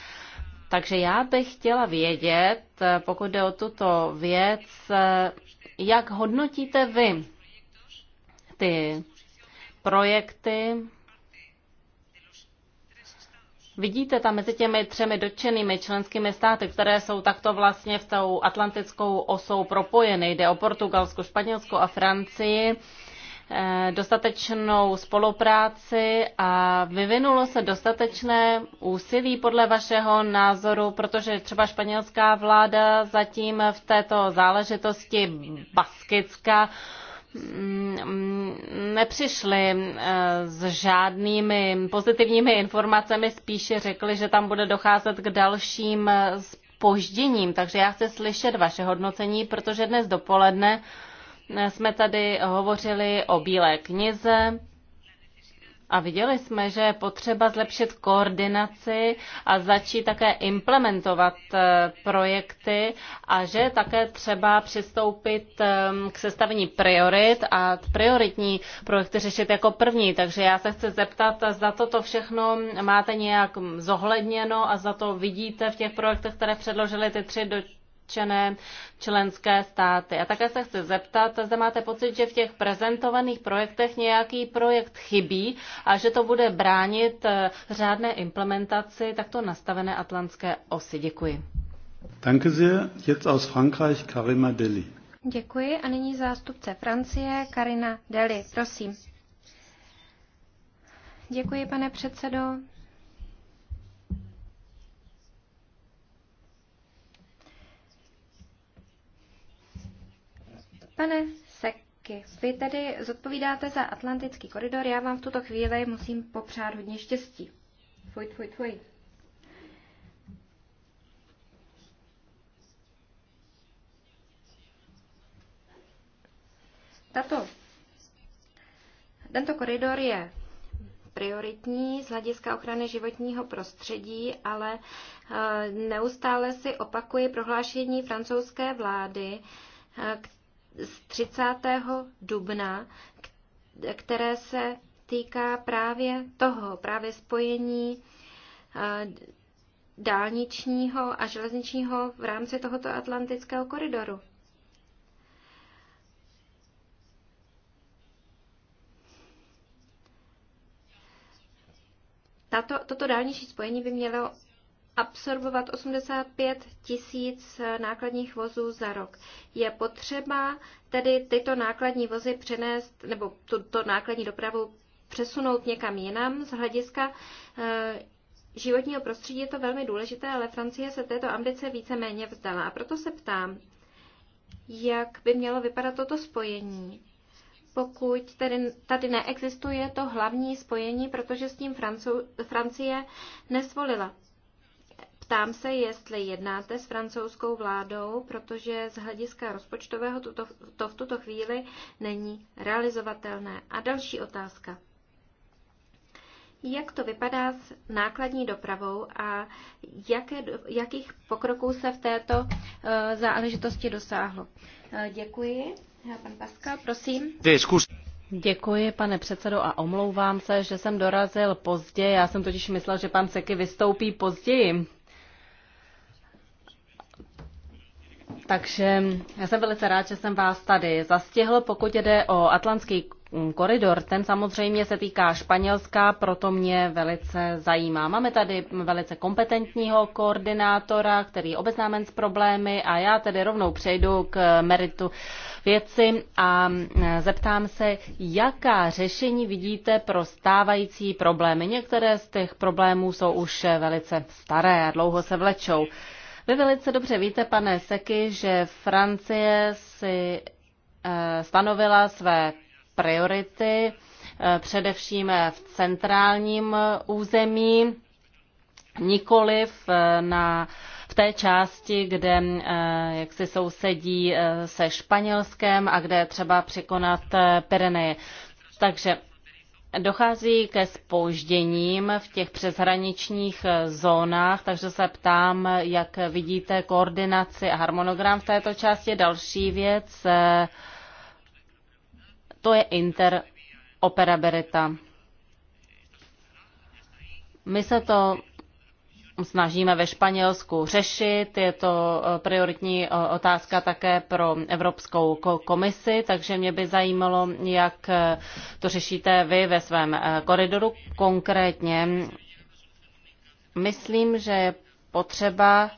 Takže já bych chtěla vědět, eh, pokud jde o tuto věc, eh, jak hodnotíte vy ty projekty? Vidíte tam mezi těmi třemi dotčenými členskými státy, které jsou takto vlastně v tou atlantickou osou propojeny, jde o Portugalsko, Španělsko a Francii, Eh, dostatečnou spolupráci a vyvinulo se dostatečné úsilí podle vašeho názoru, protože třeba španělská vláda zatím v této záležitosti baskická mm, nepřišli eh, s žádnými pozitivními informacemi, spíše řekli, že tam bude docházet k dalším spožděním. Eh, Takže já chci slyšet vaše hodnocení, protože dnes dopoledne uh, jsme tady hovořili o Bílé knize a viděli jsme, že je potřeba zlepšit koordinaci a začít také implementovat eh, projekty a že je také třeba přistoupit ehm, k sestavení priorit a prioritní projekty řešit jako první. Takže já se chci zeptat, zda toto všechno máte nějak zohledněno a za to vidíte v těch projektech, které předložily ty tři do dotčené členské státy. A také se chci zeptat, zda máte pocit, že v těch prezentovaných projektech nějaký projekt chybí a že to bude bránit eh, řádné implementaci takto nastavené atlantské osy. Děkuji. Danke sehr. Jetzt aus Frankreich Karima Deli. Děkuji a nyní zástupce Francie Karina Deli. Prosím. Děkuji, pane předsedo. Pane Seky, vy tedy zodpovídáte za Atlantický koridor, já vám v tuto chvíli musím popřát hodně štěstí. Fuj, fuj, fuj. Tato, tento koridor je prioritní z hlediska ochrany životního prostředí, ale eh, neustále si opakuje prohlášení francouzské vlády, eh, z 30. dubna, které se týká právě toho, právě spojení eh, dálničního a železničního v rámci tohoto atlantického koridoru. Tato, toto dálniční spojení by mělo absorbovat 85 tisíc nákladních vozů za rok. Je potřeba tedy tyto nákladní vozy přenést, nebo tuto nákladní dopravu přesunout někam jinam. Z hlediska eh, životního prostředí je to velmi důležité, ale Francie se této ambice víceméně vzdala. A proto se ptám, jak by mělo vypadat toto spojení, pokud tady tady neexistuje to hlavní spojení, protože s tím Francu, Francie nesvolila. Ptám se, jestli jednáte s francouzskou vládou, protože z hlediska rozpočtového tuto, to v tuto chvíli není realizovatelné. A další otázka. Jak to vypadá s nákladní dopravou a jaké, jakých pokroků se v této uh, záležitosti dosáhlo? Uh, děkuji. Já pan Paska, prosím. Děkuji, pane předsedo, a omlouvám se, že jsem dorazil pozdě. Já jsem totiž myslel, že pan Seky vystoupí později. Takže já jsem velice rád, že jsem vás tady zastihl. Pokud jde o Atlantský koridor, ten samozřejmě se týká Španělska, proto mě velice zajímá. Máme tady velice kompetentního koordinátora, který je obeznámen s problémy a já tedy rovnou přejdu k meritu věci a zeptám se, jaká řešení vidíte pro stávající problémy. Některé z těch problémů jsou už velice staré a dlouho se vlečou. Vy velice dobře víte, pane Seky, že Francie si eh, stanovila své priority, eh, především v centrálním území, nikoliv eh, na, v té části, kde jak si sousedí se Španělskem a kde je třeba překonat Pyreneje. Takže Dochází ke spožděním v těch přeshraničních eh, zónách, takže se ptám, jak vidíte koordinaci a harmonogram v této části. Další věc, eh, to je interoperabilita. My se to snažíme ve Španělsku řešit. Je to eh, prioritní eh, otázka také pro Evropskou komisi, takže mě by zajímalo, jak eh, to řešíte vy ve svém koridoru konkrétně. Myslím, že je potřeba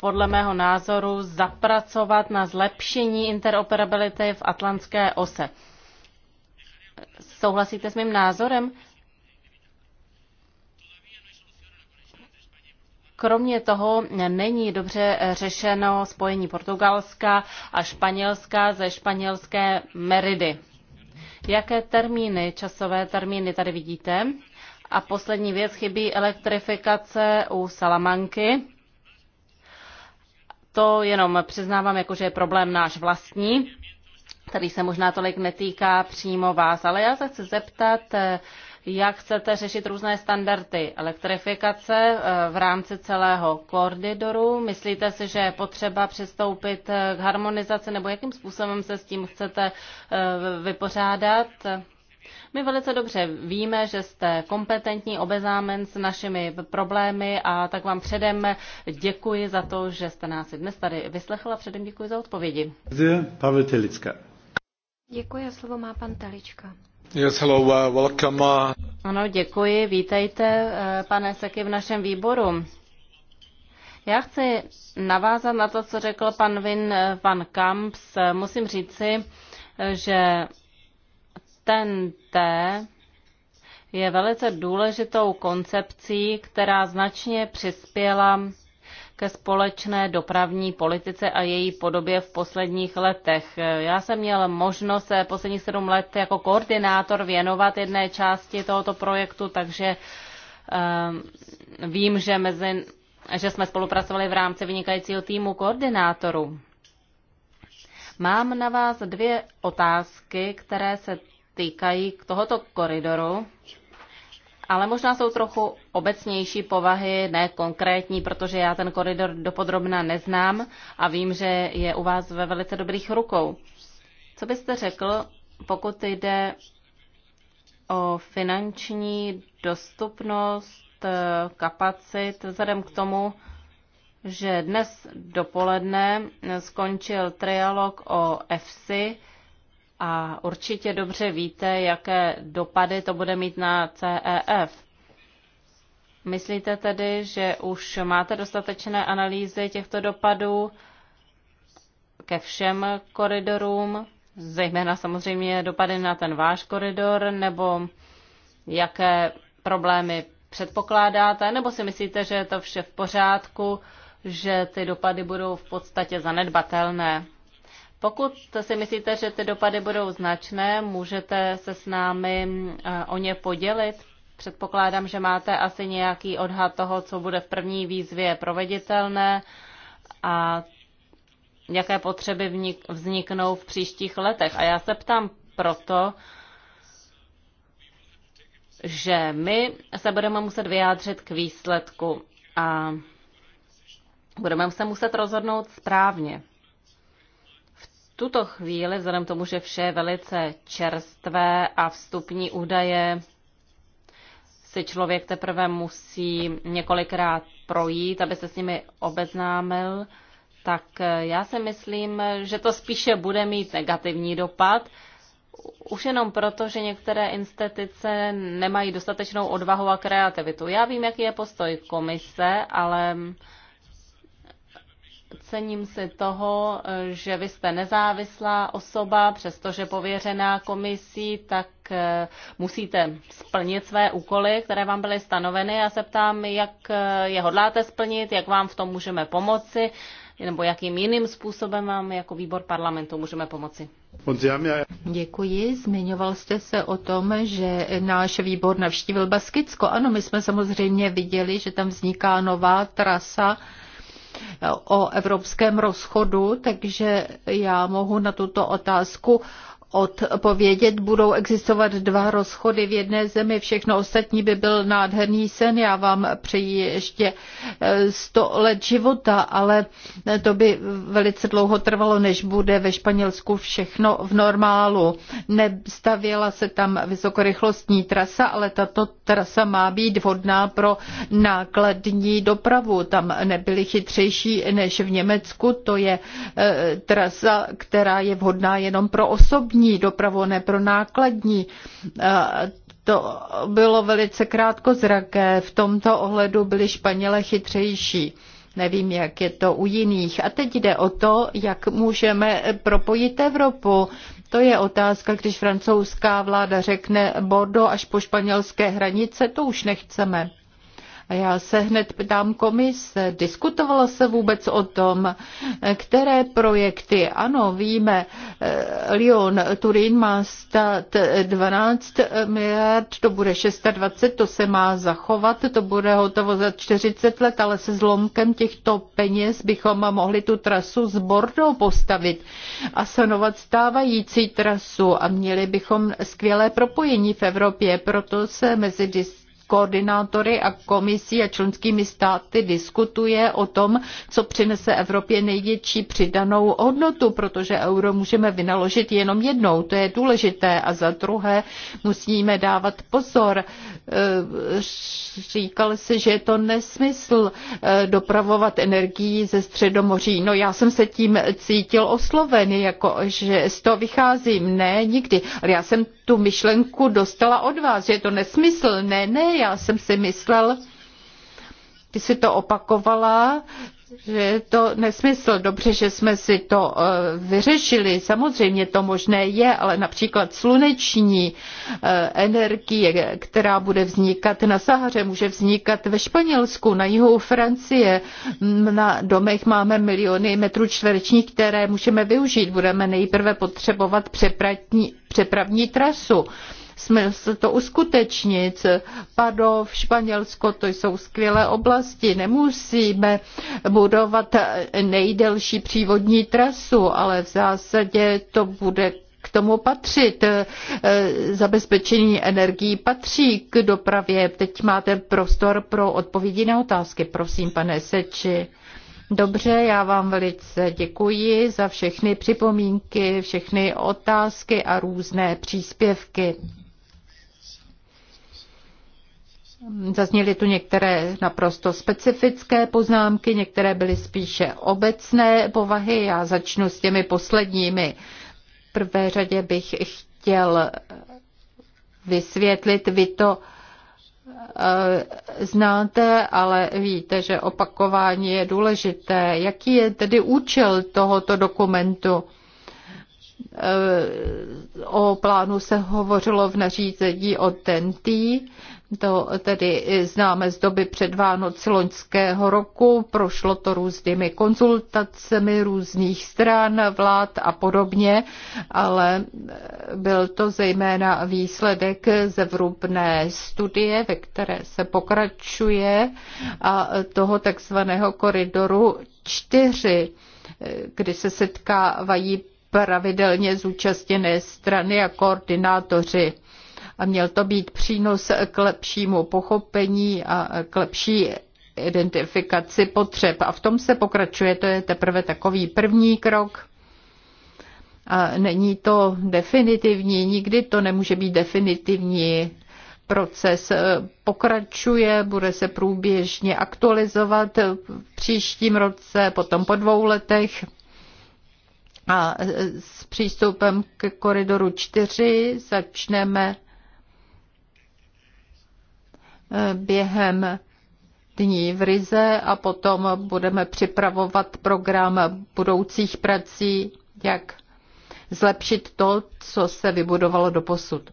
podle mého názoru zapracovat na zlepšení interoperability v atlantské ose. Souhlasíte s mým názorem? Kromě toho není dobře řešeno spojení Portugalska a Španělska ze španělské Meridy. Jaké termíny, časové termíny tady vidíte? A poslední věc, chybí elektrifikace u Salamanky. To jenom přiznávám, jako že je problém náš vlastní, který se možná tolik netýká přímo vás, ale já se chci zeptat, jak chcete řešit různé standardy elektrifikace eh, v rámci celého koordidoru. Myslíte si, že je potřeba přistoupit eh, k harmonizaci nebo jakým způsobem se s tím chcete eh, vypořádat? My velice dobře víme, že jste kompetentní, obezámen s našimi problémy a tak vám předem děkuji za to, že jste nás dnes tady vyslechla. Předem děkuji za odpovědi. Pavel Telička. Děkuji a slovo má pan Telička. Yes, hello, uh, welcome. Uh. Ano, děkuji. Vítejte, eh, pane Seky, v našem výboru. Já chci navázat na to, co řekl pan Vin eh, van Kamps. Eh, musím říci, že ten T je velice důležitou koncepcí, která značně přispěla ke společné dopravní politice a její podobě v posledních letech. Já jsem měl možnost se posledních sedm let jako koordinátor věnovat jedné části tohoto projektu, takže ehm, vím, že, mezi, že jsme spolupracovali v rámci vynikajícího týmu koordinátorů. Mám na vás dvě otázky, které se týkají tohoto koridoru ale možná jsou trochu obecnější povahy, ne konkrétní, protože já ten koridor dopodrobna neznám a vím, že je u vás ve velice dobrých rukou. Co byste řekl, pokud jde o finanční dostupnost eh, kapacit, vzhledem k tomu, že dnes dopoledne skončil trialog o EFSI, a určitě dobře víte, jaké dopady to bude mít na CEF. Myslíte tedy, že už máte dostatečné analýzy těchto dopadů ke všem koridorům, zejména samozřejmě dopady na ten váš koridor, nebo jaké problémy předpokládáte, nebo si myslíte, že je to vše v pořádku, že ty dopady budou v podstatě zanedbatelné? Pokud si myslíte, že ty dopady budou značné, můžete se s námi eh, o ně podělit? Předpokládám, že máte asi nějaký odhad toho, co bude v první výzvě proveditelné a jaké potřeby vzniknou v příštích letech. A já se ptám proto, že my se budeme muset vyjádřit k výsledku a budeme se muset rozhodnout správně tuto chvíli, vzhledem tomu, že vše je velice čerstvé a vstupní údaje si člověk teprve musí několikrát projít, aby se s nimi obeznámil, tak já si myslím, že to spíše bude mít negativní dopad. Už jenom proto, že některé instituce nemají dostatečnou odvahu a kreativitu. Já vím, jaký je postoj komise, ale cením si toho, eh, že vy jste nezávislá osoba, přestože pověřená komisí, tak eh, musíte splnit své úkoly, které vám byly stanoveny. Já se ptám, jak eh, je hodláte splnit, jak vám v tom můžeme pomoci, nebo jakým jiným způsobem vám jako výbor parlamentu můžeme pomoci. Děkuji. Zmiňoval jste se o tom, že náš výbor navštívil Baskicko. Ano, my jsme samozřejmě viděli, že tam vzniká nová trasa o evropském rozchodu, takže já mohu na tuto otázku odpovědět, budou existovat dva rozchody v jedné zemi, všechno ostatní by byl nádherný sen, já vám přeji ještě eh, sto let života, ale eh, to by velice dlouho trvalo, než bude ve Španělsku všechno v normálu. Nestavěla se tam vysokorychlostní trasa, ale tato trasa má být vhodná pro nákladní dopravu. Tam nebyly chytřejší než v Německu, to je eh, trasa, která je vhodná jenom pro osobní osobní dopravu, ne pro nákladní. Eh, to bylo velice krátkozraké. V tomto ohledu byli Španěle chytřejší. Nevím, jak je to u jiných. A teď jde o to, jak můžeme propojit Evropu. To je otázka, když francouzská vláda řekne Bordeaux až po španělské hranice, to už nechceme. A já se hned ptám komise, diskutovala se vůbec o tom, které projekty, ano, víme, eh, Lyon, Turín má stát 12 miliard, to bude 26, to se má zachovat, to bude hotovo za 40 let, ale se zlomkem těchto peněz bychom mohli tu trasu s Bordou postavit a sanovat stávající trasu a měli bychom skvělé propojení v Evropě, proto se mezi dis- koordinátory a komisí a členskými státy diskutuje o tom, co přinese Evropě největší přidanou hodnotu, protože euro můžeme vynaložit jenom jednou, to je důležité. A za druhé musíme dávat pozor. E, říkal se, že je to nesmysl e, dopravovat energii ze Středomoří. No já jsem se tím cítil osloven, jako že z toho vycházím. Ne, nikdy. Ale já jsem tu myšlenku dostala od vás, že je to nesmysl. Ne, ne, já jsem si myslel, ty si to opakovala, že je to nesmysl. Dobře, že jsme si to eh, vyřešili. Samozřejmě to možné je, ale například sluneční eh, energie, která bude vznikat na Sahaře, může vznikat ve Španělsku, na jihu Francie. Na domech máme miliony metrů čtverečních, které můžeme využít. Budeme nejprve potřebovat přepravní, přepravní trasu smysl to uskutečnit. v Španělsko, to jsou skvělé oblasti. Nemusíme budovat nejdelší přívodní trasu, ale v zásadě to bude k tomu patřit. Zabezpečení energií patří k dopravě. Teď máte prostor pro odpovědi na otázky. Prosím, pane Seči. Dobře, já vám velice děkuji za všechny připomínky, všechny otázky a různé příspěvky. Zazněly tu některé naprosto specifické poznámky, některé byly spíše obecné povahy. Já začnu s těmi posledními. V prvé řadě bych chtěl vysvětlit, vy to eh, znáte, ale víte, že opakování je důležité. Jaký je tedy účel tohoto dokumentu? Eh, o plánu se hovořilo v nařízení o TNT to tedy známe z doby před Vánoc loňského roku, prošlo to různými konzultacemi různých stran, vlád a podobně, ale byl to zejména výsledek zevrubné studie, ve které se pokračuje a toho takzvaného koridoru čtyři, kdy se setkávají pravidelně zúčastněné strany a koordinátoři a měl to být přínos k lepšímu pochopení a k lepší identifikaci potřeb. A v tom se pokračuje, to je teprve takový první krok. A není to definitivní, nikdy to nemůže být definitivní. Proces eh, pokračuje, bude se průběžně aktualizovat v příštím roce, potom po dvou letech. A s přístupem k koridoru 4 začneme během dní v Rize a potom budeme připravovat program budoucích prací, jak zlepšit to, co se vybudovalo do posud.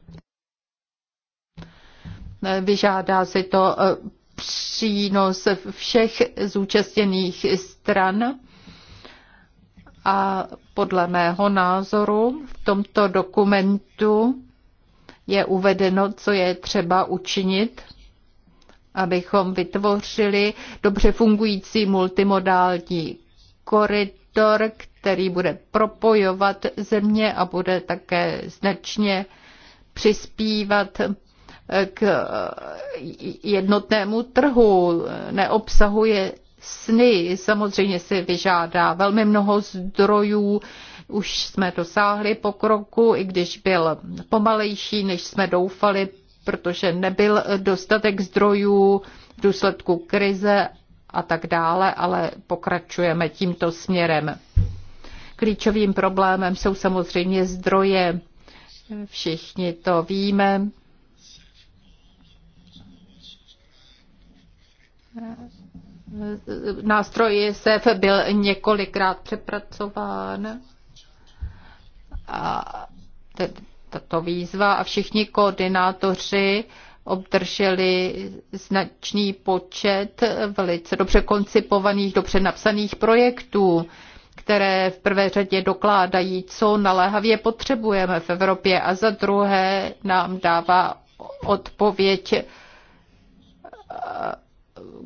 Vyžádá si to eh, přínos všech zúčastněných stran a podle mého názoru v tomto dokumentu je uvedeno, co je třeba učinit abychom vytvořili dobře fungující multimodální koridor, který bude propojovat země a bude také značně přispívat k jednotnému trhu. Neobsahuje sny, samozřejmě si vyžádá velmi mnoho zdrojů, už jsme dosáhli pokroku, i když byl pomalejší, než jsme doufali protože nebyl dostatek zdrojů v důsledku krize a tak dále, ale pokračujeme tímto směrem. Klíčovým problémem jsou samozřejmě zdroje. Všichni to víme. Nástroj SEF byl několikrát přepracován a tato výzva a všichni koordinátoři obdrželi značný počet velice dobře koncipovaných, dobře napsaných projektů, které v prvé řadě dokládají, co naléhavě potřebujeme v Evropě a za druhé nám dává odpověď, eh,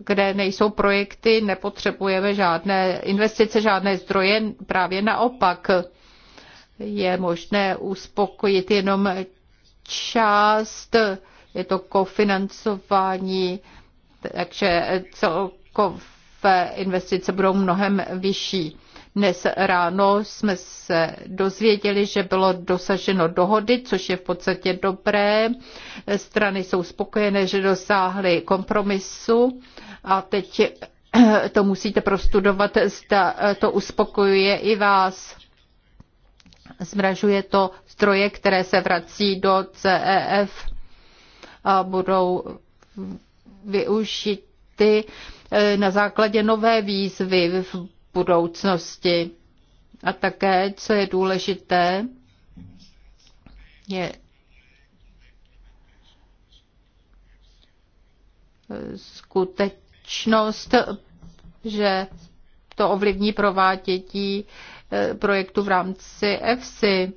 kde nejsou projekty, nepotřebujeme žádné investice, žádné zdroje, právě naopak je možné uspokojit jenom část, je to kofinancování, takže celkové investice budou mnohem vyšší. Dnes ráno jsme se dozvěděli, že bylo dosaženo dohody, což je v podstatě dobré. Strany jsou spokojené, že dosáhly kompromisu a teď to musíte prostudovat, zda to uspokojuje i vás. Zmražuje to stroje, které se vrací do CEF a budou využity e, na základě nové výzvy v budoucnosti. A také, co je důležité, je e, skutečnost, že to ovlivní provádění projektu v rámci EFSI.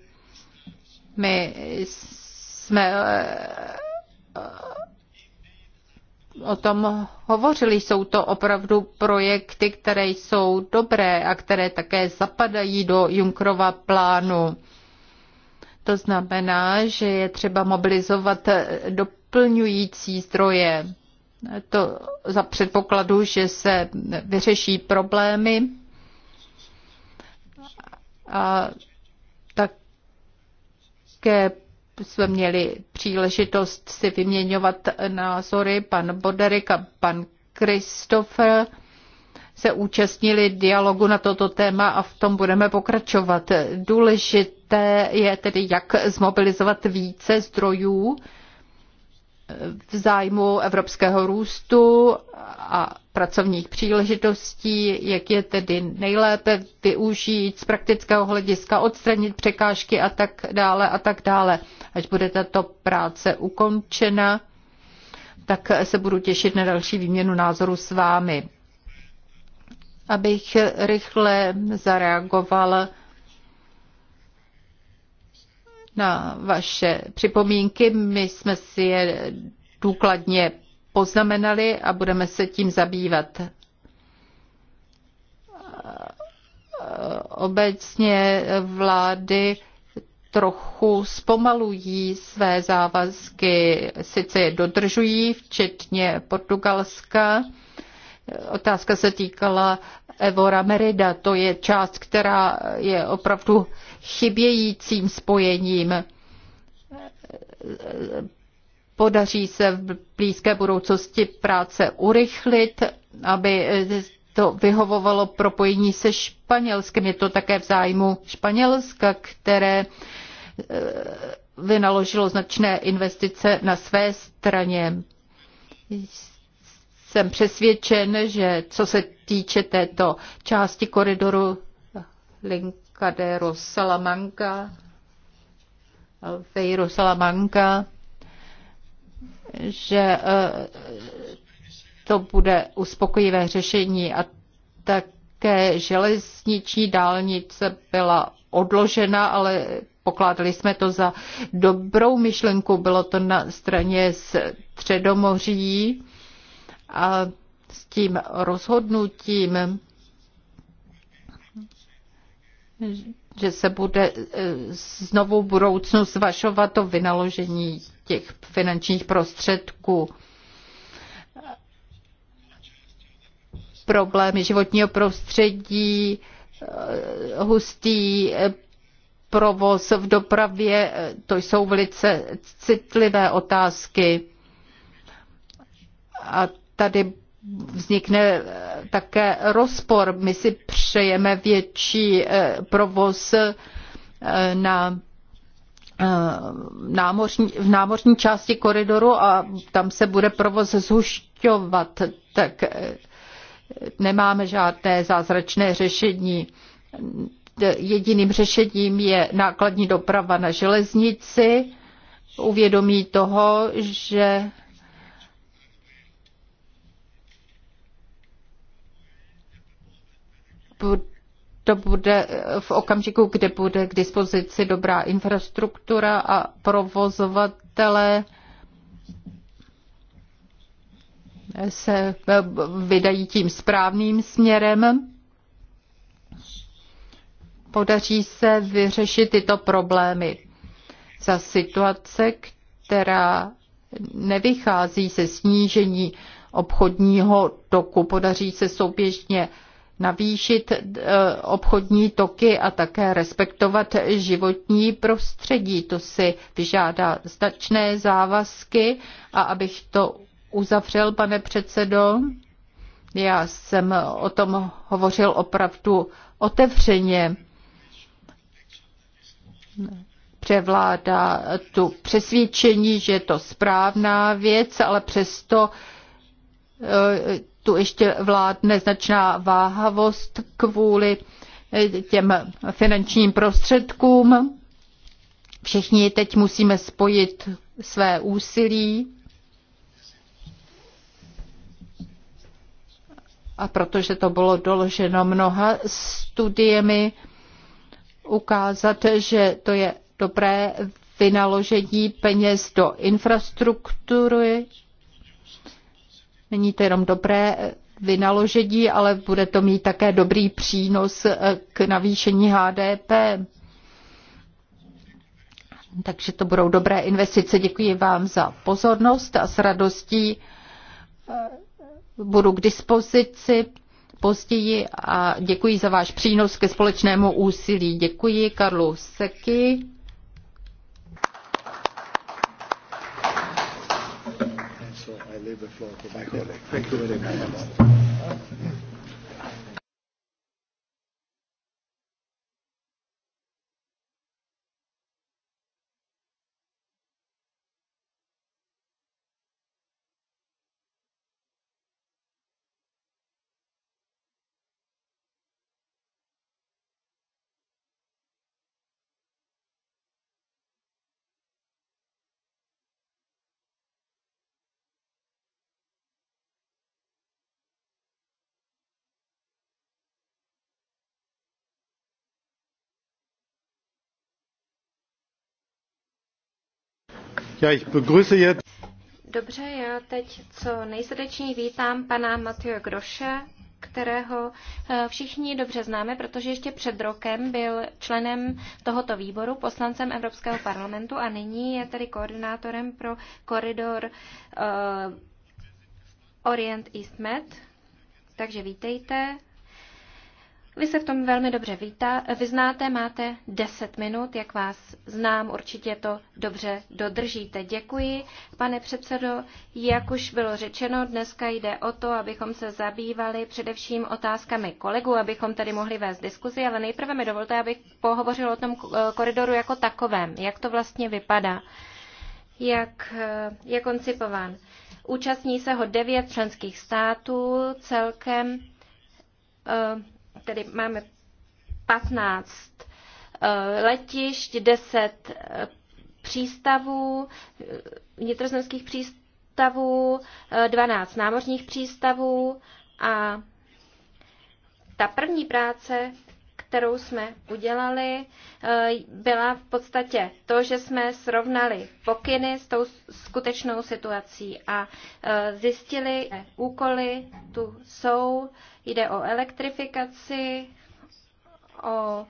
My jsme eh, o tom hovořili. Jsou to opravdu projekty, které jsou dobré a které také zapadají do Junkrova plánu. To znamená, že je třeba mobilizovat doplňující zdroje. To za předpokladu, že se vyřeší problémy a také jsme měli příležitost si vyměňovat názory. Pan Boderik a pan Christopher se účastnili dialogu na toto téma a v tom budeme pokračovat. Důležité je tedy, jak zmobilizovat více zdrojů v zájmu evropského růstu a pracovních příležitostí, jak je tedy nejlépe využít z praktického hlediska, odstranit překážky a tak dále a tak dále. Až bude tato práce ukončena, tak se budu těšit na další výměnu názoru s vámi. Abych rychle zareagoval na vaše připomínky. My jsme si je důkladně poznamenali a budeme se tím zabývat. Obecně vlády trochu zpomalují své závazky, sice je dodržují, včetně Portugalska. Otázka se týkala Evora Merida, to je část, která je opravdu chybějícím spojením. Podaří se v blízké budoucnosti práce urychlit, aby to vyhovovalo propojení se Španělskem. Je to také v zájmu Španělska, které eh, vynaložilo značné investice na své straně. Jsem přesvědčen, že co se týče této části koridoru Link Cadero Salamanca, Alfeiro Salamanca, že eh, to bude uspokojivé řešení a také železniční dálnice byla odložena, ale pokládali jsme to za dobrou myšlenku. Bylo to na straně Středomoří a s tím rozhodnutím že se bude e, znovu v budoucnu zvažovat to vynaložení těch finančních prostředků. Problémy životního prostředí, e, hustý e, provoz v dopravě, to jsou velice citlivé otázky. A tady vznikne eh, také rozpor. My si přejeme větší eh, provoz eh, na námořní, v námořní části koridoru a tam se bude provoz zhušťovat, tak nemáme žádné zázračné řešení. Jediným řešením je nákladní doprava na železnici, uvědomí toho, že to bude eh, v okamžiku, kde bude k dispozici dobrá infrastruktura a provozovatele se eh, vydají tím správným směrem. Podaří se vyřešit tyto problémy za situace, která nevychází ze snížení obchodního toku. Podaří se souběžně navýšit eh, obchodní toky a také respektovat životní prostředí. To si vyžádá značné závazky a abych to uzavřel, pane předsedo, já jsem o tom hovořil opravdu otevřeně. Převládá tu přesvědčení, že je to správná věc, ale přesto eh, tu ještě vládne značná váhavost kvůli eh, těm finančním prostředkům. Všichni teď musíme spojit své úsilí. A protože to bylo doloženo mnoha studiemi, ukázat, že to je dobré vynaložení peněz do infrastruktury, Není to jenom dobré vynaložení, ale bude to mít také dobrý přínos eh, k navýšení HDP. Takže to budou dobré investice. Děkuji vám za pozornost a s radostí eh, budu k dispozici později a děkuji za váš přínos ke společnému úsilí. Děkuji Karlu Seky. leave the floor to my colleague. Thank you very much. Já ich begrüße jetzt. Dobře, já teď co nejsrdečněji vítám pana Matěje Groše, kterého eh, všichni dobře známe, protože ještě před rokem byl členem tohoto výboru, poslancem Evropského parlamentu a nyní je tedy koordinátorem pro koridor uh, Orient East Med. Takže vítejte, vy se v tom velmi dobře víta, vyznáte, máte 10 minut, jak vás znám, určitě to dobře dodržíte. Děkuji, pane předsedo. Jak už bylo řečeno, dneska jde o to, abychom se zabývali především otázkami kolegů, abychom tady mohli vést diskuzi, ale nejprve mi dovolte, abych pohovořil o tom koridoru jako takovém, jak to vlastně vypadá, jak je koncipován. Účastní se ho devět členských států, celkem eh, tedy máme 15 eh, letišť, 10 eh, přístavů, eh, vnitrozemských přístavů, 12 námořních přístavů a ta první práce, kterou jsme udělali, eh, byla v podstatě to, že jsme srovnali pokyny s tou skutečnou situací a eh, zjistili, že úkoly tu jsou. Jde o elektrifikaci, o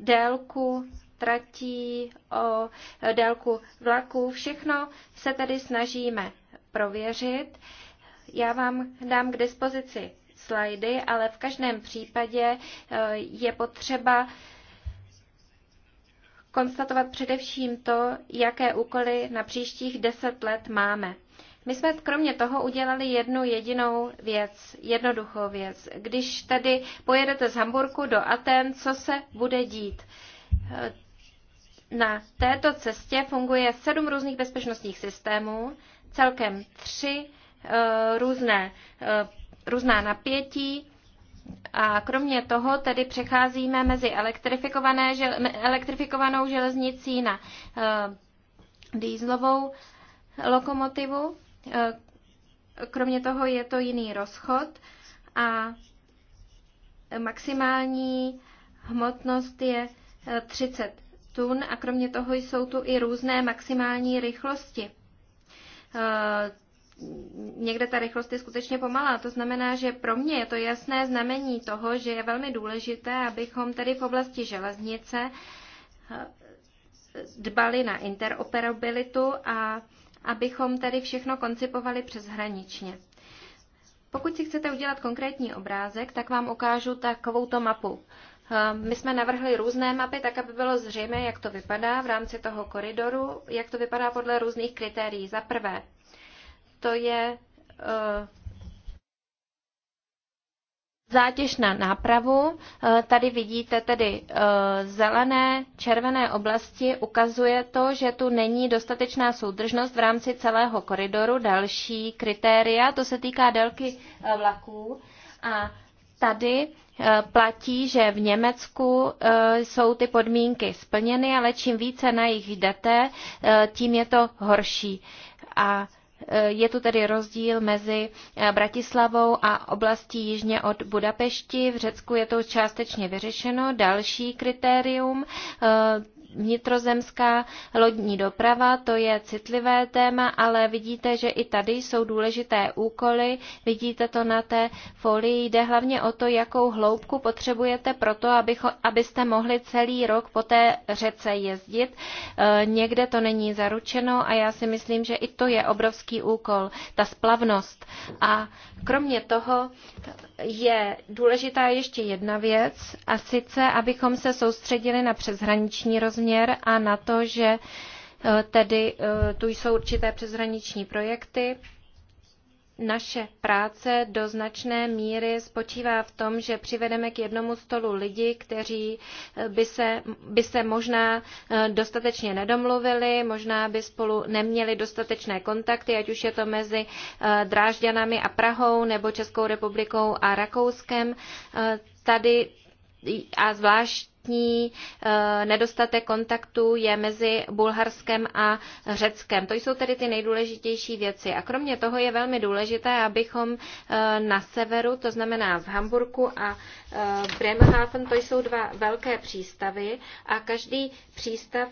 délku tratí, o eh, délku vlaků. Všechno se tedy snažíme prověřit. Já vám dám k dispozici slajdy, ale v každém případě eh, je potřeba konstatovat především to, jaké úkoly na příštích deset let máme. My jsme kromě toho udělali jednu jedinou věc, jednoduchou věc. Když tedy pojedete z Hamburku do Aten, co se bude dít? Eh, na této cestě funguje sedm různých bezpečnostních systémů, celkem tři eh, různé různá napětí. A kromě toho tedy přecházíme mezi elektrifikované, elektrifikovanou železnicí na uh, dýzlovou lokomotivu. Uh, kromě toho je to jiný rozchod a maximální hmotnost je 30 eh, tun a kromě toho jsou tu i různé maximální rychlosti někde ta rychlost je skutečně pomalá. To znamená, že pro mě je to jasné znamení toho, že je velmi důležité, abychom tedy v oblasti železnice eh, dbali na interoperabilitu a abychom tedy všechno koncipovali přeshraničně. Pokud si chcete udělat konkrétní obrázek, tak vám ukážu takovouto mapu. Eh, my jsme navrhli různé mapy, tak aby bylo zřejmé, jak to vypadá v rámci toho koridoru, jak to vypadá podle různých kritérií. Za prvé, to je eh, zátěž na nápravu. Eh, tady vidíte tedy eh, zelené, červené oblasti. Ukazuje to, že tu není dostatečná soudržnost v rámci celého koridoru. Další kritéria, to se týká délky vlaků. A tady platí, že v Německu jsou ty podmínky splněny, ale čím více na jich jdete, tím je to horší. A je tu tedy rozdíl mezi eh, Bratislavou a oblastí jižně od Budapešti. V Řecku je to částečně vyřešeno. Další kritérium eh, vnitrozemská lodní doprava, to je citlivé téma, ale vidíte, že i tady jsou důležité úkoly, vidíte to na té folii, jde hlavně o to, jakou hloubku potřebujete pro to, abyste mohli celý rok po té řece jezdit. E, někde to není zaručeno a já si myslím, že i to je obrovský úkol, ta splavnost. A kromě toho je důležitá ještě jedna věc, a sice, abychom se soustředili na přeshraniční rozměr rozměr a na to, že e, tedy e, tu jsou určité přeshraniční projekty. Naše práce do značné míry spočívá v tom, že přivedeme k jednomu stolu lidi, kteří e, by se, by se možná dostatečně nedomluvili, možná by spolu neměli dostatečné kontakty, ať už je to mezi Drážďanami a Prahou nebo Českou republikou a Rakouskem. Tady a zvlášť evidentní eh, nedostatek kontaktu je mezi Bulharskem a Řeckem. To jsou tedy ty nejdůležitější věci. A kromě toho je velmi důležité, abychom eh, na severu, to znamená z Hamburku a eh, Bremerhaven, to jsou dva velké přístavy a každý přístav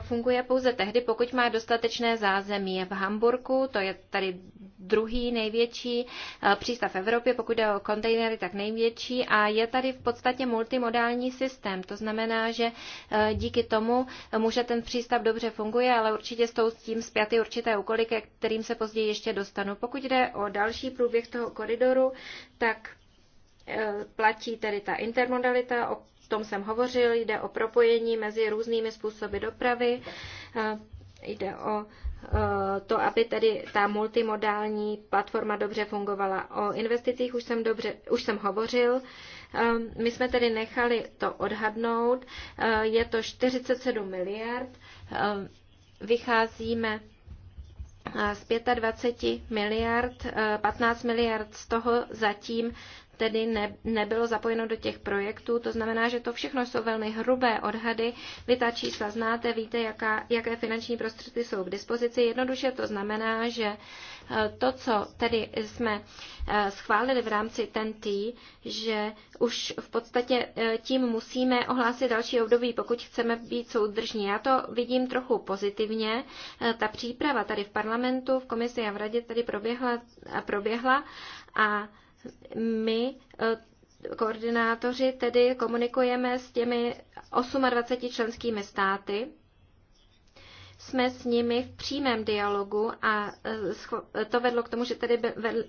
funguje pouze tehdy, pokud má dostatečné zázemí. v Hamburku, to je tady druhý největší přístav v Evropě, pokud jde o kontejnery, tak největší a je tady v podstatě multimodální systém. To znamená, že e, díky tomu může ten přístav dobře funguje, ale určitě s tím zpěty určité úkoly, ke kterým se později ještě dostanu. Pokud jde o další průběh toho koridoru, tak e, platí tedy ta intermodalita, o tom jsem hovořil, jde o propojení mezi různými způsoby dopravy, e, jde o to, aby tedy ta multimodální platforma dobře fungovala. O investicích už jsem, dobře, už jsem hovořil. Ehm, my jsme tedy nechali to odhadnout. Ehm, je to 47 miliard. Ehm, vycházíme eh, z 25 miliard, 15 miliard z toho zatím tedy ne, nebylo zapojeno do těch projektů. To znamená, že to všechno jsou velmi hrubé odhady. Vy ta čísla znáte, víte, jaká, jaké finanční prostředky jsou k dispozici. Jednoduše to znamená, že eh, to, co tedy jsme eh, schválili v rámci TNT, že už v podstatě eh, tím musíme ohlásit další období, pokud chceme být soudržní. Já to vidím trochu pozitivně. Ta příprava tady v parlamentu, v komisi a v radě tady proběhla, proběhla a my e, koordinátoři tedy komunikujeme s těmi 28 členskými státy. Jsme s nimi v přímém dialogu a e, to vedlo k tomu, že tedy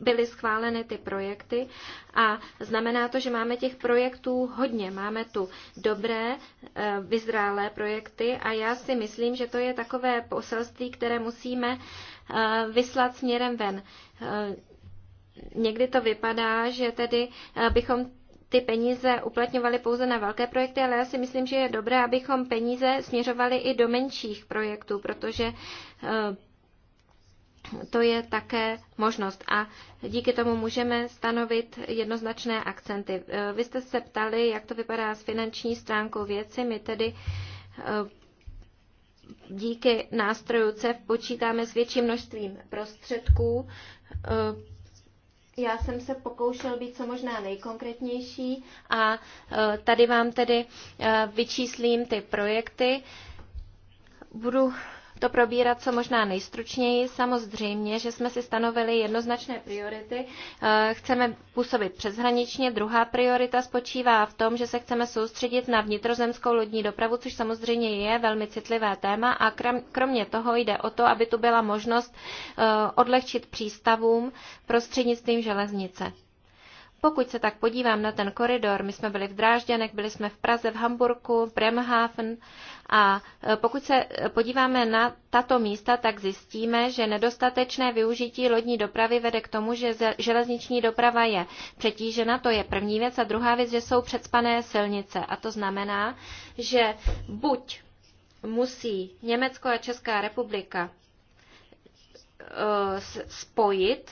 byly schváleny ty projekty a znamená to, že máme těch projektů hodně. Máme tu dobré, e, vyzrálé projekty a já si myslím, že to je takové poselství, které musíme vyslat směrem ven někdy to vypadá, že tedy eh, bychom ty peníze uplatňovali pouze na velké projekty, ale já si myslím, že je dobré, abychom peníze směřovali i do menších projektů, protože eh, to je také možnost a díky tomu můžeme stanovit jednoznačné akcenty. Eh, vy jste se ptali, jak to vypadá s finanční stránkou věci. My tedy díky nástroju CEF počítáme s větším množstvím prostředků já jsem se pokoušel být co možná nejkonkrétnější a e, tady vám tedy e, vyčíslím ty projekty. Budu to probírat co možná nejstručněji. Samozřejmě, že jsme si stanovili jednoznačné priority. Eh, chceme působit přeshraničně. Druhá priorita spočívá v tom, že se chceme soustředit na vnitrozemskou lodní dopravu, což samozřejmě je velmi citlivé téma a kromě toho jde o to, aby tu byla možnost eh, odlehčit přístavům prostřednictvím železnice. Pokud se tak podívám na ten koridor, my jsme byli v Drážďanech, byli jsme v Praze, v Hamburku, v Bremhaven a e, pokud se podíváme na tato místa, tak zjistíme, že nedostatečné využití lodní dopravy vede k tomu, že železniční doprava je přetížena, to je první věc, a druhá věc, že jsou předspané silnice. A to znamená, že buď musí Německo a Česká republika e, spojit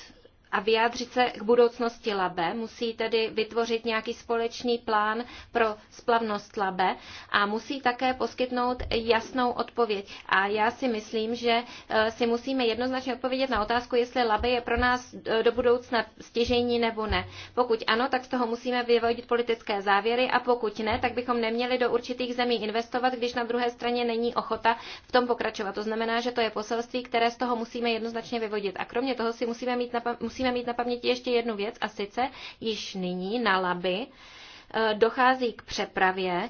a vyjádřit se k budoucnosti Labe. Musí tedy vytvořit nějaký společný plán pro splavnost Labe a musí také poskytnout jasnou odpověď. A já si myslím, že e, si musíme jednoznačně odpovědět na otázku, jestli Labe je pro nás e, do budoucna stěžení nebo ne. Pokud ano, tak z toho musíme vyvodit politické závěry a pokud ne, tak bychom neměli do určitých zemí investovat, když na druhé straně není ochota v tom pokračovat. To znamená, že to je poselství, které z toho musíme jednoznačně vyvodit. A kromě toho si musíme mít na, musíme musíme mít na paměti ještě jednu věc a sice již nyní na Laby eh, dochází k přepravě,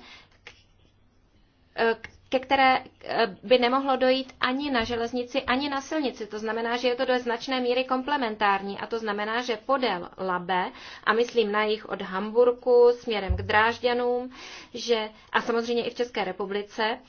eh, ke které eh, by nemohlo dojít ani na železnici, ani na silnici. To znamená, že je to do značné míry komplementární a to znamená, že podél Labe, a myslím na jich od Hamburku směrem k Drážďanům, že, a samozřejmě i v České republice,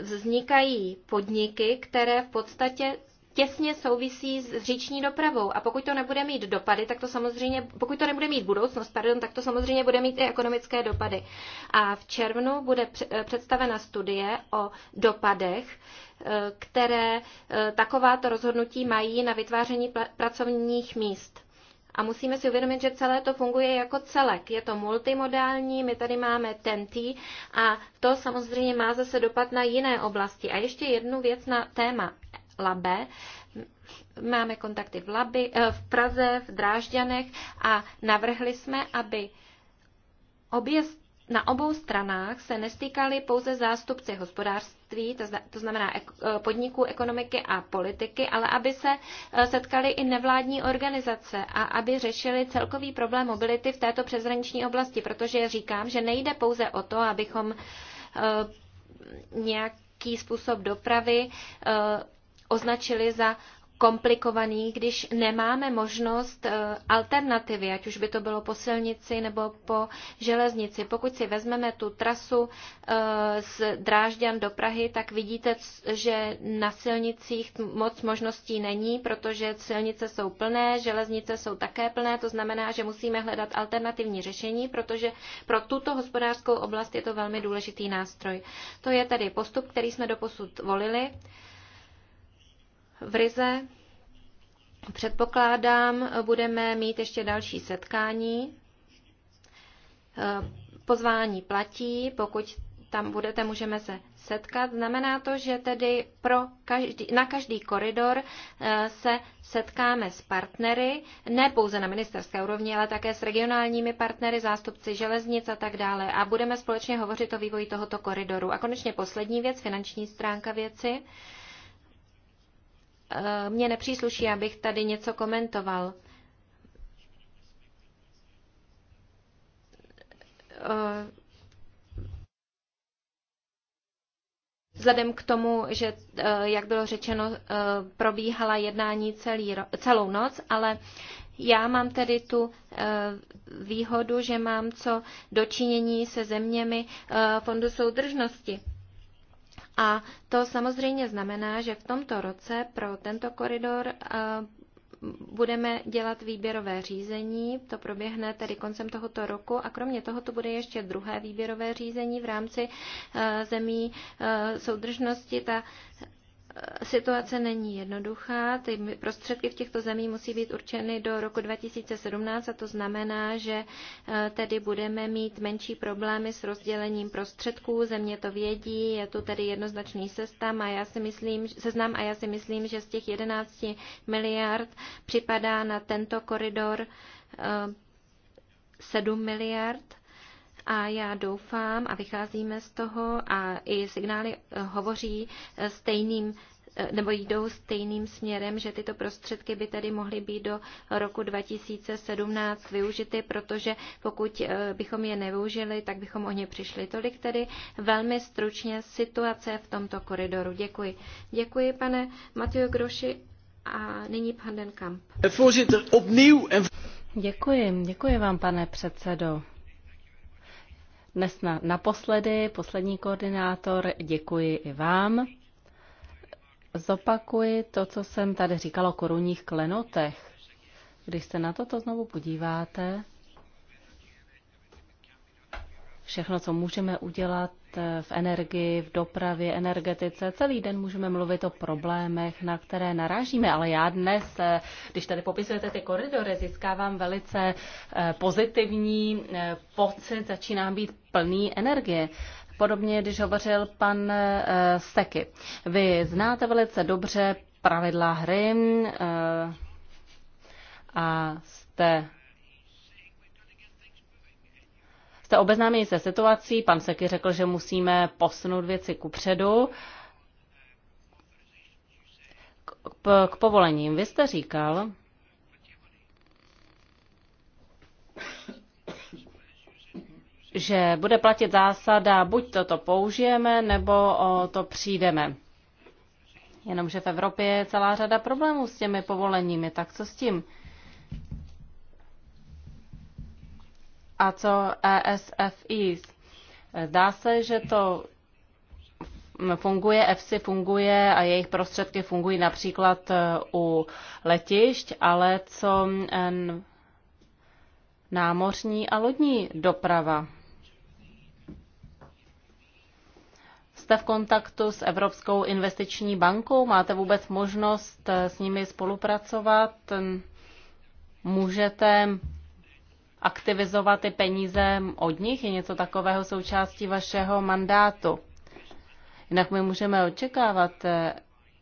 vznikají podniky, které v podstatě těsně souvisí s říční dopravou. A pokud to nebude mít dopady, tak to samozřejmě, pokud to nebude mít budoucnost, pardon, tak to samozřejmě bude mít i ekonomické dopady. A v červnu bude představena studie o dopadech, e, které e, takováto rozhodnutí mají na vytváření pracovních míst. A musíme si uvědomit, že celé to funguje jako celek. Je to multimodální, my tady máme TNT a to samozřejmě má zase dopad na jiné oblasti. A ještě jednu věc na téma Labe. Máme kontakty v, Labi, eh, v Praze, v Drážďanech a navrhli jsme, aby obě na obou stranách se nestýkali pouze zástupci hospodářství, to znamená eh, podniků, ekonomiky a politiky, ale aby se eh, setkali i nevládní organizace a aby řešili celkový problém mobility v této přezraniční oblasti, protože říkám, že nejde pouze o to, abychom nějaký způsob dopravy označili za komplikovaný, když nemáme možnost eh, alternativy, ať už by to bylo po silnici nebo po železnici. Pokud si vezmeme tu trasu eh, z Drážďan do Prahy, tak vidíte, že na silnicích moc možností není, protože silnice jsou plné, železnice jsou také plné, to znamená, že musíme hledat alternativní řešení, protože pro tuto hospodářskou oblast je to velmi důležitý nástroj. To je tedy postup, který jsme doposud volili v Rize. Předpokládám, budeme mít ještě další setkání. Eh, pozvání platí, pokud tam budete, můžeme se setkat. Znamená to, že tedy pro každý, na každý koridor eh, se setkáme s partnery, ne pouze na ministerské úrovni, ale také s regionálními partnery, zástupci železnic a tak dále. A budeme společně hovořit o vývoji tohoto koridoru. A konečně poslední věc, finanční stránka věci. Eh, mě nepřísluší, abych tady něco komentoval. Eh, vzhledem k tomu, že, eh, jak bylo řečeno, probíhala jednání celý, celou noc, ale já mám tedy tu výhodu, že mám co dočinění se zeměmi Fondu soudržnosti. A to samozřejmě znamená, že v tomto roce pro tento koridor eh, budeme dělat výběrové řízení, to proběhne tedy koncem tohoto roku a kromě toho to bude ještě druhé výběrové řízení v rámci eh, zemí eh, soudržnosti. Ta Situace není jednoduchá, ty prostředky v těchto zemí musí být určeny do roku 2017 a to znamená, že eh, tedy budeme mít menší problémy s rozdělením prostředků, země to vědí, je tu tedy jednoznačný seznam a já si myslím, seznam a já si myslím, že z těch 11 miliard připadá na tento koridor 7 eh, miliard a já doufám a vycházíme z toho a i signály eh, hovoří eh, stejným eh, nebo jdou stejným směrem, že tyto prostředky by tedy mohly být do roku 2017 využity, protože pokud bychom je nevyužili, tak bychom o ně přišli. Tolik tedy velmi stručně situace v tomto koridoru. Děkuji. Děkuji, pane Matěj Groši a nyní pan Den Kamp. Děkuji, děkuji vám, pane předsedo dnes na, naposledy, poslední koordinátor, děkuji i vám. Zopakuji to, co jsem tady říkala o korunních klenotech. Když se na toto znovu podíváte, všechno, co můžeme udělat eh, v energii, v dopravě, energetice. Celý den můžeme mluvit o problémech, na které narážíme, ale já dnes, eh, když tady popisujete ty koridory, získávám velice eh, pozitivní pocit, začínám být plný energie podobně, když hovořil pan Steky. Vy znáte velice dobře pravidla hry a jste jste obeznámeni se situací. Pan Seky řekl, že musíme posunout věci kupředu k, k povolením. Vy jste říkal, že bude platit zásada, buď toto použijeme, nebo o to přijdeme. Jenomže v Evropě je celá řada problémů s těmi povoleními, tak co s tím? a co ESFIs. Zdá se, že to funguje, EFSI funguje a jejich prostředky fungují například e, u letišť, ale co e, námořní a lodní doprava. Jste v kontaktu s Evropskou investiční bankou? Máte vůbec možnost e, s nimi spolupracovat? Můžete aktivizovat ty peníze od nich? Je něco takového součástí vašeho mandátu? Jinak my můžeme očekávat eh,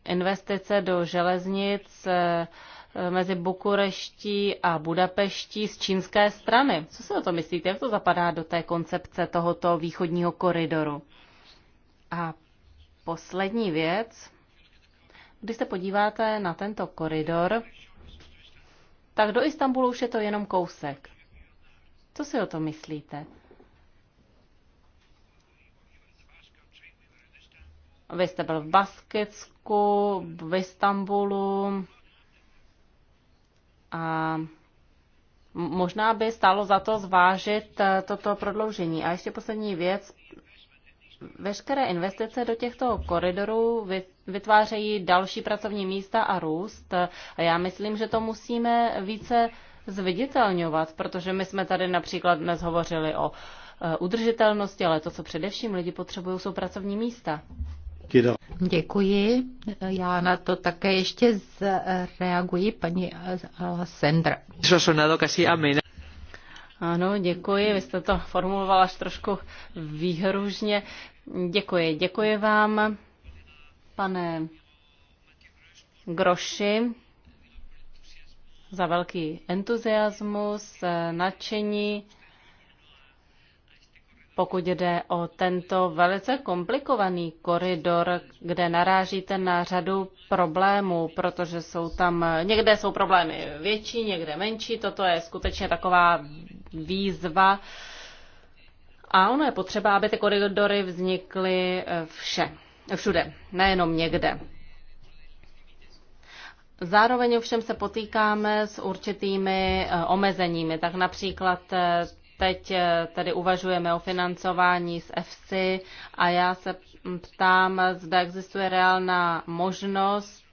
investice do železnic eh, eh, mezi Bukureští a Budapeští z čínské strany. Co si o to myslíte? Jak to zapadá do té koncepce tohoto východního koridoru? A poslední věc. Když se podíváte na tento koridor, tak do Istanbulu už je to jenom kousek. Co si o to myslíte? Vy jste byl v Baskicku, v Istanbulu a možná by stálo za to zvážit eh, toto prodloužení. A ještě poslední věc. Veškeré investice do těchto koridorů vytvářejí další pracovní místa a růst. A já myslím, že to musíme více zviditelňovat, protože my jsme tady například dnes hovořili o eh, udržitelnosti, ale to, co především lidi potřebují, jsou pracovní místa. Děkuji. Já na to také ještě zreaguji, paní Sendra. Ano, děkuji. Vy jste to formulovala až trošku výhružně. Děkuji. Děkuji vám, pane Groši za velký entuziasmus, eh, nadšení, pokud jde o tento velice komplikovaný koridor, kde narážíte na řadu problémů, protože jsou tam, někde jsou problémy větší, někde menší, toto je skutečně taková výzva. A ono je potřeba, aby ty koridory vznikly eh, vše, všude, nejenom někde. Zároveň ovšem se potýkáme s určitými eh, omezeními. Tak například eh, teď eh, tedy uvažujeme o financování z EFSI a já se ptám, zda existuje reálná možnost,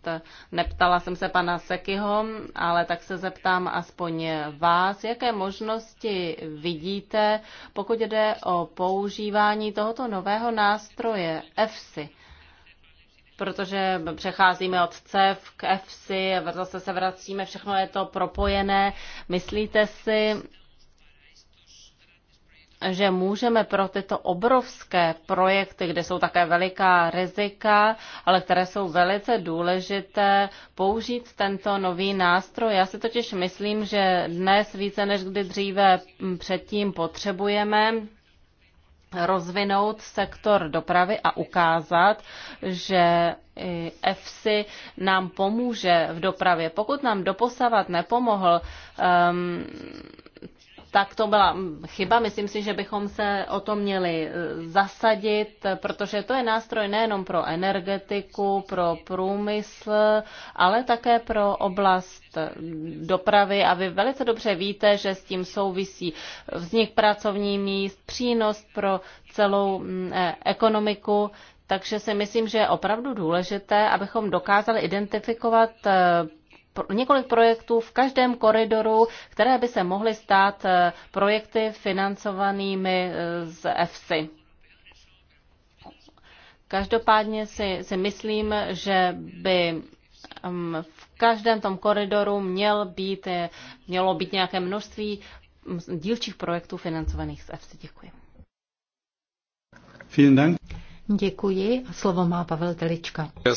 neptala jsem se pana Sekyho, ale tak se zeptám aspoň vás, jaké možnosti vidíte, pokud jde o používání tohoto nového nástroje EFSI protože přecházíme od CEF k EFSI, zase se vracíme, všechno je to propojené. Myslíte si, že můžeme pro tyto obrovské projekty, kde jsou také veliká rizika, ale které jsou velice důležité, použít tento nový nástroj. Já si totiž myslím, že dnes více než kdy dříve předtím potřebujeme rozvinout sektor dopravy a ukázat, že EFSI nám pomůže v dopravě. Pokud nám doposavat nepomohl, um, tak to byla chyba. Myslím si, že bychom se o to měli eh, zasadit, protože to je nástroj nejenom pro energetiku, pro průmysl, ale také pro oblast eh, dopravy. A vy velice dobře víte, že s tím souvisí vznik pracovních míst, přínos pro celou mm, eh, ekonomiku. Takže si myslím, že je opravdu důležité, abychom dokázali identifikovat několik projektů v každém koridoru, které by se mohly stát eh, projekty financovanými eh, z EFSI. Každopádně si, si myslím, že by mm, v každém tom koridoru měl být, eh, mělo být nějaké množství mm, dílčích projektů financovaných z EFSI. Děkuji. Vielen Děkuji a slovo má Pavel Telička. Uh,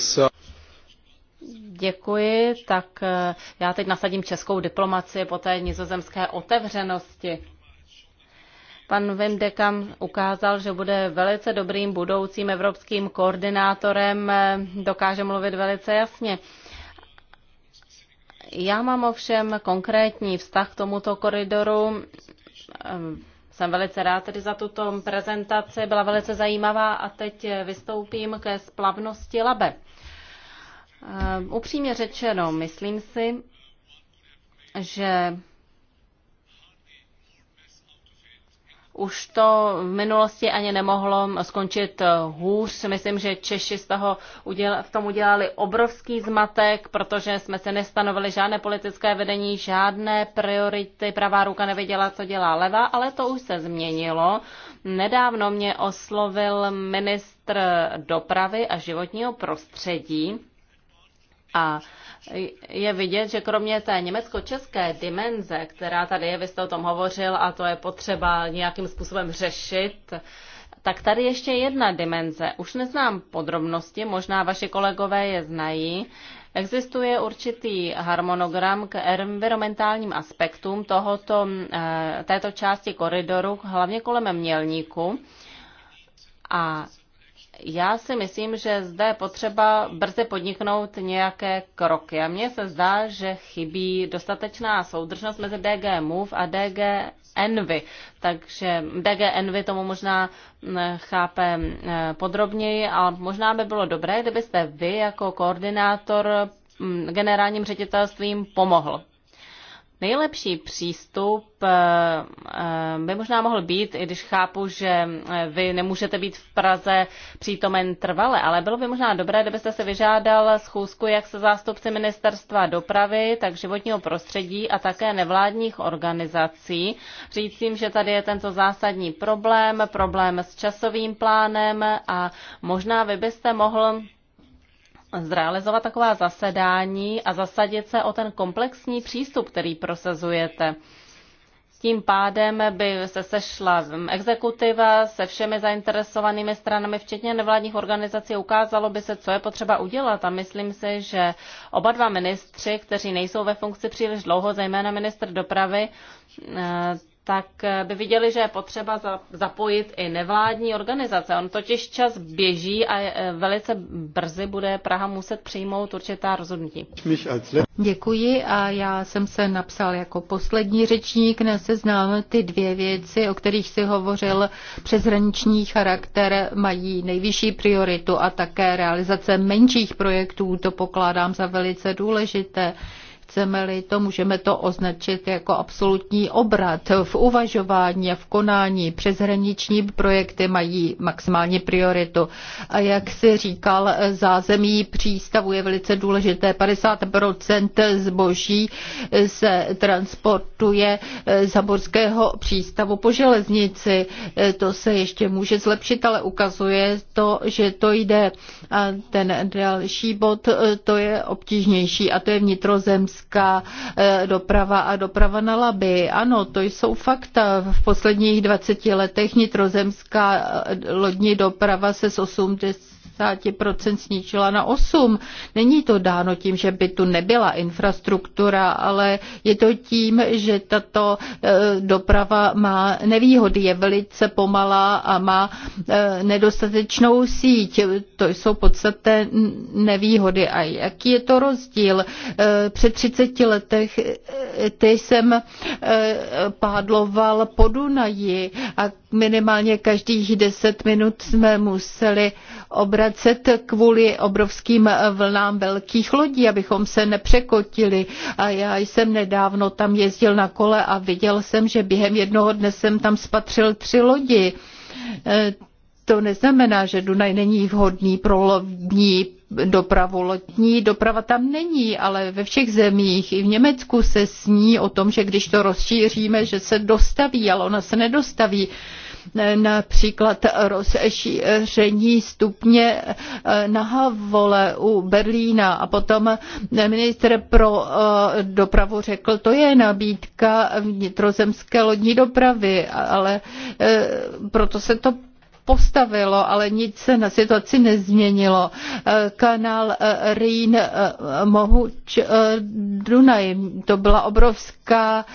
Děkuji, tak eh, já teď nasadím českou diplomaci po té nizozemské otevřenosti. Pan Wim Dekam ukázal, že bude velice dobrým budoucím evropským koordinátorem, eh, dokáže mluvit velice jasně. Já mám ovšem konkrétní vztah k tomuto koridoru. Ehm, jsem velice rád tedy za tuto prezentaci, byla velice zajímavá a teď eh, vystoupím ke splavnosti Labe. Eh, upřímně řečeno, myslím si, že už to v minulosti ani nemohlo skončit hůř. Myslím, že Češi z toho uděla, v tom udělali obrovský zmatek, protože jsme se nestanovili žádné politické vedení, žádné priority. Pravá ruka nevěděla, co dělá levá, ale to už se změnilo. Nedávno mě oslovil ministr dopravy a životního prostředí a je vidět, že kromě té německo-české dimenze, která tady je, vy jste o tom hovořil a to je potřeba nějakým způsobem řešit, tak tady ještě jedna dimenze. Už neznám podrobnosti, možná vaši kolegové je znají. Existuje určitý harmonogram k environmentálním aspektům tohoto, eh, této části koridoru, hlavně kolem Mělníku. A já si myslím, že zde je potřeba brzy podniknout nějaké kroky. A mně se zdá, že chybí dostatečná soudržnost mezi DG Move a DG Envy. Takže DG Envy tomu možná mm, chápe mm, podrobněji, ale možná by bylo dobré, kdybyste vy jako koordinátor mm, generálním ředitelstvím pomohl. Nejlepší přístup eh, eh, by možná mohl být, i když chápu, že eh, vy nemůžete být v Praze přítomen trvale, ale bylo by možná dobré, kdybyste se vyžádal schůzku jak se zástupci ministerstva dopravy, tak životního prostředí a také nevládních organizací. Říct jim, že tady je tento zásadní problém, problém s časovým plánem a možná vy byste mohl zrealizovat taková zasedání a zasadit se o ten komplexní přístup, který prosazujete. Tím pádem by se sešla exekutiva se všemi zainteresovanými stranami, včetně nevládních organizací, ukázalo by se, co je potřeba udělat. A myslím si, že oba dva ministři, kteří nejsou ve funkci příliš dlouho, zejména ministr dopravy, tak eh, by viděli, že je potřeba zapojit i nevládní organizace. On totiž čas běží a eh, velice brzy bude Praha muset přijmout určitá rozhodnutí. Děkuji a já jsem se napsal jako poslední řečník na seznám ty dvě věci, o kterých si hovořil. Přeshraniční charakter mají nejvyšší prioritu a také realizace menších projektů, to pokládám za velice důležité. Chceme-li to, můžeme to označit jako absolutní obrat v uvažování a v konání. Přeshraniční projekty mají maximální prioritu. A jak si říkal, zázemí přístavu je velice důležité. 50% zboží se transportuje z Hamburského přístavu po železnici. To se ještě může zlepšit, ale ukazuje to, že to jde. A ten další bod, to je obtížnější a to je vnitrozemský letecká eh, doprava a doprava na Laby. Ano, to jsou fakta. V posledních 20 letech nitrozemská eh, lodní doprava se z 80 50% snížila na 8. Není to dáno tím, že by tu nebyla infrastruktura, ale je to tím, že tato e, doprava má nevýhody, je velice pomalá a má e, nedostatečnou síť. To jsou podstatné nevýhody. A jaký je to rozdíl? E, před 30 letech ty jsem pádloval po Dunaji a minimálně každých 10 minut jsme museli obrat vracet kvůli obrovským vlnám velkých lodí, abychom se nepřekotili. A já jsem nedávno tam jezdil na kole a viděl jsem, že během jednoho dne jsem tam spatřil tři lodi. E, to neznamená, že Dunaj není vhodný pro lodní dopravu. Lodní doprava tam není, ale ve všech zemích, i v Německu se sní o tom, že když to rozšíříme, že se dostaví, ale ona se nedostaví například rozšíření stupně eh, na Havole u Berlína a potom minister pro eh, dopravu řekl, to je nabídka vnitrozemské lodní dopravy, ale eh, proto se to postavilo, ale nic se na situaci nezměnilo. Eh, Kanál eh, Rýn eh, Mohuč Dunaj, to byla obrovská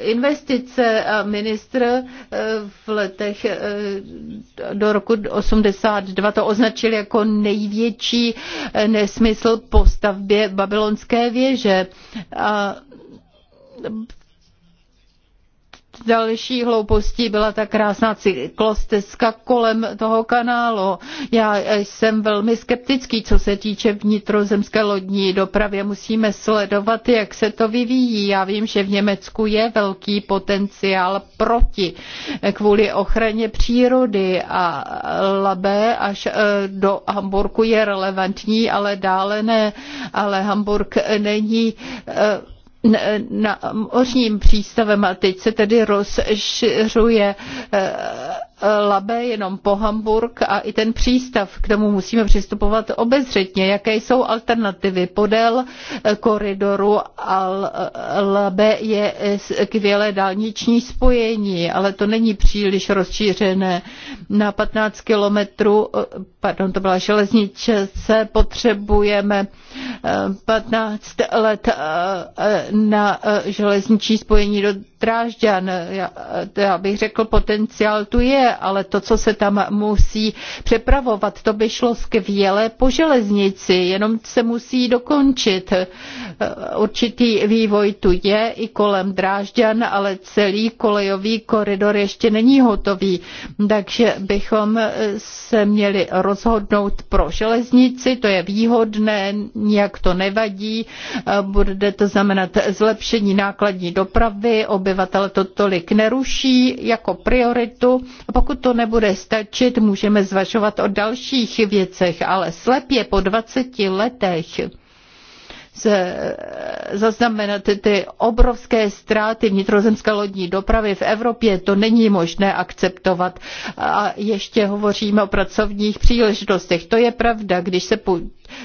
investice a ministr v letech do roku 82 to označil jako největší nesmysl po stavbě babylonské věže. A další hloupostí byla ta krásná cyklostezka kolem toho kanálu. Já jsem velmi skeptický, co se týče vnitrozemské lodní dopravy. Musíme sledovat, jak se to vyvíjí. Já vím, že v Německu je velký potenciál proti kvůli ochraně přírody a Labe až e, do Hamburku je relevantní, ale dále ne. Ale Hamburg není e, na mořním přístavem a teď se tedy rozšiřuje eh, Labe, jenom po Hamburg a i ten přístav, k tomu musíme přistupovat obezřetně. Jaké jsou alternativy? Podél eh, koridoru Al eh, Labe je eh, skvělé dálniční spojení, ale to není příliš rozšířené. Na 15 kilometrů, pardon, to byla železnice, potřebujeme 15 let na železniční spojení do Drážďan. Já, já bych řekl, potenciál tu je, ale to, co se tam musí přepravovat, to by šlo skvěle po železnici, jenom se musí dokončit. Určitý vývoj tu je i kolem Drážďan, ale celý kolejový koridor ještě není hotový, takže bychom se měli rozhodnout pro železnici, to je výhodné, nijak to nevadí, bude to znamenat zlepšení nákladní dopravy, ob obyvatel to tolik neruší jako prioritu. Pokud to nebude stačit, můžeme zvažovat o dalších věcech, ale slepě po 20 letech se zaznamenat ty obrovské ztráty vnitrozemské lodní dopravy v Evropě. To není možné akceptovat. A ještě hovoříme o pracovních příležitostech. To je pravda, když se po,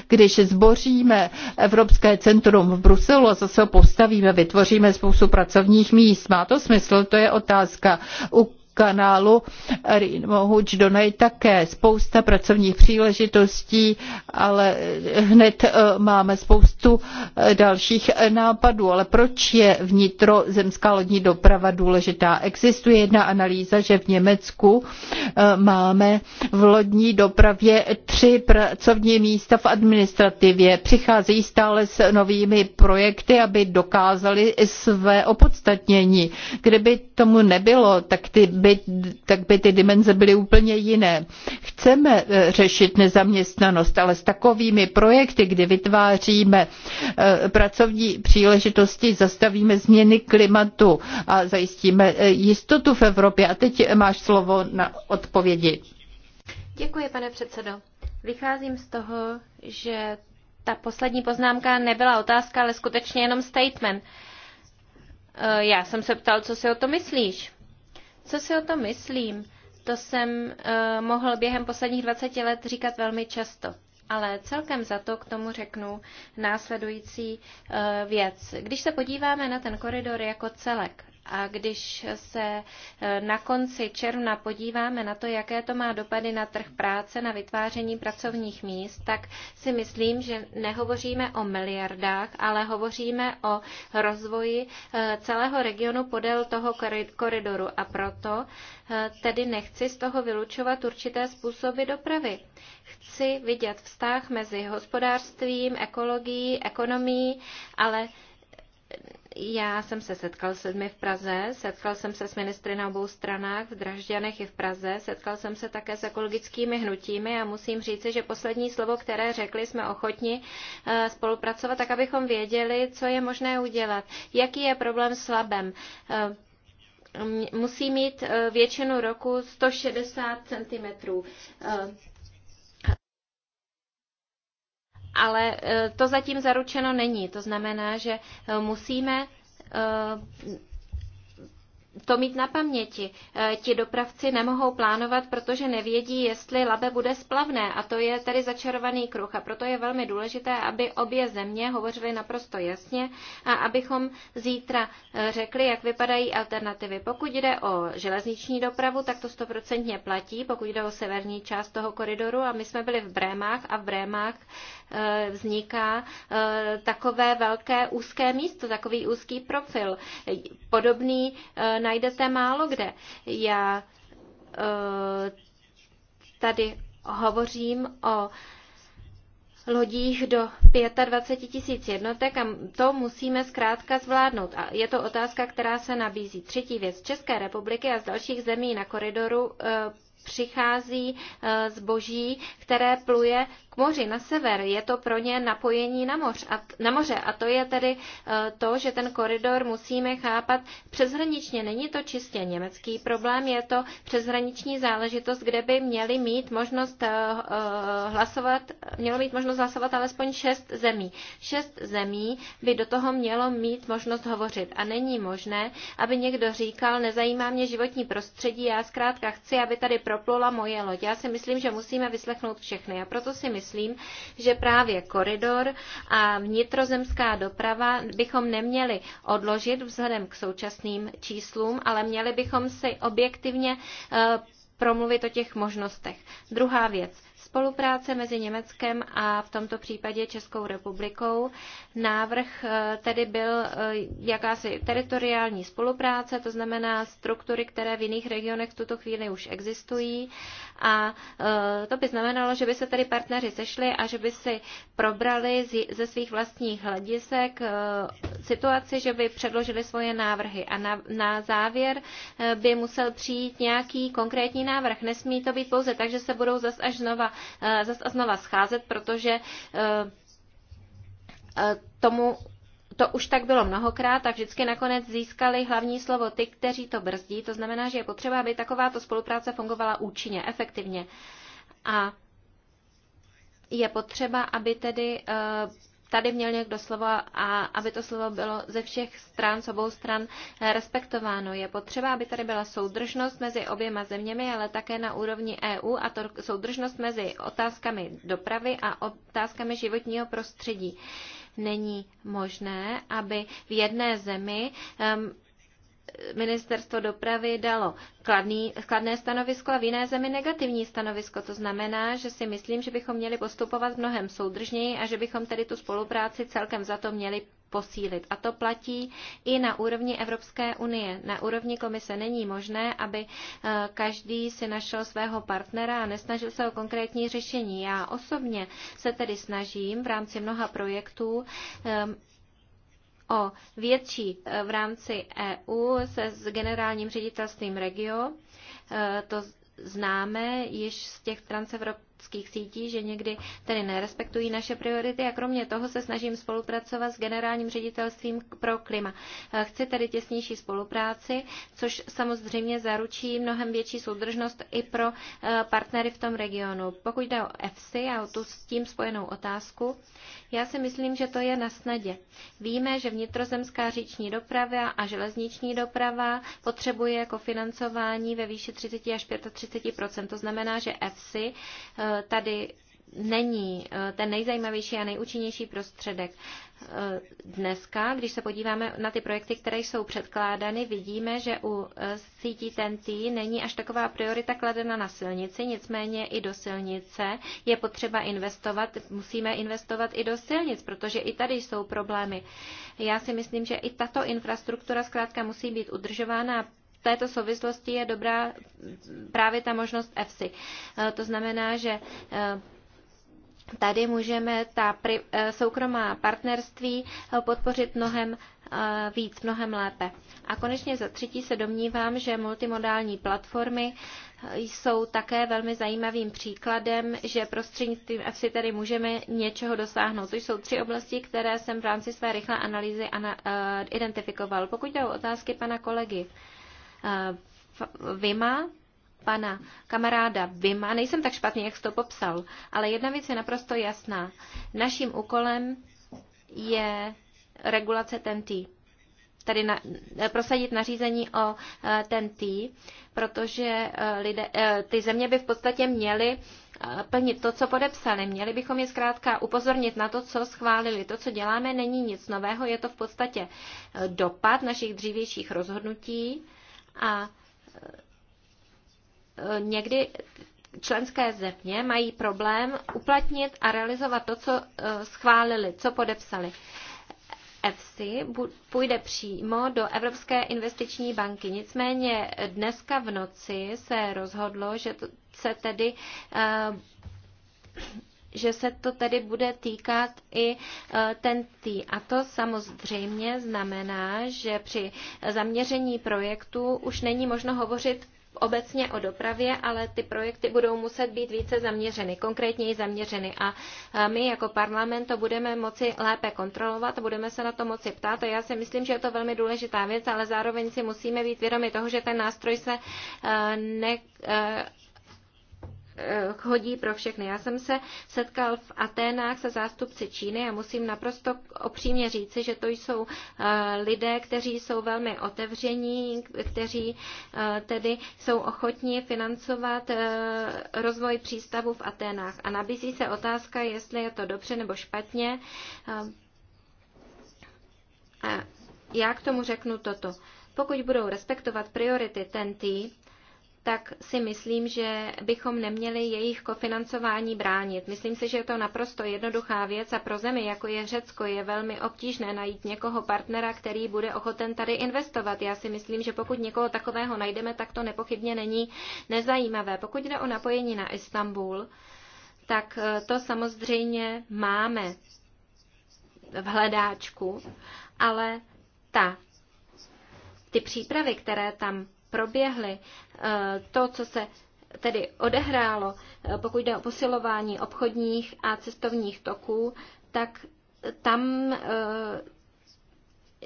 když zboříme Evropské centrum v Bruselu a zase ho postavíme, vytvoříme spoustu pracovních míst. Má to smysl? To je otázka. U kanálu Rín Mohuč Donaj také spousta pracovních příležitostí, ale hned eh, máme spoustu eh, dalších eh, nápadů. Ale proč je vnitrozemská lodní doprava důležitá? Existuje jedna analýza, že v Německu máme v lodní dopravě tři pracovní místa v administrativě. Přicházejí stále s novými projekty, aby dokázali své opodstatnění. Kdyby tomu nebylo, tak ty by, tak by ty dimenze byly úplně jiné. Chceme eh, řešit nezaměstnanost, ale s takovými projekty, kdy vytváříme eh, pracovní příležitosti, zastavíme změny klimatu a zajistíme eh, jistotu v Evropě. A teď máš slovo na odpovědi. Děkuji, pane předsedo. Vycházím z toho, že ta poslední poznámka nebyla otázka, ale skutečně jenom statement. Já jsem se ptal, co si o to myslíš. Co si o tom myslím? To jsem uh, mohl během posledních 20 let říkat velmi často. Ale celkem za to k tomu řeknu následující uh, věc. Když se podíváme na ten koridor jako celek, a když se e, na konci června podíváme na to, jaké to má dopady na trh práce, na vytváření pracovních míst, tak si myslím, že nehovoříme o miliardách, ale hovoříme o rozvoji e, celého regionu podél toho koridoru. A proto e, tedy nechci z toho vylučovat určité způsoby dopravy. Chci vidět vztah mezi hospodářstvím, ekologií, ekonomií, ale já jsem se setkal s lidmi v Praze, setkal jsem se s ministry na obou stranách, v Dražďanech i v Praze, setkal jsem se také s ekologickými hnutími a musím říci, že poslední slovo, které řekli, jsme ochotni eh, spolupracovat, tak abychom věděli, co je možné udělat, jaký je problém s labem eh, musí mít eh, většinu roku 160 cm ale e, to zatím zaručeno není. To znamená, že e, musíme e, to mít na paměti. Ti dopravci nemohou plánovat, protože nevědí, jestli labe bude splavné a to je tady začarovaný kruh a proto je velmi důležité, aby obě země hovořily naprosto jasně a abychom zítra řekli, jak vypadají alternativy. Pokud jde o železniční dopravu, tak to stoprocentně platí, pokud jde o severní část toho koridoru a my jsme byli v Brémách a v Brémách Eh, vzniká eh, takové velké úzké místo, takový úzký profil. Podobný eh, najdete málo kde. Já tady hovořím o lodích do 25 tisíc jednotek a to musíme zkrátka zvládnout. A je to otázka, která se nabízí. Třetí věc. České republiky a z dalších zemí na koridoru e, přichází e, zboží, které pluje k moři, na sever, je to pro ně napojení na, moř a, na moře. A to je tedy eh, to, že ten koridor musíme chápat přeshraničně. Není to čistě německý problém, je to přeshraniční záležitost, kde by měli mít možnost eh, eh, hlasovat, mělo mít možnost hlasovat alespoň šest zemí. Šest zemí by do toho mělo mít možnost hovořit. A není možné, aby někdo říkal, nezajímá mě životní prostředí, já zkrátka chci, aby tady proplula moje loď. Já si myslím, že musíme vyslechnout všechny. A proto si myslím, myslím, že právě koridor a vnitrozemská doprava bychom neměli odložit vzhledem k současným číslům, ale měli bychom si objektivně eh, promluvit o těch možnostech. Druhá věc, spolupráce mezi Německem a v tomto případě Českou republikou. Návrh eh, tedy byl eh, jakási teritoriální spolupráce, to znamená struktury, které v jiných regionech v tuto chvíli už existují. A eh, to by znamenalo, že by se tedy partneři sešli a že by si probrali ze svých vlastních hledisek situaci, že by předložili svoje návrhy. A na, na závěr by musel přijít nějaký konkrétní návrh. Nesmí to být pouze tak, že se budou zas až znova znova, eh, zas a znova scházet, protože eh, eh, tomu to už tak bylo mnohokrát a vždycky nakonec získali hlavní slovo ty, kteří to brzdí. To znamená, že je potřeba, aby takováto spolupráce fungovala účinně, efektivně. A je potřeba, aby tedy tady měl někdo slovo a aby to slovo bylo ze všech stran, z obou stran eh, respektováno. Je potřeba, aby tady byla soudržnost mezi oběma zeměmi, ale také na úrovni EU a to soudržnost mezi otázkami dopravy a otázkami životního prostředí není možné, aby v jedné zemi um, ministerstvo dopravy dalo kladný, kladné stanovisko a v jiné zemi negativní stanovisko. To znamená, že si myslím, že bychom měli postupovat mnohem soudržněji a že bychom tedy tu spolupráci celkem za to měli posílit. A to platí i na úrovni Evropské unie. Na úrovni komise není možné, aby eh, každý si našel svého partnera a nesnažil se o konkrétní řešení. Já osobně se tedy snažím v rámci mnoha projektů eh, o větší e, v rámci EU se s generálním ředitelstvím Regio. E, to známe již z těch transevropských ekologických sítí, že někdy tedy nerespektují naše priority a kromě toho se snažím spolupracovat s generálním ředitelstvím pro klima. Chci tedy těsnější spolupráci, což samozřejmě zaručí mnohem větší soudržnost i pro eh, partnery v tom regionu. Pokud jde o EFSI a o tu s tím spojenou otázku, já si myslím, že to je na snadě. Víme, že vnitrozemská říční doprava a železniční doprava potřebuje kofinancování ve výši 30 až 35 To znamená, že EFSI eh, tady není eh, ten nejzajímavější a nejúčinnější prostředek. Eh, dneska, když se podíváme na ty projekty, které jsou předkládány, vidíme, že u eh, sítí TNT není až taková priorita kladena na silnici, nicméně i do silnice je potřeba investovat, musíme investovat i do silnic, protože i tady jsou problémy. Já si myslím, že i tato infrastruktura zkrátka musí být udržována a této souvislosti je dobrá právě ta možnost EFSI. Eh, to znamená, že eh, tady můžeme ta eh, soukromá partnerství podpořit mnohem víc, mnohem lépe. A konečně za třetí se domnívám, že multimodální platformy jsou také velmi zajímavým příkladem, že prostřednictvím EFSI tady můžeme něčeho dosáhnout. To jsou tři oblasti, které jsem v rámci své rychlé analýzy identifikoval. Pokud jde o otázky pana kolegy, Eh, Vima, pana kamaráda Vima, nejsem tak špatný, jak jsi to popsal, ale jedna věc je naprosto jasná. Naším úkolem je regulace TNT. Tady na, eh, prosadit nařízení o TNT, eh, protože lidé, ty země by v podstatě měly plnit to, co podepsali. Měli bychom je zkrátka upozornit na to, co schválili. To, co děláme, není nic nového, je to v podstatě dopad našich dřívějších rozhodnutí a e, někdy členské země mají problém uplatnit a realizovat to, co e, schválili, co podepsali. EFSI půjde přímo do Evropské investiční banky. Nicméně dneska v noci se rozhodlo, že se tedy e, že se to tedy bude týkat i e, ten tý. A to samozřejmě znamená, že při zaměření projektu už není možno hovořit obecně o dopravě, ale ty projekty budou muset být více zaměřeny, konkrétněji zaměřeny. A e, my jako parlament to budeme moci lépe kontrolovat, budeme se na to moci ptát. A já si myslím, že je to velmi důležitá věc, ale zároveň si musíme být vědomi toho, že ten nástroj se e, ne, Eh, hodí pro všechny. Já jsem se setkal v Aténách se zástupci Číny a musím naprosto opřímně říci, že to jsou eh, lidé, kteří jsou velmi otevření, kteří eh, tedy jsou ochotní financovat rozvoj přístavu v Aténách. A nabízí se otázka, jestli je to dobře nebo špatně. já k tomu řeknu toto. Pokud budou respektovat priority TNT, tak si myslím, že bychom neměli jejich kofinancování bránit. Myslím si, že je to naprosto jednoduchá věc a pro zemi, jako je Řecko, je velmi obtížné najít někoho partnera, který bude ochoten tady investovat. Já si myslím, že pokud někoho takového najdeme, tak to nepochybně není nezajímavé. Pokud jde o napojení na Istanbul, tak eh, to samozřejmě máme v hledáčku, ale ta, ty přípravy, které tam proběhly, eh, to, co se tedy odehrálo, eh, pokud jde o posilování obchodních a cestovních toků, tak tam eh,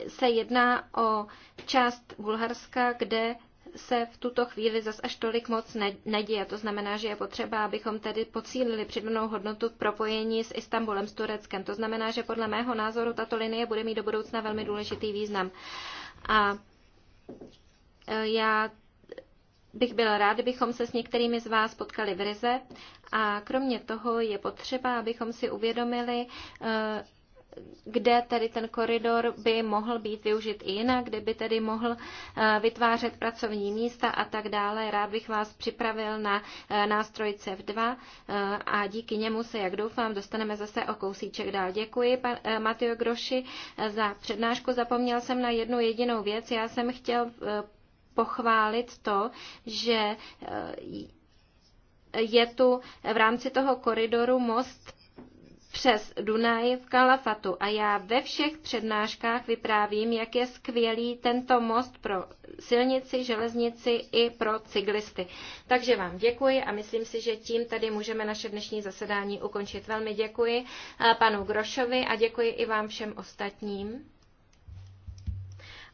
se jedná o část Bulharska, kde se v tuto chvíli zas až tolik moc neděje. To znamená, že je potřeba, abychom tedy pocílili přidanou hodnotu v propojení s Istanbulem, s Tureckem. To znamená, že podle mého názoru tato linie bude mít do budoucna velmi důležitý význam. A Eh, já bych byl rád, kdybychom se s některými z vás potkali v Rize a kromě toho je potřeba, abychom si uvědomili, eh, kde tedy ten koridor by mohl být využit i jinak, kde by tedy mohl eh, vytvářet pracovní místa a tak dále. Rád bych vás připravil na nástroj CEF2 a díky němu se, jak doufám, dostaneme zase o kousíček dál. Děkuji, pan Matio Groši, za přednášku. Zapomněl jsem na jednu jedinou věc. Já jsem chtěl pochválit to, že eh, je tu v rámci toho koridoru most přes Dunaj v Kalafatu a já ve všech přednáškách vyprávím, jak je skvělý tento most pro silnici, železnici i pro cyklisty. Takže vám děkuji a myslím si, že tím tady můžeme naše dnešní zasedání ukončit. Velmi děkuji eh, panu Grošovi a děkuji i vám všem ostatním.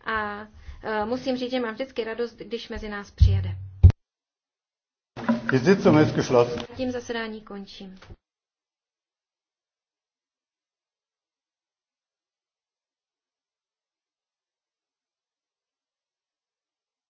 A Eh, musím říct, že mám vždycky radost, když mezi nás přijede. Tím zasedání končím.